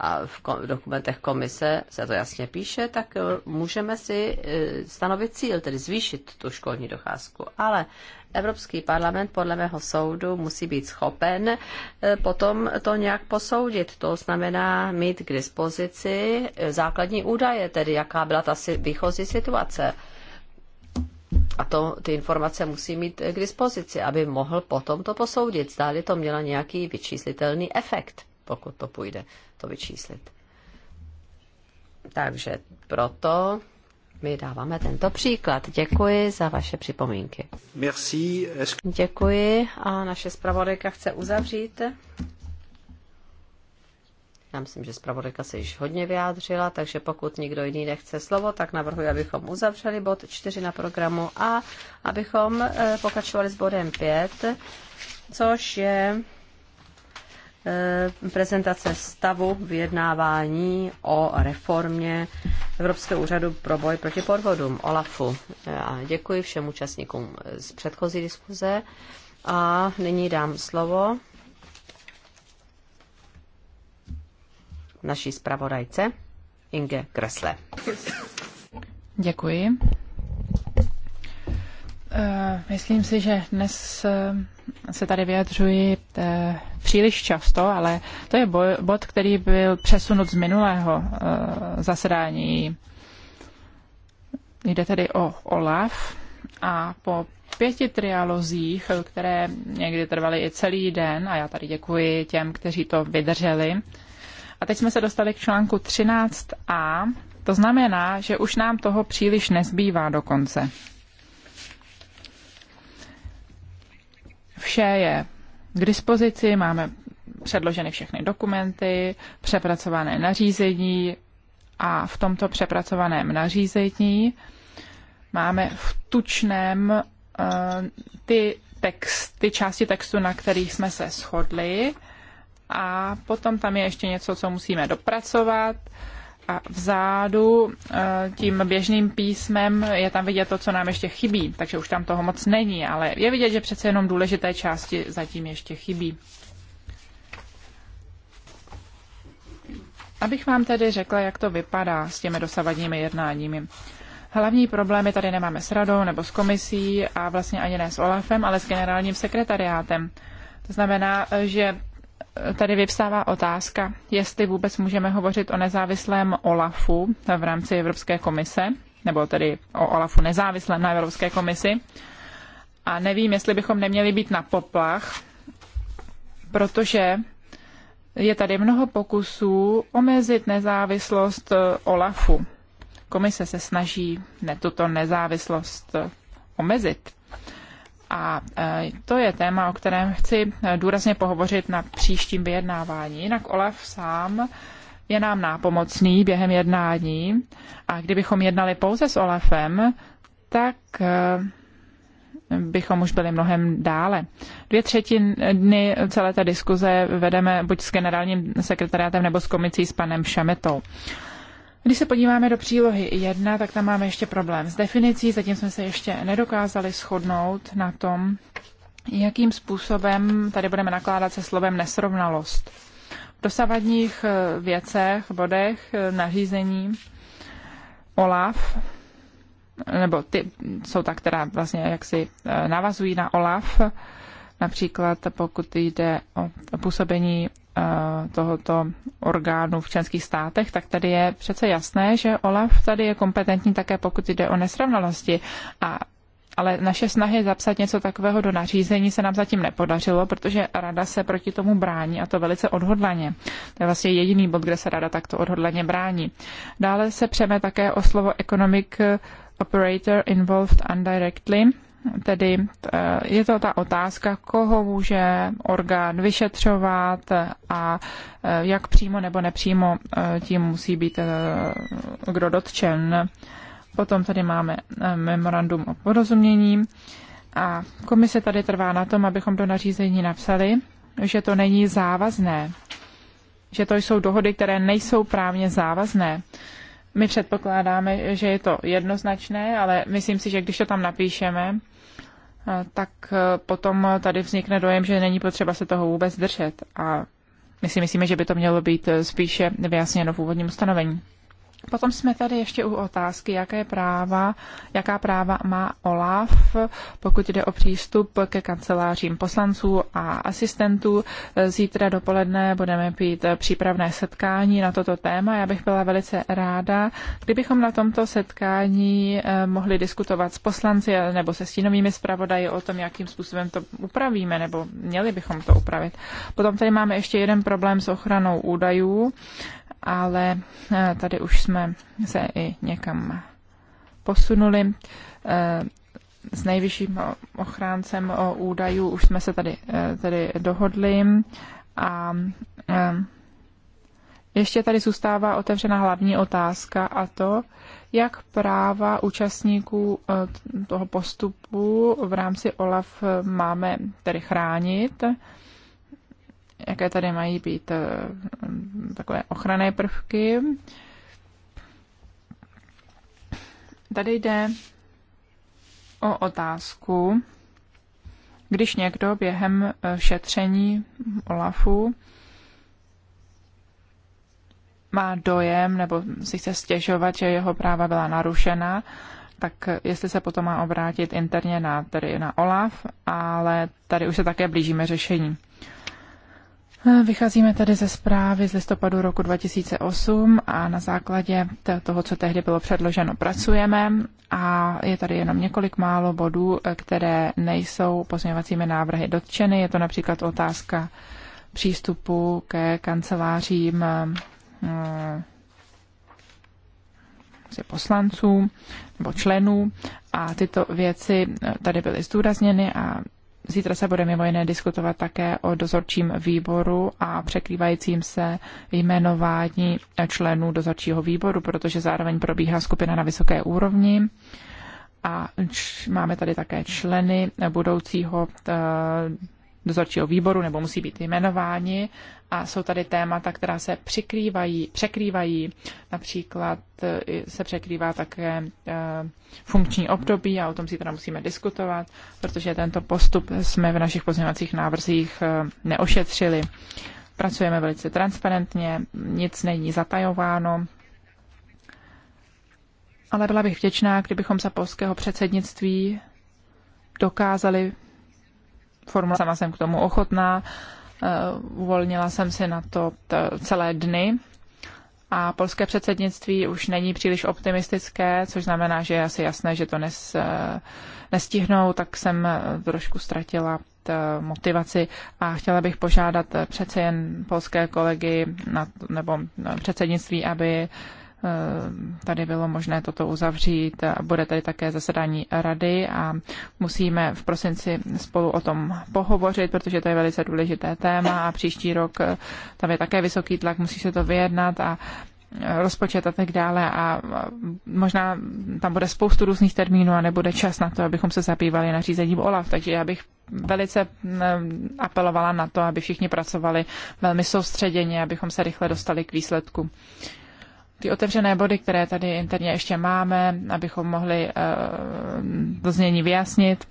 a v dokumentech komise se to jasně píše, tak eh, můžeme si eh, stanovit cíl, tedy zvýšit tu školní docházku. Ale Evropský parlament podle mého soudu musí být schopen eh, potom to nějak posoudit. To znamená mít k dispozici základní údaje, tedy jaká byla ta výchozí situace. A to, ty informace musí mít k dispozici, aby mohl potom to posoudit. Zdáli to měla nějaký vyčíslitelný efekt, pokud to půjde to vyčíslit. Takže proto my dáváme tento příklad. Děkuji za vaše připomínky. Merci. Děkuji a naše zpravodajka chce uzavřít. Já myslím, že zpravodajka se již hodně vyjádřila, takže pokud nikdo jiný nechce slovo, tak navrhuji, abychom uzavřeli bod 4 na programu a abychom eh, pokračovali s bodem 5, což je Eh, prezentace stavu vyjednávání o reformě Evropského úřadu pro boj proti podvodům, OLAFu. A děkuji všem účastníkům eh, z předchozí diskuze a nyní dám slovo naší zpravodajce Inge Kresle. Děkuji. Eh, myslím si, že dnes se tady vyjadřuji eh, příliš často, ale to je boj, bod, který byl přesunut z minulého eh, zasedání. Jde tedy o OLAF a po pěti trialozích, které někdy trvaly i celý den, a já tady děkuji těm, kteří to vydrželi. A teď jsme se dostali k článku 13a, to znamená, že už nám toho příliš nezbývá dokonce. Vše je k dispozici, máme předloženy všechny dokumenty, přepracované nařízení a v tomto přepracovaném nařízení máme v tučném eh, ty, text, ty části textu, na kterých jsme se shodli a potom tam je ještě něco, co musíme dopracovat a vzadu eh, tím běžným písmem je tam vidět to, co nám ještě chybí, takže už tam toho moc není, ale je vidět, že přece jenom důležité části zatím ještě chybí. Abych vám tedy řekla, jak to vypadá s těmi dosavadními jednáními. Hlavní problémy tady nemáme s radou nebo s komisí a vlastně ani ne s OLAFem, ale s generálním sekretariátem. To znamená, že tady vyvstává otázka, jestli vůbec můžeme hovořit o nezávislém OLAFu v rámci Evropské komise, nebo tedy o OLAFu nezávislém na Evropské komisi. A nevím, jestli bychom neměli být na poplach, protože je tady mnoho pokusů omezit nezávislost eh, OLAFu. Komise se snaží ne tuto nezávislost eh, omezit. A e, to je téma, o kterém chci e, důrazně pohovořit na příštím vyjednávání. Jinak Olaf sám je nám nápomocný během jednání a kdybychom jednali pouze s Olafem, tak e, bychom už byli mnohem dále. Dvě třetiny celé té diskuze vedeme buď s generálním sekretariátem nebo s komicí s panem Šametou. Když se podíváme do přílohy 1, tak tam máme ještě problém s definicí. Zatím jsme se ještě nedokázali shodnout na tom, jakým způsobem tady budeme nakládat se slovem nesrovnalost. V dosavadních eh, věcech, bodech, eh, nařízení OLAF, nebo ty jsou tak, která vlastně jaksi eh, navazují na OLAF, například pokud jde o působení Eh, tohoto orgánu v členských státech, tak tady je přece jasné, že OLAF tady je kompetentní také, pokud jde o nesrovnalosti. A ale naše snahy zapsat něco takového do nařízení se nám zatím nepodařilo, protože rada se proti tomu brání a to velice odhodlaně. To je vlastně jediný bod, kde se rada takto odhodlaně brání. Dále se přeme také o slovo economic operator involved indirectly, Tedy je to ta otázka, koho může orgán vyšetřovat a e, jak přímo nebo nepřímo e, tím musí být e, kdo dotčen. Potom tady máme memorandum o porozumění a komise tady trvá na tom, abychom do nařízení napsali, že to není závazné, že to jsou dohody, které nejsou právně závazné. My předpokládáme, že je to jednoznačné, ale myslím si, že když to tam napíšeme, Eh, tak eh, potom tady vznikne dojem, že není potřeba se toho vůbec držet. A my si myslíme, že by to mělo být eh, spíše vyjasněno v úvodním ustanovení. Potom jsme tady ještě u otázky, jaké práva, jaká práva má OLAF, pokud jde o přístup ke kancelářím poslanců a asistentů. Zítra dopoledne budeme pít přípravné setkání na toto téma. Já bych byla velice ráda, kdybychom na tomto setkání eh, mohli diskutovat s poslanci nebo se stínovými zpravodaji o tom, jakým způsobem to upravíme, nebo měli bychom to upravit. Potom tady máme ještě jeden problém s ochranou údajů ale eh, tady už jsme se i někam posunuli. Eh, s nejvyšším ochráncem o údajů už jsme se tady, eh, tady dohodli a ještě tady zůstává otevřena hlavní otázka a to, jak práva účastníků toho postupu v rámci OLAF máme tedy chránit jaké tady mají být eh, takové ochranné prvky. Tady jde o otázku, když někdo během eh, šetření OLAFu má dojem nebo si chce stěžovat, že jeho práva byla narušena, tak jestli se potom má obrátit interně na, tedy na OLAF, ale tady už se také blížíme řešení. Vycházíme tady ze zprávy z listopadu roku 2008 a na základě toho, co tehdy bylo předloženo, pracujeme a je tady jenom několik málo bodů, které nejsou pozměňovacími návrhy dotčeny. Je to například otázka přístupu ke kancelářím eh, eh, poslanců nebo členů a tyto věci tady byly zdůrazněny a Zítra se bude mimo jiné diskutovat také o dozorčím výboru a překrývajícím se jmenování členů dozorčího výboru, protože zároveň probíhá skupina na vysoké úrovni. A máme tady také členy budoucího dozorčího výboru nebo musí být jmenováni. A jsou tady témata, která se přikrývají, překrývají. Například eh, se překrývá také eh, funkční období a o tom si teda musíme diskutovat, protože tento postup jsme v našich pozměňovacích návrzích eh, neošetřili. Pracujeme velice transparentně, nic není zatajováno, ale byla bych vděčná, kdybychom za polského předsednictví dokázali formula, sama jsem k tomu ochotná, eh, uvolnila jsem si na to eh, celé dny a polské předsednictví už není příliš optimistické, což znamená, že je asi jasné, že to nes, eh, nestihnou, tak jsem trošku ztratila motivaci a chtěla bych požádat přece jen polské kolegy na, nebo předsednictví, aby Eh, tady bylo možné toto uzavřít. Bude tady také zasedání rady a musíme v prosinci spolu o tom pohovořit, protože to je velice důležité téma a příští rok eh, tam je také vysoký tlak, musí se to vyjednat a eh, rozpočet a tak dále a možná tam bude spoustu různých termínů a nebude čas na to, abychom se zabývali nařízením OLAF, takže já bych velice apelovala na to, aby všichni pracovali velmi soustředěně, abychom se rychle dostali k výsledku ty otevřené body, které tady interně ještě máme, abychom mohli eh, to znění vyjasnit.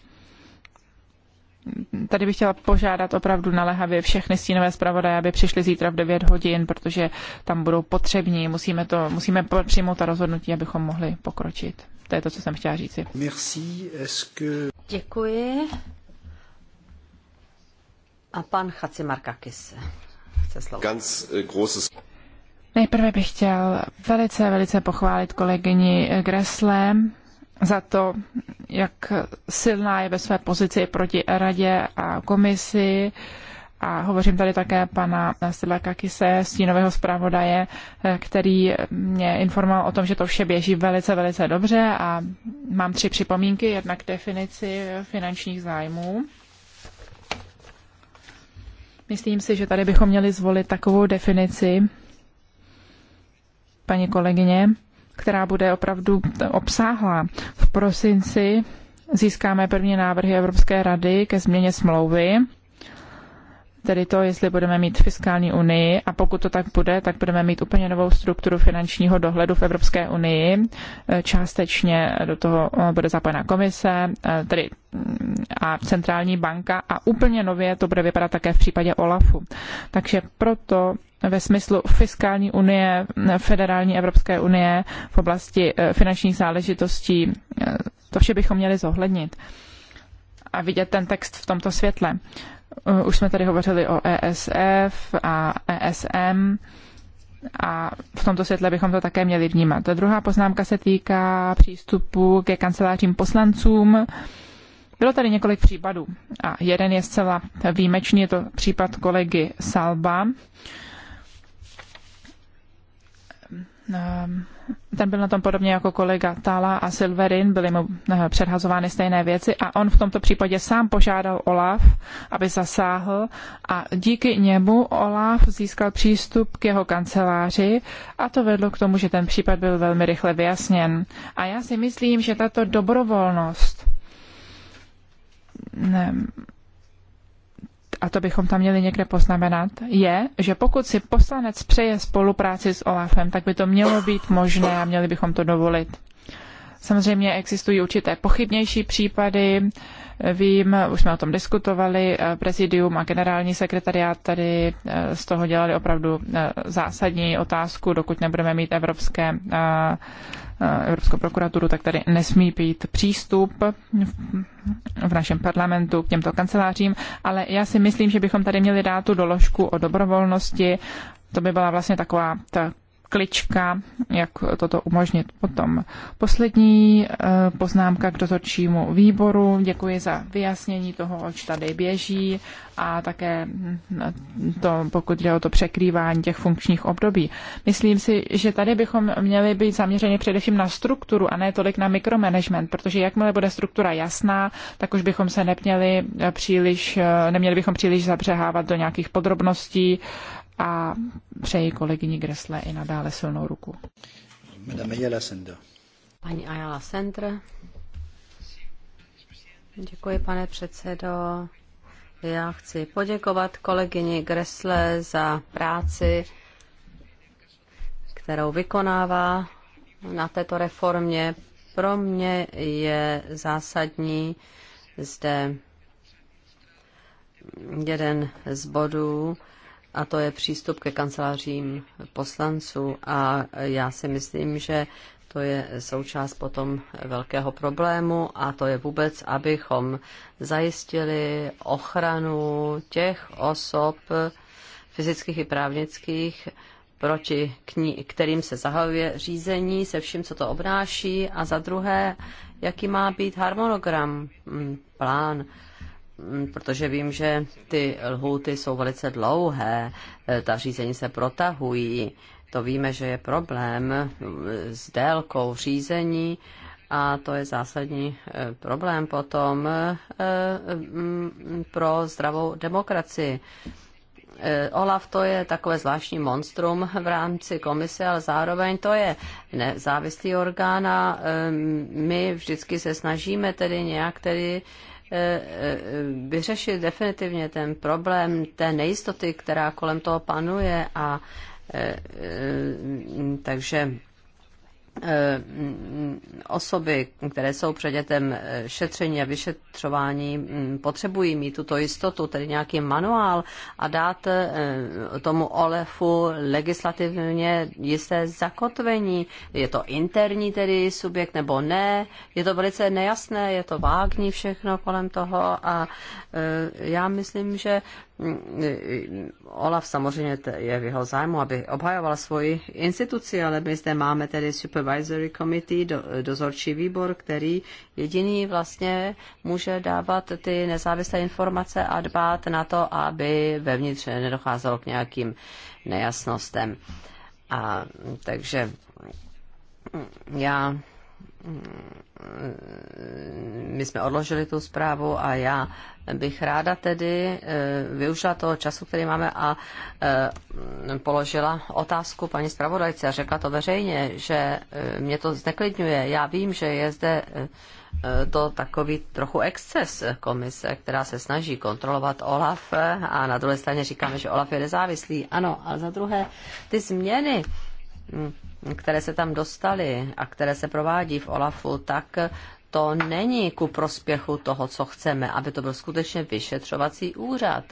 Tady bych chtěla požádat opravdu naléhavě všechny stínové zpravodaje, aby přišli zítra v 9 hodin, protože tam budou potřební. Musíme, to, musíme přijmout ta rozhodnutí, abychom mohli pokročit. To je to, co jsem chtěla říci. Merci. Que... Děkuji. A pan Chacimarkakis chce slovo. Ganz, uh, großes... Nejprve bych chtěl velice, velice pochválit kolegyni Gressle za to, jak silná je ve své pozici proti radě a komisi. A hovořím tady také pana Stilaka Kise, stínového zpravodaje, který mě informoval o tom, že to vše běží velice, velice dobře a mám tři připomínky, jednak definici finančních zájmů. Myslím si, že tady bychom měli zvolit takovou definici, paní kolegyně, která bude opravdu obsáhlá. V prosinci získáme první návrhy Evropské rady ke změně smlouvy tedy to, jestli budeme mít fiskální unii a pokud to tak bude, tak budeme mít úplně novou strukturu finančního dohledu v Evropské unii. E, částečně do toho e, bude zapojena komise, e, tedy mm, a centrální banka a úplně nově to bude vypadat také v případě OLAFu. Takže proto ve smyslu fiskální unie, federální Evropské unie v oblasti finančních záležitostí, to vše bychom měli zohlednit a vidět ten text v tomto světle. Eh, už jsme tady hovořili o ESF a ESM a v tomto světle bychom to také měli vnímat. Ta druhá poznámka se týká přístupu ke kancelářím poslancům. Bylo tady několik případů a jeden je zcela výjimečný, je to případ kolegy Salba. Ehm, ten byl na tom podobně jako kolega Tala a Silverin, byly mu eh, předhazovány stejné věci a on v tomto případě sám požádal Olaf, aby zasáhl a díky němu Olaf získal přístup k jeho kanceláři a to vedlo k tomu, že ten případ byl velmi rychle vyjasněn. A já si myslím, že tato dobrovolnost ne, a to bychom tam měli někde poznamenat, je, že pokud si poslanec přeje spolupráci s OLAFem, tak by to mělo být možné a měli bychom to dovolit. Samozřejmě existují určité pochybnější případy. Vím, už jsme o tom diskutovali, eh, prezidium a generální sekretariát tady eh, z toho dělali opravdu eh, zásadní otázku, dokud nebudeme mít evropské Eh, Evropskou prokuraturu, tak tady nesmí být přístup v našem parlamentu k těmto kancelářím, ale já si myslím, že bychom tady měli dát tu doložku o dobrovolnosti. To by byla vlastně taková ta klička, jak toto umožnit. Potom poslední eh, poznámka k dozorčímu výboru. Děkuji za vyjasnění toho, oč tady běží a také hm, to, pokud jde o to překrývání těch funkčních období. Myslím si, že tady bychom měli být zaměřeni především na strukturu a ne tolik na mikromanagement, protože jakmile bude struktura jasná, tak už bychom se neměli eh, příliš, eh, neměli bychom příliš zabřehávat do nějakých podrobností a přeji kolegyni Gresle i nadále silnou ruku. Madame Ayala Sender. Paní Ayala Sender. Děkuji, pane předsedo. Já chci poděkovat kolegyni Gresle za práci, kterou vykonává na této reformě. Pro mě je zásadní zde jeden z bodů, a to je přístup ke kancelářím poslanců. A já si myslím, že to je součást potom velkého problému a to je vůbec, abychom zajistili ochranu těch osob fyzických i právnických, proti kni- kterým se zahajuje řízení se vším, co to obnáší a za druhé, jaký má být harmonogram, plán Mm, protože vím, že ty lhůty jsou velice dlouhé, e, ta řízení se protahují, to víme, že je problém e, s délkou řízení a to je zásadní e, problém potom mm, pro zdravou demokracii. Olaf to je takové zvláštní monstrum v rámci komise, ale zároveň to je nezávislý orgán a my vždycky se snažíme tedy nějak tedy E, e, vyřešit definitivně ten problém té nejistoty, která kolem toho panuje a e, takže Eh, osoby, které jsou předmětem eh, šetření a vyšetřování, mm, potřebují mít tuto jistotu, tedy nějaký manuál a dát eh, tomu OLEFu legislativně jisté zakotvení. Je to interní tedy subjekt nebo ne? Je to velice nejasné, je to vágní všechno kolem toho a já myslím, že Olaf samozřejmě je v jeho zájmu, aby obhajoval svoji instituci, ale my zde máme tedy Supervisory Committee, do, dozorčí výbor, který jediný vlastně může dávat ty nezávislé informace a dbát na to, aby vevnitř nedocházelo k nějakým nejasnostem. A takže já my jsme odložili tu zprávu a já bych ráda tedy eh, využila toho času, který máme a eh, položila otázku paní zpravodajce a řekla to veřejně, že eh, mě to zneklidňuje. Já vím, že je zde to takový trochu exces komise, která se snaží kontrolovat OLAF a na druhé straně říkáme, že OLAF je nezávislý. Ano, a za druhé ty změny hm, které se tam dostaly a které se provádí v OLAFu, tak to není ku prospěchu toho, co chceme, aby to byl skutečně vyšetřovací úřad.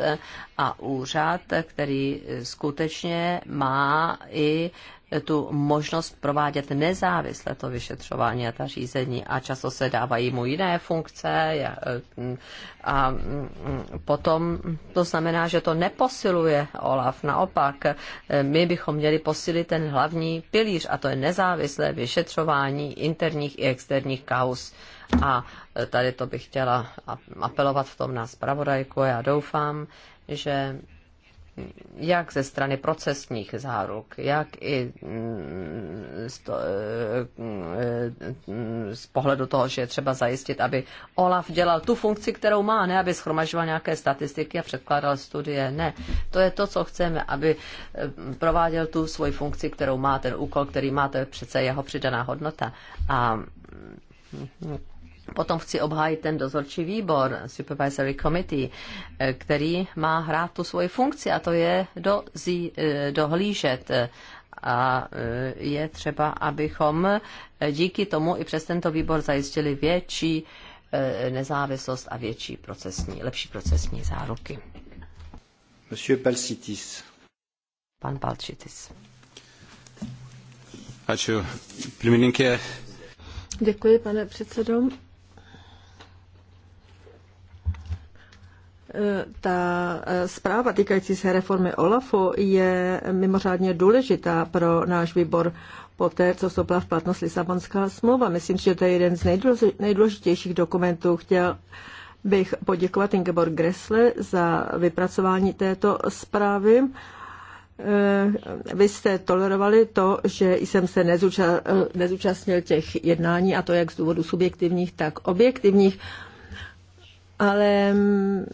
A úřad, který skutečně má i tu možnost provádět nezávisle to vyšetřování a ta řízení a často se dávají mu jiné funkce a mm, potom to znamená, že to neposiluje OLAF. Naopak, my bychom měli posílit ten hlavní pilíř a to je nezávislé vyšetřování interních i externích kaus. A tady to bych chtěla apelovat v tom na zpravodajku. Já doufám, že jak ze strany procesních záruk, jak i mm, z, to, eh, z pohledu toho, že je třeba zajistit, aby OLAF dělal tu funkci, kterou má, ne aby schromažoval nějaké statistiky a předkládal studie. Ne, to je to, co chceme, aby eh, prováděl tu svoji funkci, kterou má, ten úkol, který má, to je přece jeho přidaná hodnota. A mm, Potom chci obhájit ten dozorčí výbor, Supervisory Committee, eh, který má hrát tu svoji funkci a to je do, zí, eh, dohlížet a eh, je třeba, abychom díky tomu i přes tento výbor zajistili větší nezávislost a větší procesní, lepší procesní záruky. Monsieur Palsitis. Pan Palcitis. Děkuji, pane předsedo. Eh, ta eh, zpráva týkající se reformy OLAFu je mimořádně důležitá pro náš výbor po té, co vstoupila v platnost Lisabonská smlouva. Myslím, že to je jeden z nejdůležitějších dokumentů. Chtěl bych poděkovat Ingeborg Gressle za vypracování této zprávy. Eh, vy jste tolerovali to, že jsem se nezúčastnil těch jednání, a to jak z důvodu subjektivních, tak objektivních ale mm,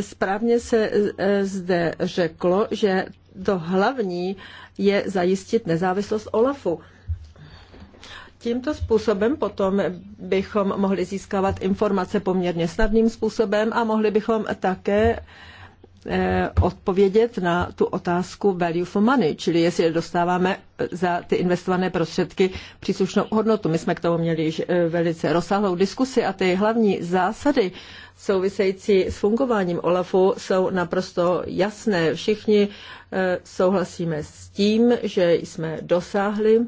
Správně se e, zde řeklo, že to hlavní je zajistit nezávislost OLAFu. Tímto způsobem potom bychom mohli získávat informace poměrně snadným způsobem a mohli bychom také Eh, odpovědět na tu otázku value for money, čili jestli dostáváme eh, za ty investované prostředky příslušnou hodnotu. My jsme k tomu měli již eh, velice rozsáhlou diskusi a ty hlavní zásady související s fungováním OLAFu jsou naprosto jasné. Všichni souhlasíme s tím, že jsme dosáhli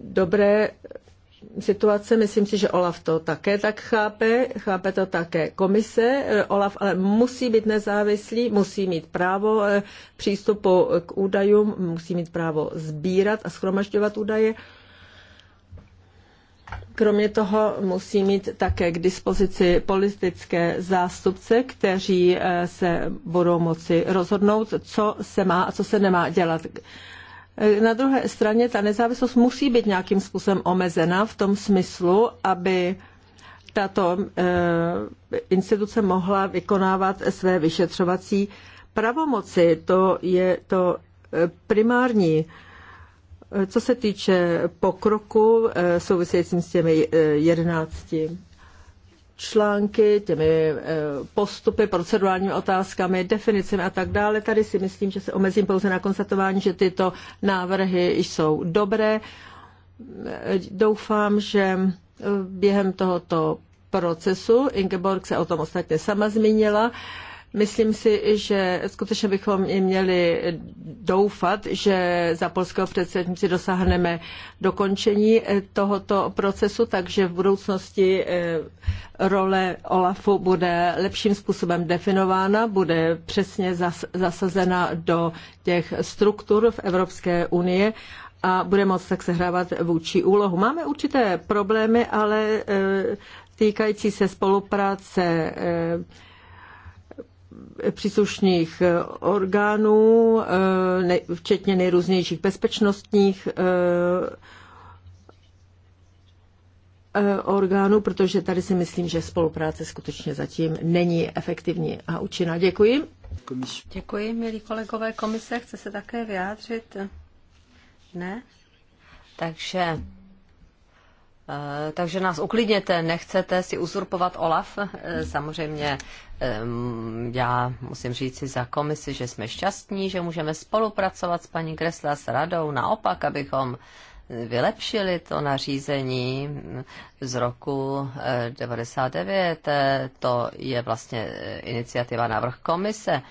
dobré situace. Myslím si, že Olaf to také tak chápe, chápe to také komise. Eh, Olaf ale musí být nezávislý, musí mít právo eh, přístupu k údajům, musí mít právo sbírat a schromažďovat údaje. Kromě toho musí mít také k dispozici politické zástupce, kteří eh, se budou moci rozhodnout, co se má a co se nemá dělat. Na druhé straně ta nezávislost musí být nějakým způsobem omezena v tom smyslu, aby tato eh, instituce mohla vykonávat své vyšetřovací pravomoci. To je to eh, primární. Eh, co se týče pokroku souvisejícím s těmi jedenácti články, těmi eh, postupy, procedurálními otázkami, definicemi a tak dále. Tady si myslím, že se omezím pouze na konstatování, že tyto návrhy jsou dobré. Eh, doufám, že eh, během tohoto procesu, Ingeborg se o tom ostatně sama zmínila, Myslím si, že skutečně bychom i měli doufat, že za polského předsednictví dosáhneme dokončení eh, tohoto procesu, takže v budoucnosti eh, role OLAFu bude lepším způsobem definována, bude přesně zasazena do těch struktur v Evropské unii a bude moct tak sehrávat vůči úlohu. Máme určité problémy, ale eh, týkající se spolupráce příslušných eh, orgánů, eh, včetně nejrůznějších bezpečnostních eh, orgánů, protože tady si myslím, že spolupráce skutečně zatím není efektivní a účinná. Děkuji. Děkuji, milí kolegové. Komise chce se také vyjádřit? Ne? Takže Eh, takže nás uklidněte, nechcete si uzurpovat OLAF. Eh, samozřejmě já musím říct si za komisi, že jsme šťastní, že můžeme spolupracovat s paní Kresla s radou, naopak, abychom vylepšili to nařízení z roku 99. Eh, to je vlastně iniciativa návrh komise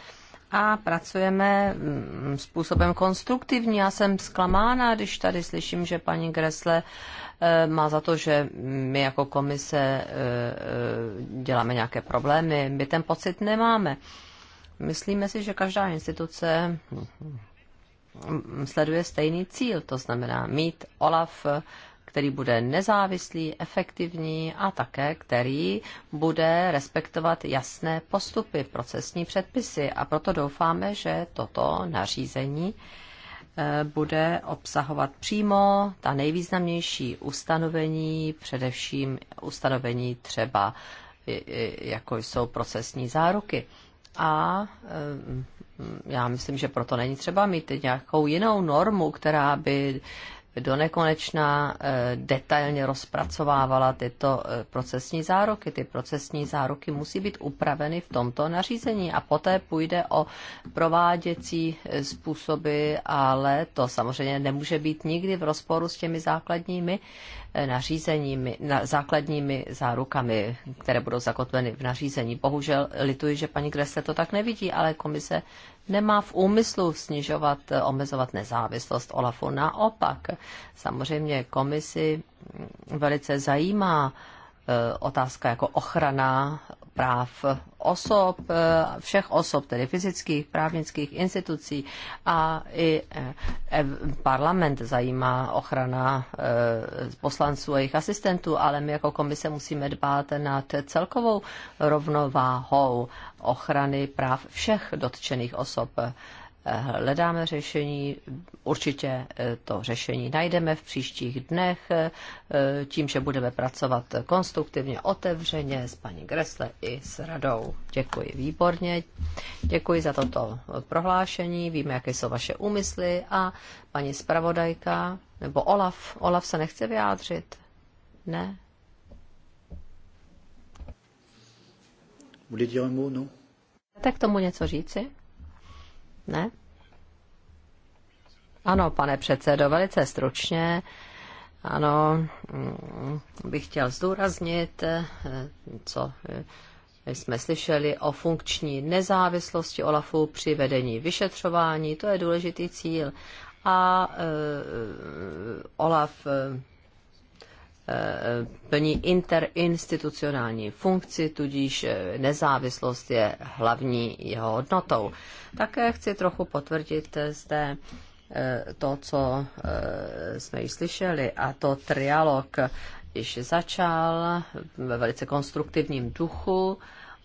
a pracujeme mm, způsobem konstruktivní. Já jsem zklamána, když tady slyším, že paní Gresle Eh, má za to, že my jako komise eh, eh, děláme nějaké problémy. My ten pocit nemáme. Myslíme si, že každá instituce hm, hm, sleduje stejný cíl, to znamená mít OLAF, který bude nezávislý, efektivní a také, který bude respektovat jasné postupy, procesní předpisy. A proto doufáme, že toto nařízení bude obsahovat přímo ta nejvýznamnější ustanovení, především ustanovení třeba jako jsou procesní záruky. A mm, já myslím, že proto není třeba mít nějakou jinou normu, která by do nekonečna eh, detailně rozpracovávala tyto eh, procesní zároky. Ty procesní zároky musí být upraveny v tomto nařízení a poté půjde o prováděcí eh, způsoby, ale to samozřejmě nemůže být nikdy v rozporu s těmi základními nařízeními, na, základními zárukami, které budou zakotveny v nařízení. Bohužel lituji, že paní Gressle to tak nevidí, ale komise nemá v úmyslu snižovat, eh, omezovat nezávislost OLAFu. Naopak, samozřejmě komisi mm, velice zajímá eh, otázka jako ochrana práv osob, eh, všech osob, tedy fyzických, právnických institucí a i eh, parlament zajímá ochrana eh, poslanců a jejich asistentů, ale my jako komise musíme dbát nad celkovou rovnováhou ochrany práv všech dotčených osob hledáme řešení, určitě eh, to řešení najdeme v příštích dnech, eh, eh, tím, že budeme pracovat konstruktivně, otevřeně s paní Gresle i s radou. Děkuji výborně, děkuji za toto prohlášení, víme, jaké jsou vaše úmysly a paní zpravodajka, nebo Olaf, Olaf se nechce vyjádřit, ne? Voulez dire un Tak tomu něco říci? Ne? Ano, pane předsedo, velice stručně. Ano, mm, bych chtěl zdůraznit, eh, co eh, jsme slyšeli o funkční nezávislosti OLAFu při vedení vyšetřování. To je důležitý cíl. A e, OLAF Eh, plní interinstitucionální funkci, tudíž eh, nezávislost je hlavní jeho hodnotou. Také chci trochu potvrdit eh, zde to, co jsme již slyšeli, a to trialog již začal ve velice konstruktivním duchu.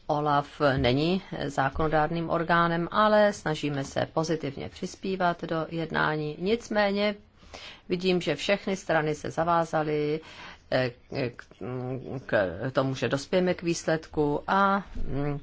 OLAF není zákonodárným orgánem, ale snažíme se pozitivně přispívat do jednání. Nicméně Vidím, že všechny strany se zavázaly eh, k tomu, že dospějeme k výsledku a mm,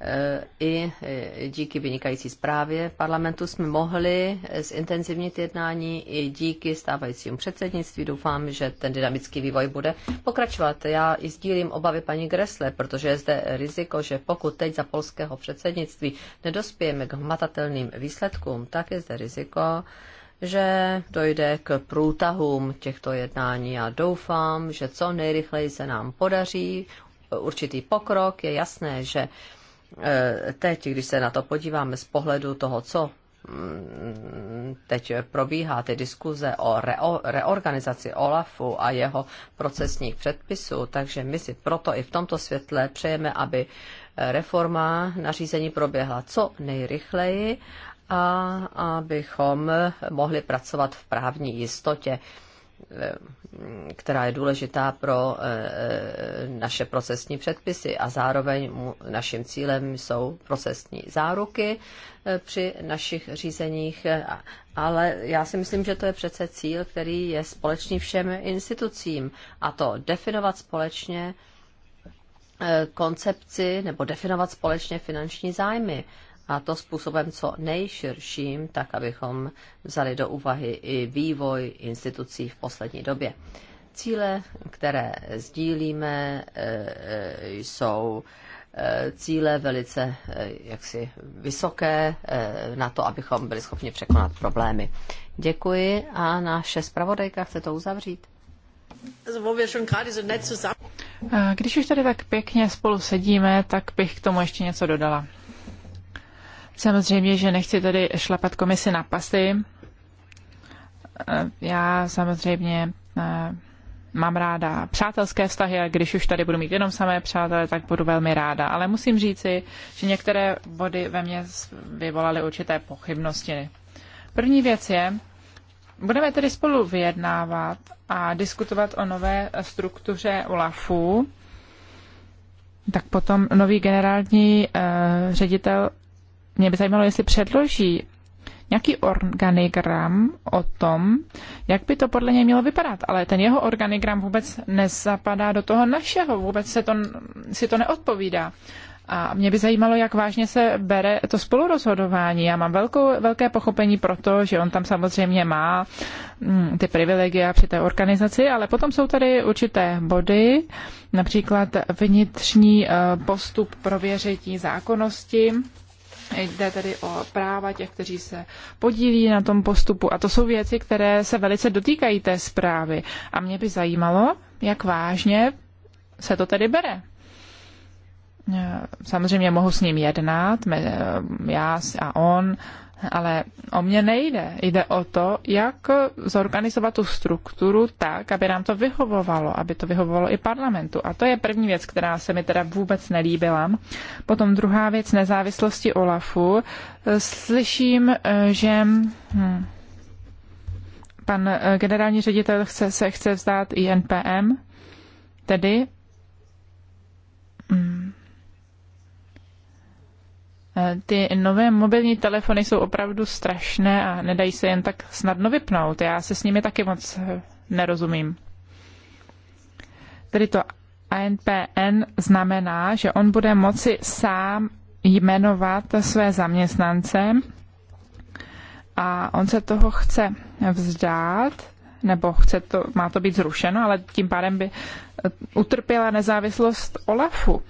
eh, i eh, díky vynikající zprávě parlamentu jsme mohli zintenzivnit jednání i díky stávajícímu předsednictví. Doufám, že ten dynamický vývoj bude pokračovat. Já i sdílím obavy paní Gresle, protože je zde riziko, že pokud teď za polského předsednictví nedospějeme k hmatatelným výsledkům, tak je zde riziko, že dojde k průtahům těchto jednání. a doufám, že co nejrychleji se nám podaří určitý pokrok. Je jasné, že eh, teď, když se na to podíváme z pohledu toho, co mm, teď probíhá ty diskuze o reo, reorganizaci OLAFu a jeho procesních předpisů, takže my si proto i v tomto světle přejeme, aby eh, reforma nařízení proběhla co nejrychleji a abychom mohli pracovat v právní jistotě eh, která je důležitá pro eh, eh, naše procesní předpisy a zároveň naším cílem jsou procesní záruky při našich řízeních, ale já si myslím, že to je přece cíl, který je společný všem institucím a to definovat společně koncepci nebo definovat společně finanční zájmy a to způsobem co nejširším, tak abychom vzali do úvahy i vývoj institucí v poslední době. Cíle, které sdílíme, e, e, jsou e, cíle velice jaksi vysoké na to, abychom byli schopni překonat problémy. Děkuji a naše zpravodajka chce to uzavřít. Když už tady tak pěkně spolu sedíme, tak bych k tomu ještě něco dodala. Samozřejmě, že nechci tady šlapat komisi na pasy. Eh, já samozřejmě eh, mám ráda přátelské vztahy a když už tady budu mít jenom samé přátelé, tak budu velmi ráda. Ale musím říci, že některé body ve mně vyvolaly určité pochybnosti. První věc je, budeme tedy spolu vyjednávat a diskutovat o nové struktuře OLAFu. Tak potom nový generální eh, ředitel mě by zajímalo, jestli předloží nějaký organigram o tom, jak by to podle něj mělo vypadat. Ale ten jeho organigram vůbec nezapadá do toho našeho, vůbec se to, si to neodpovídá. A mě by zajímalo, jak vážně se bere to spolurozhodování. Já mám velkou, velké pochopení pro to, že on tam samozřejmě má mm, ty privilegia při té organizaci, ale potom jsou tady určité body, například vnitřní eh, postup prověření zákonnosti Jde tedy o práva těch, kteří se podílí na tom postupu. A to jsou věci, které se velice dotýkají té zprávy. A mě by zajímalo, jak vážně se to tedy bere. Samozřejmě mohu s ním jednat, já a on, ale o mě nejde. Jde o to, jak zorganizovat tu strukturu tak, aby nám to vyhovovalo, aby to vyhovovalo i parlamentu. A to je první věc, která se mi teda vůbec nelíbila. Potom druhá věc nezávislosti OLAFu. Slyším, že hm, pan generální ředitel chce, se chce vzdát i NPM, tedy ty nové mobilní telefony jsou opravdu strašné a nedají se jen tak snadno vypnout. Já se s nimi taky moc eh, nerozumím. Tedy to ANPN znamená, že on bude moci sám jmenovat své zaměstnance a on se toho chce vzdát, nebo chce to, má to být zrušeno, ale tím pádem by eh, utrpěla nezávislost OLAFu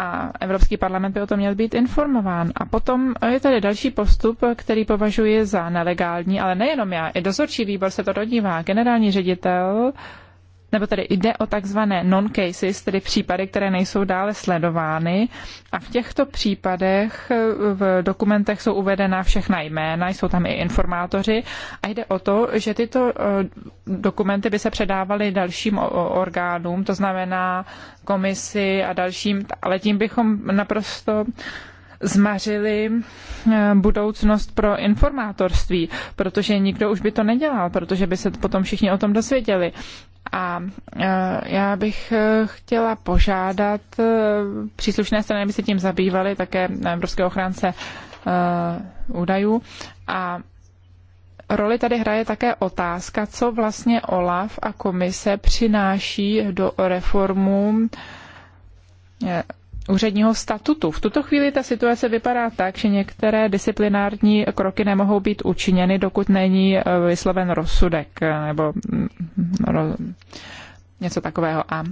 a Evropský parlament by o tom měl být informován. A potom je tady další postup, který považuji za nelegální, ale nejenom já, i dozorčí výbor se to dodívá. Generální ředitel nebo tedy jde o takzvané non-cases, tedy případy, které nejsou dále sledovány. A v těchto případech e, v dokumentech jsou uvedena všechna jména, jsou tam i informátoři a jde o to, že tyto e, dokumenty by se předávaly dalším orgánům, to znamená komisi a dalším, ale tím bychom naprosto zmařili e, budoucnost pro informátorství, protože nikdo už by to nedělal, protože by se potom všichni o tom dozvěděli. A e, já bych e, chtěla požádat e, příslušné strany, aby se tím zabývaly, také Evropské ochránce údajů. A roli tady hraje také otázka, co vlastně OLAF a komise přináší do reformu úředního statutu. V tuto chvíli ta situace vypadá tak, že některé disciplinární kroky nemohou být učiněny, dokud není eh, vysloven rozsudek eh, nebo mm, mm, něco takového. A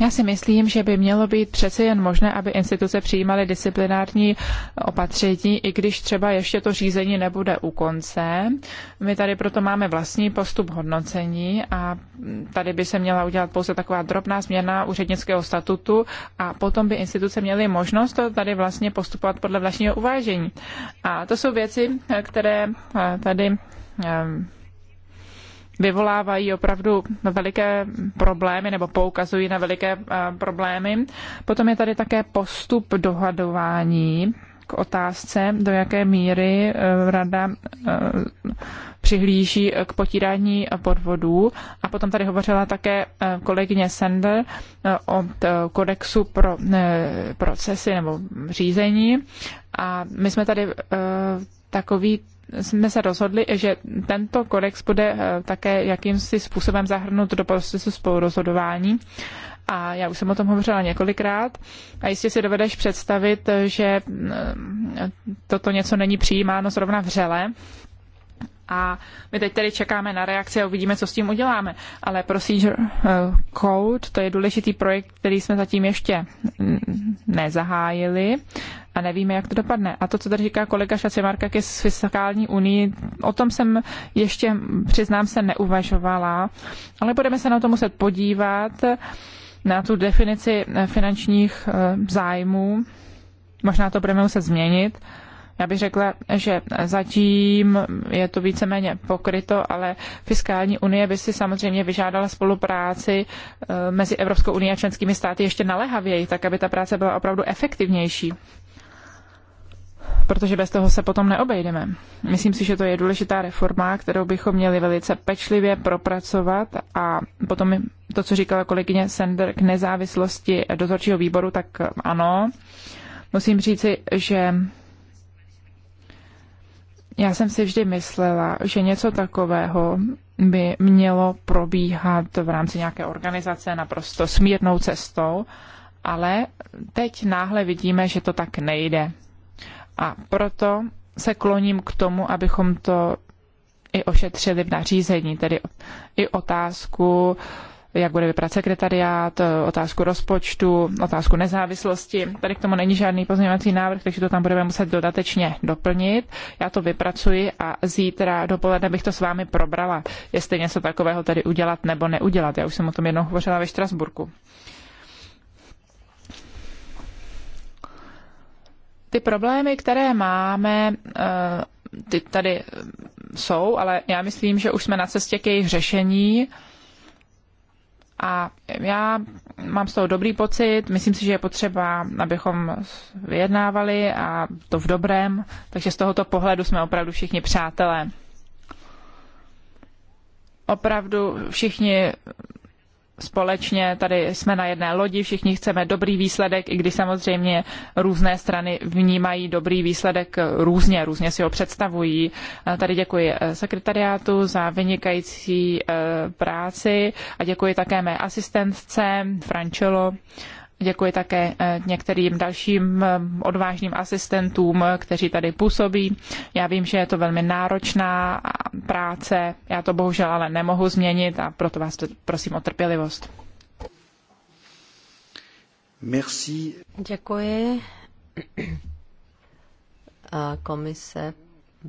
já si myslím, že by mělo být přece jen možné, aby instituce přijímaly disciplinární opatření, i když třeba ještě to řízení nebude u konce. My tady proto máme vlastní postup hodnocení a tady by se měla udělat pouze taková drobná změna úřednického statutu a potom by instituce měly možnost to tady vlastně postupovat podle vlastního uvážení. A to jsou věci, které eh, tady eh, vyvolávají opravdu veliké problémy nebo poukazují na veliké eh, problémy. Potom je tady také postup dohadování k otázce, do jaké míry eh, rada eh, přihlíží k potírání podvodů. A potom tady hovořila také kolegyně Sender o kodexu pro procesy nebo řízení. A my jsme tady takový jsme se rozhodli, že tento kodex bude eh, také jakýmsi způsobem zahrnut do procesu spolurozhodování. A já už jsem o tom hovořila několikrát. A jistě si dovedeš představit, eh, že mm, eh, toto něco není přijímáno zrovna vřele, a my teď tedy čekáme na reakci a uvidíme, co s tím uděláme. Ale Procedure eh, Code, to je důležitý projekt, který jsme zatím ještě nezahájili a nevíme, jak to dopadne. A to, co tady říká kolega Šacimarka ke fiskální unii, o tom jsem ještě, přiznám se, neuvažovala, ale budeme se na to muset podívat, na tu definici eh, finančních eh, zájmů. Možná to budeme muset změnit já bych řekla, že zatím je to víceméně pokryto, ale fiskální unie by si samozřejmě vyžádala spolupráci eh, mezi Evropskou unii a členskými státy ještě naléhavěji, tak aby ta práce byla opravdu efektivnější protože bez toho se potom neobejdeme. Myslím si, že to je důležitá reforma, kterou bychom měli velice pečlivě propracovat a potom to, co říkala kolegyně Sender k nezávislosti dozorčího výboru, tak ano, musím říci, že já jsem si vždy myslela, že něco takového by mělo probíhat v rámci nějaké organizace naprosto smírnou cestou, ale teď náhle vidíme, že to tak nejde. A proto se kloním k tomu, abychom to i ošetřili v nařízení, tedy i otázku jak bude vypadat sekretariát, otázku rozpočtu, otázku nezávislosti. Tady k tomu není žádný pozměňovací návrh, takže to tam budeme muset dodatečně doplnit. Já to vypracuji a zítra dopoledne bych to s vámi probrala, jestli něco takového tedy udělat nebo neudělat. Já už jsem o tom jednou hovořila ve Štrasburku. Ty problémy, které máme, eh, ty tady jsou, ale já myslím, že už jsme na cestě k jejich řešení. A já mám z toho dobrý pocit, myslím si, že je potřeba, abychom vyjednávali a to v dobrém, takže z tohoto pohledu jsme opravdu všichni přátelé. Opravdu všichni společně, tady jsme na jedné lodi, všichni chceme dobrý výsledek, i když samozřejmě různé strany vnímají dobrý výsledek různě, různě si ho představují. Tady děkuji eh, sekretariátu za vynikající eh, práci a děkuji také mé asistentce Frančelo Děkuji také eh, některým dalším eh, odvážným asistentům, kteří tady působí. Já vím, že je to velmi náročná práce, já to bohužel ale nemohu změnit a proto vás prosím o trpělivost. Merci. Děkuji. A komise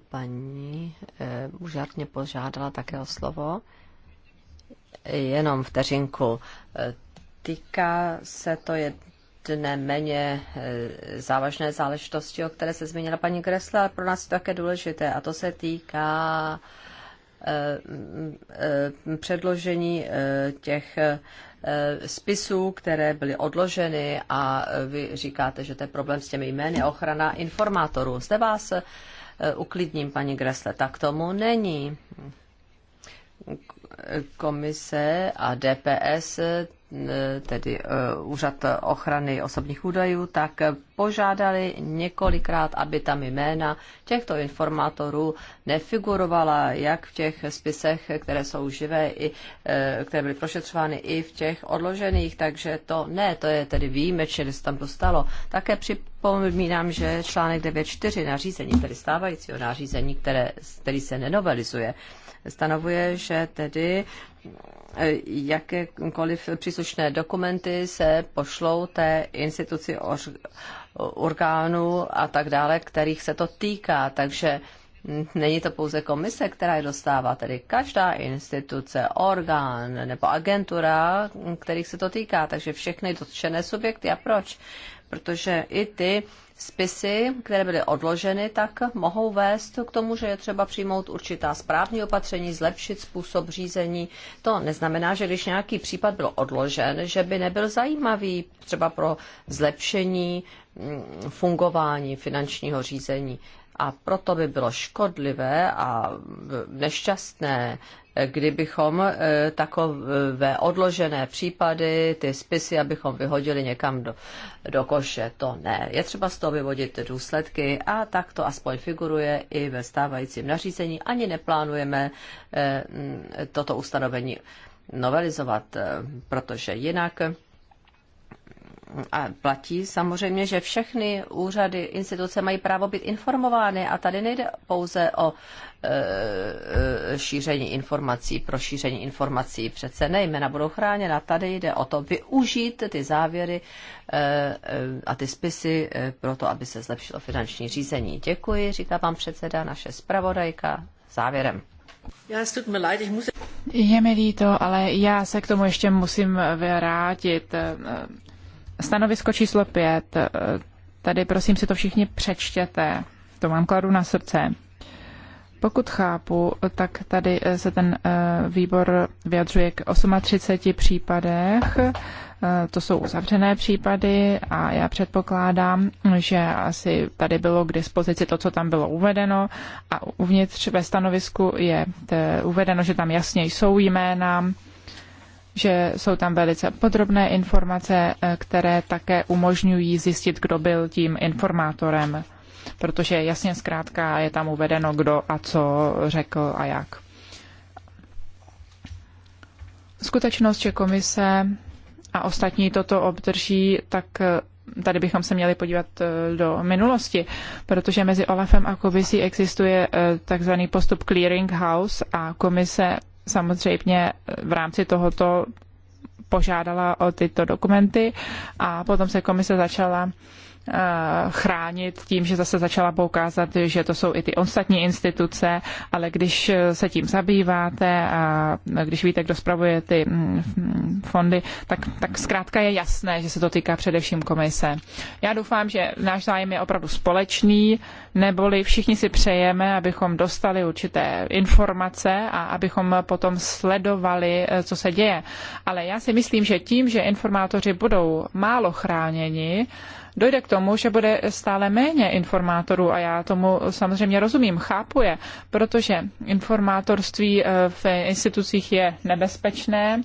paní eh, už mě požádala také o slovo. Jenom vteřinku. Týká se to jedné méně eh, závažné záležitosti, o které se zmínila paní Gressler, ale pro nás je to také důležité. A to se týká eh, eh, předložení těch spisů, které byly odloženy a vy říkáte, že to je problém s těmi jmény ochrana informátorů. Zde vás uklidním, paní Gresle, tak tomu není komise a DPS tedy eh, Úřad ochrany osobních údajů, tak požádali několikrát, aby tam jména těchto informátorů nefigurovala jak v těch spisech, které jsou živé, i, eh, které byly prošetřovány i v těch odložených, takže to ne, to je tedy výjimečně, že se tam dostalo. Také připomínám, že článek 9.4 nařízení, tedy stávajícího nařízení, které, který se nenovelizuje, stanovuje, že tedy eh, jakékoliv příslušné dokumenty se pošlou té instituci orgánů a tak dále, kterých se to týká. Takže není to pouze komise, která je dostává, tedy každá instituce, orgán nebo agentura, kterých se to týká, takže všechny dotčené subjekty. A proč? protože i ty spisy, které byly odloženy, tak mohou vést k tomu, že je třeba přijmout určitá správní opatření, zlepšit způsob řízení. To neznamená, že když nějaký případ byl odložen, že by nebyl zajímavý třeba pro zlepšení mm, fungování finančního řízení. A proto by bylo škodlivé a nešťastné, kdybychom e, takové odložené případy, ty spisy, abychom vyhodili někam do, do koše. To ne. Je třeba z toho vyvodit důsledky a tak to aspoň figuruje i ve stávajícím nařízení. Ani neplánujeme e, toto ustanovení novelizovat, e, protože jinak a platí samozřejmě, že všechny úřady, instituce mají právo být informovány a tady nejde pouze o e, e, šíření informací, pro šíření informací přece nejména budou chráněna. Tady jde o to využít ty závěry e, e a ty spisy e, pro to, aby se zlepšilo finanční řízení. Děkuji, říká vám předseda, naše zpravodajka. Závěrem. Je mi líto, ale já se k tomu ještě musím vrátit. Stanovisko číslo pět. Eh, tady prosím si to všichni přečtěte. To mám kladu na srdce. Pokud chápu, tak tady eh, se ten eh, výbor vyjadřuje k 38 případech. To jsou uzavřené případy a já předpokládám, že asi tady bylo k dispozici to, co tam bylo uvedeno a uvnitř ve stanovisku je uvedeno, že tam jasně jsou jména že jsou tam velice podrobné informace, eh, které také umožňují zjistit, kdo byl tím informátorem, protože jasně zkrátka je tam uvedeno, kdo a co řekl a jak. Skutečnost, že komise a ostatní toto obdrží, tak eh, tady bychom se měli podívat eh, do minulosti, protože mezi OLAFem a komisí existuje takzvaný postup clearing house a komise samozřejmě eh, v rámci tohoto požádala o tyto dokumenty a potom se komise začala Eh, chránit tím, že zase začala poukázat, že to jsou i ty ostatní instituce, ale když se tím zabýváte a když víte, kdo spravuje ty mm, fondy, tak, tak zkrátka je jasné, že se to týká především komise. Já doufám, že náš zájem je opravdu společný, neboli všichni si přejeme, abychom dostali určité informace a abychom potom sledovali, eh, co se děje. Ale já si myslím, že tím, že informátoři budou málo chráněni, dojde k tomu, že bude stále méně informátorů a já tomu samozřejmě rozumím, chápu je, protože informátorství eh, v institucích je nebezpečné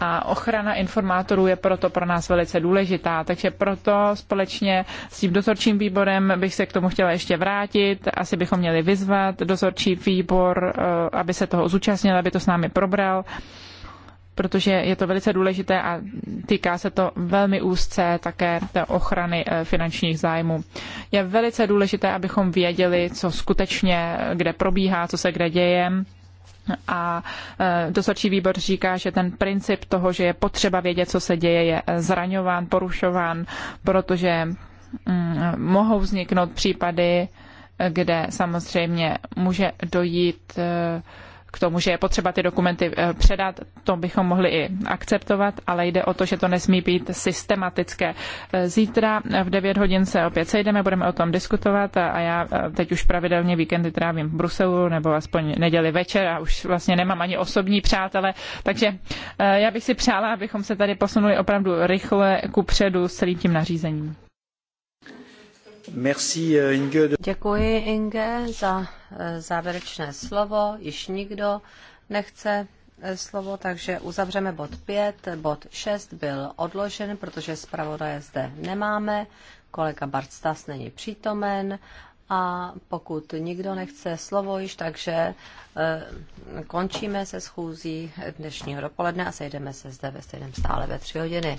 a ochrana informátorů je proto pro nás velice důležitá. Takže proto společně s tím dozorčím výborem bych se k tomu chtěla ještě vrátit. Asi bychom měli vyzvat dozorčí výbor, eh, aby se toho zúčastnil, aby to s námi probral protože je to velice důležité a týká se to velmi úzce také té ochrany eh, finančních zájmů. Je velice důležité, abychom věděli, co skutečně kde probíhá, co se kde děje. A eh, dosadčí výbor říká, že ten princip toho, že je potřeba vědět, co se děje, je eh, zraňován, porušován, protože mm, mohou vzniknout případy, kde samozřejmě může dojít k tomu, že je potřeba ty dokumenty eh, předat, to bychom mohli i akceptovat, ale jde o to, že to nesmí být systematické. Eh, Zítra v 9 hodin se opět sejdeme, budeme o tom diskutovat a já eh, teď už pravidelně víkendy trávím v Bruselu nebo aspoň neděli večer a už vlastně nemám ani osobní přátele, takže já bych si přála, abychom se tady posunuli opravdu rychle ku předu s celým tím nařízením. Euh, Děkuji, Inge, za eh, závěrečné slovo. Již nikdo nechce eh, slovo, takže uzavřeme bod 5. Bod 6 byl odložen, protože zpravodaje zde nemáme. Kolega Bartstas není přítomen a pokud nikdo nechce slovo již, takže eh, končíme se schůzí dnešního dopoledne a sejdeme se zde ve stejném stále ve tři hodiny.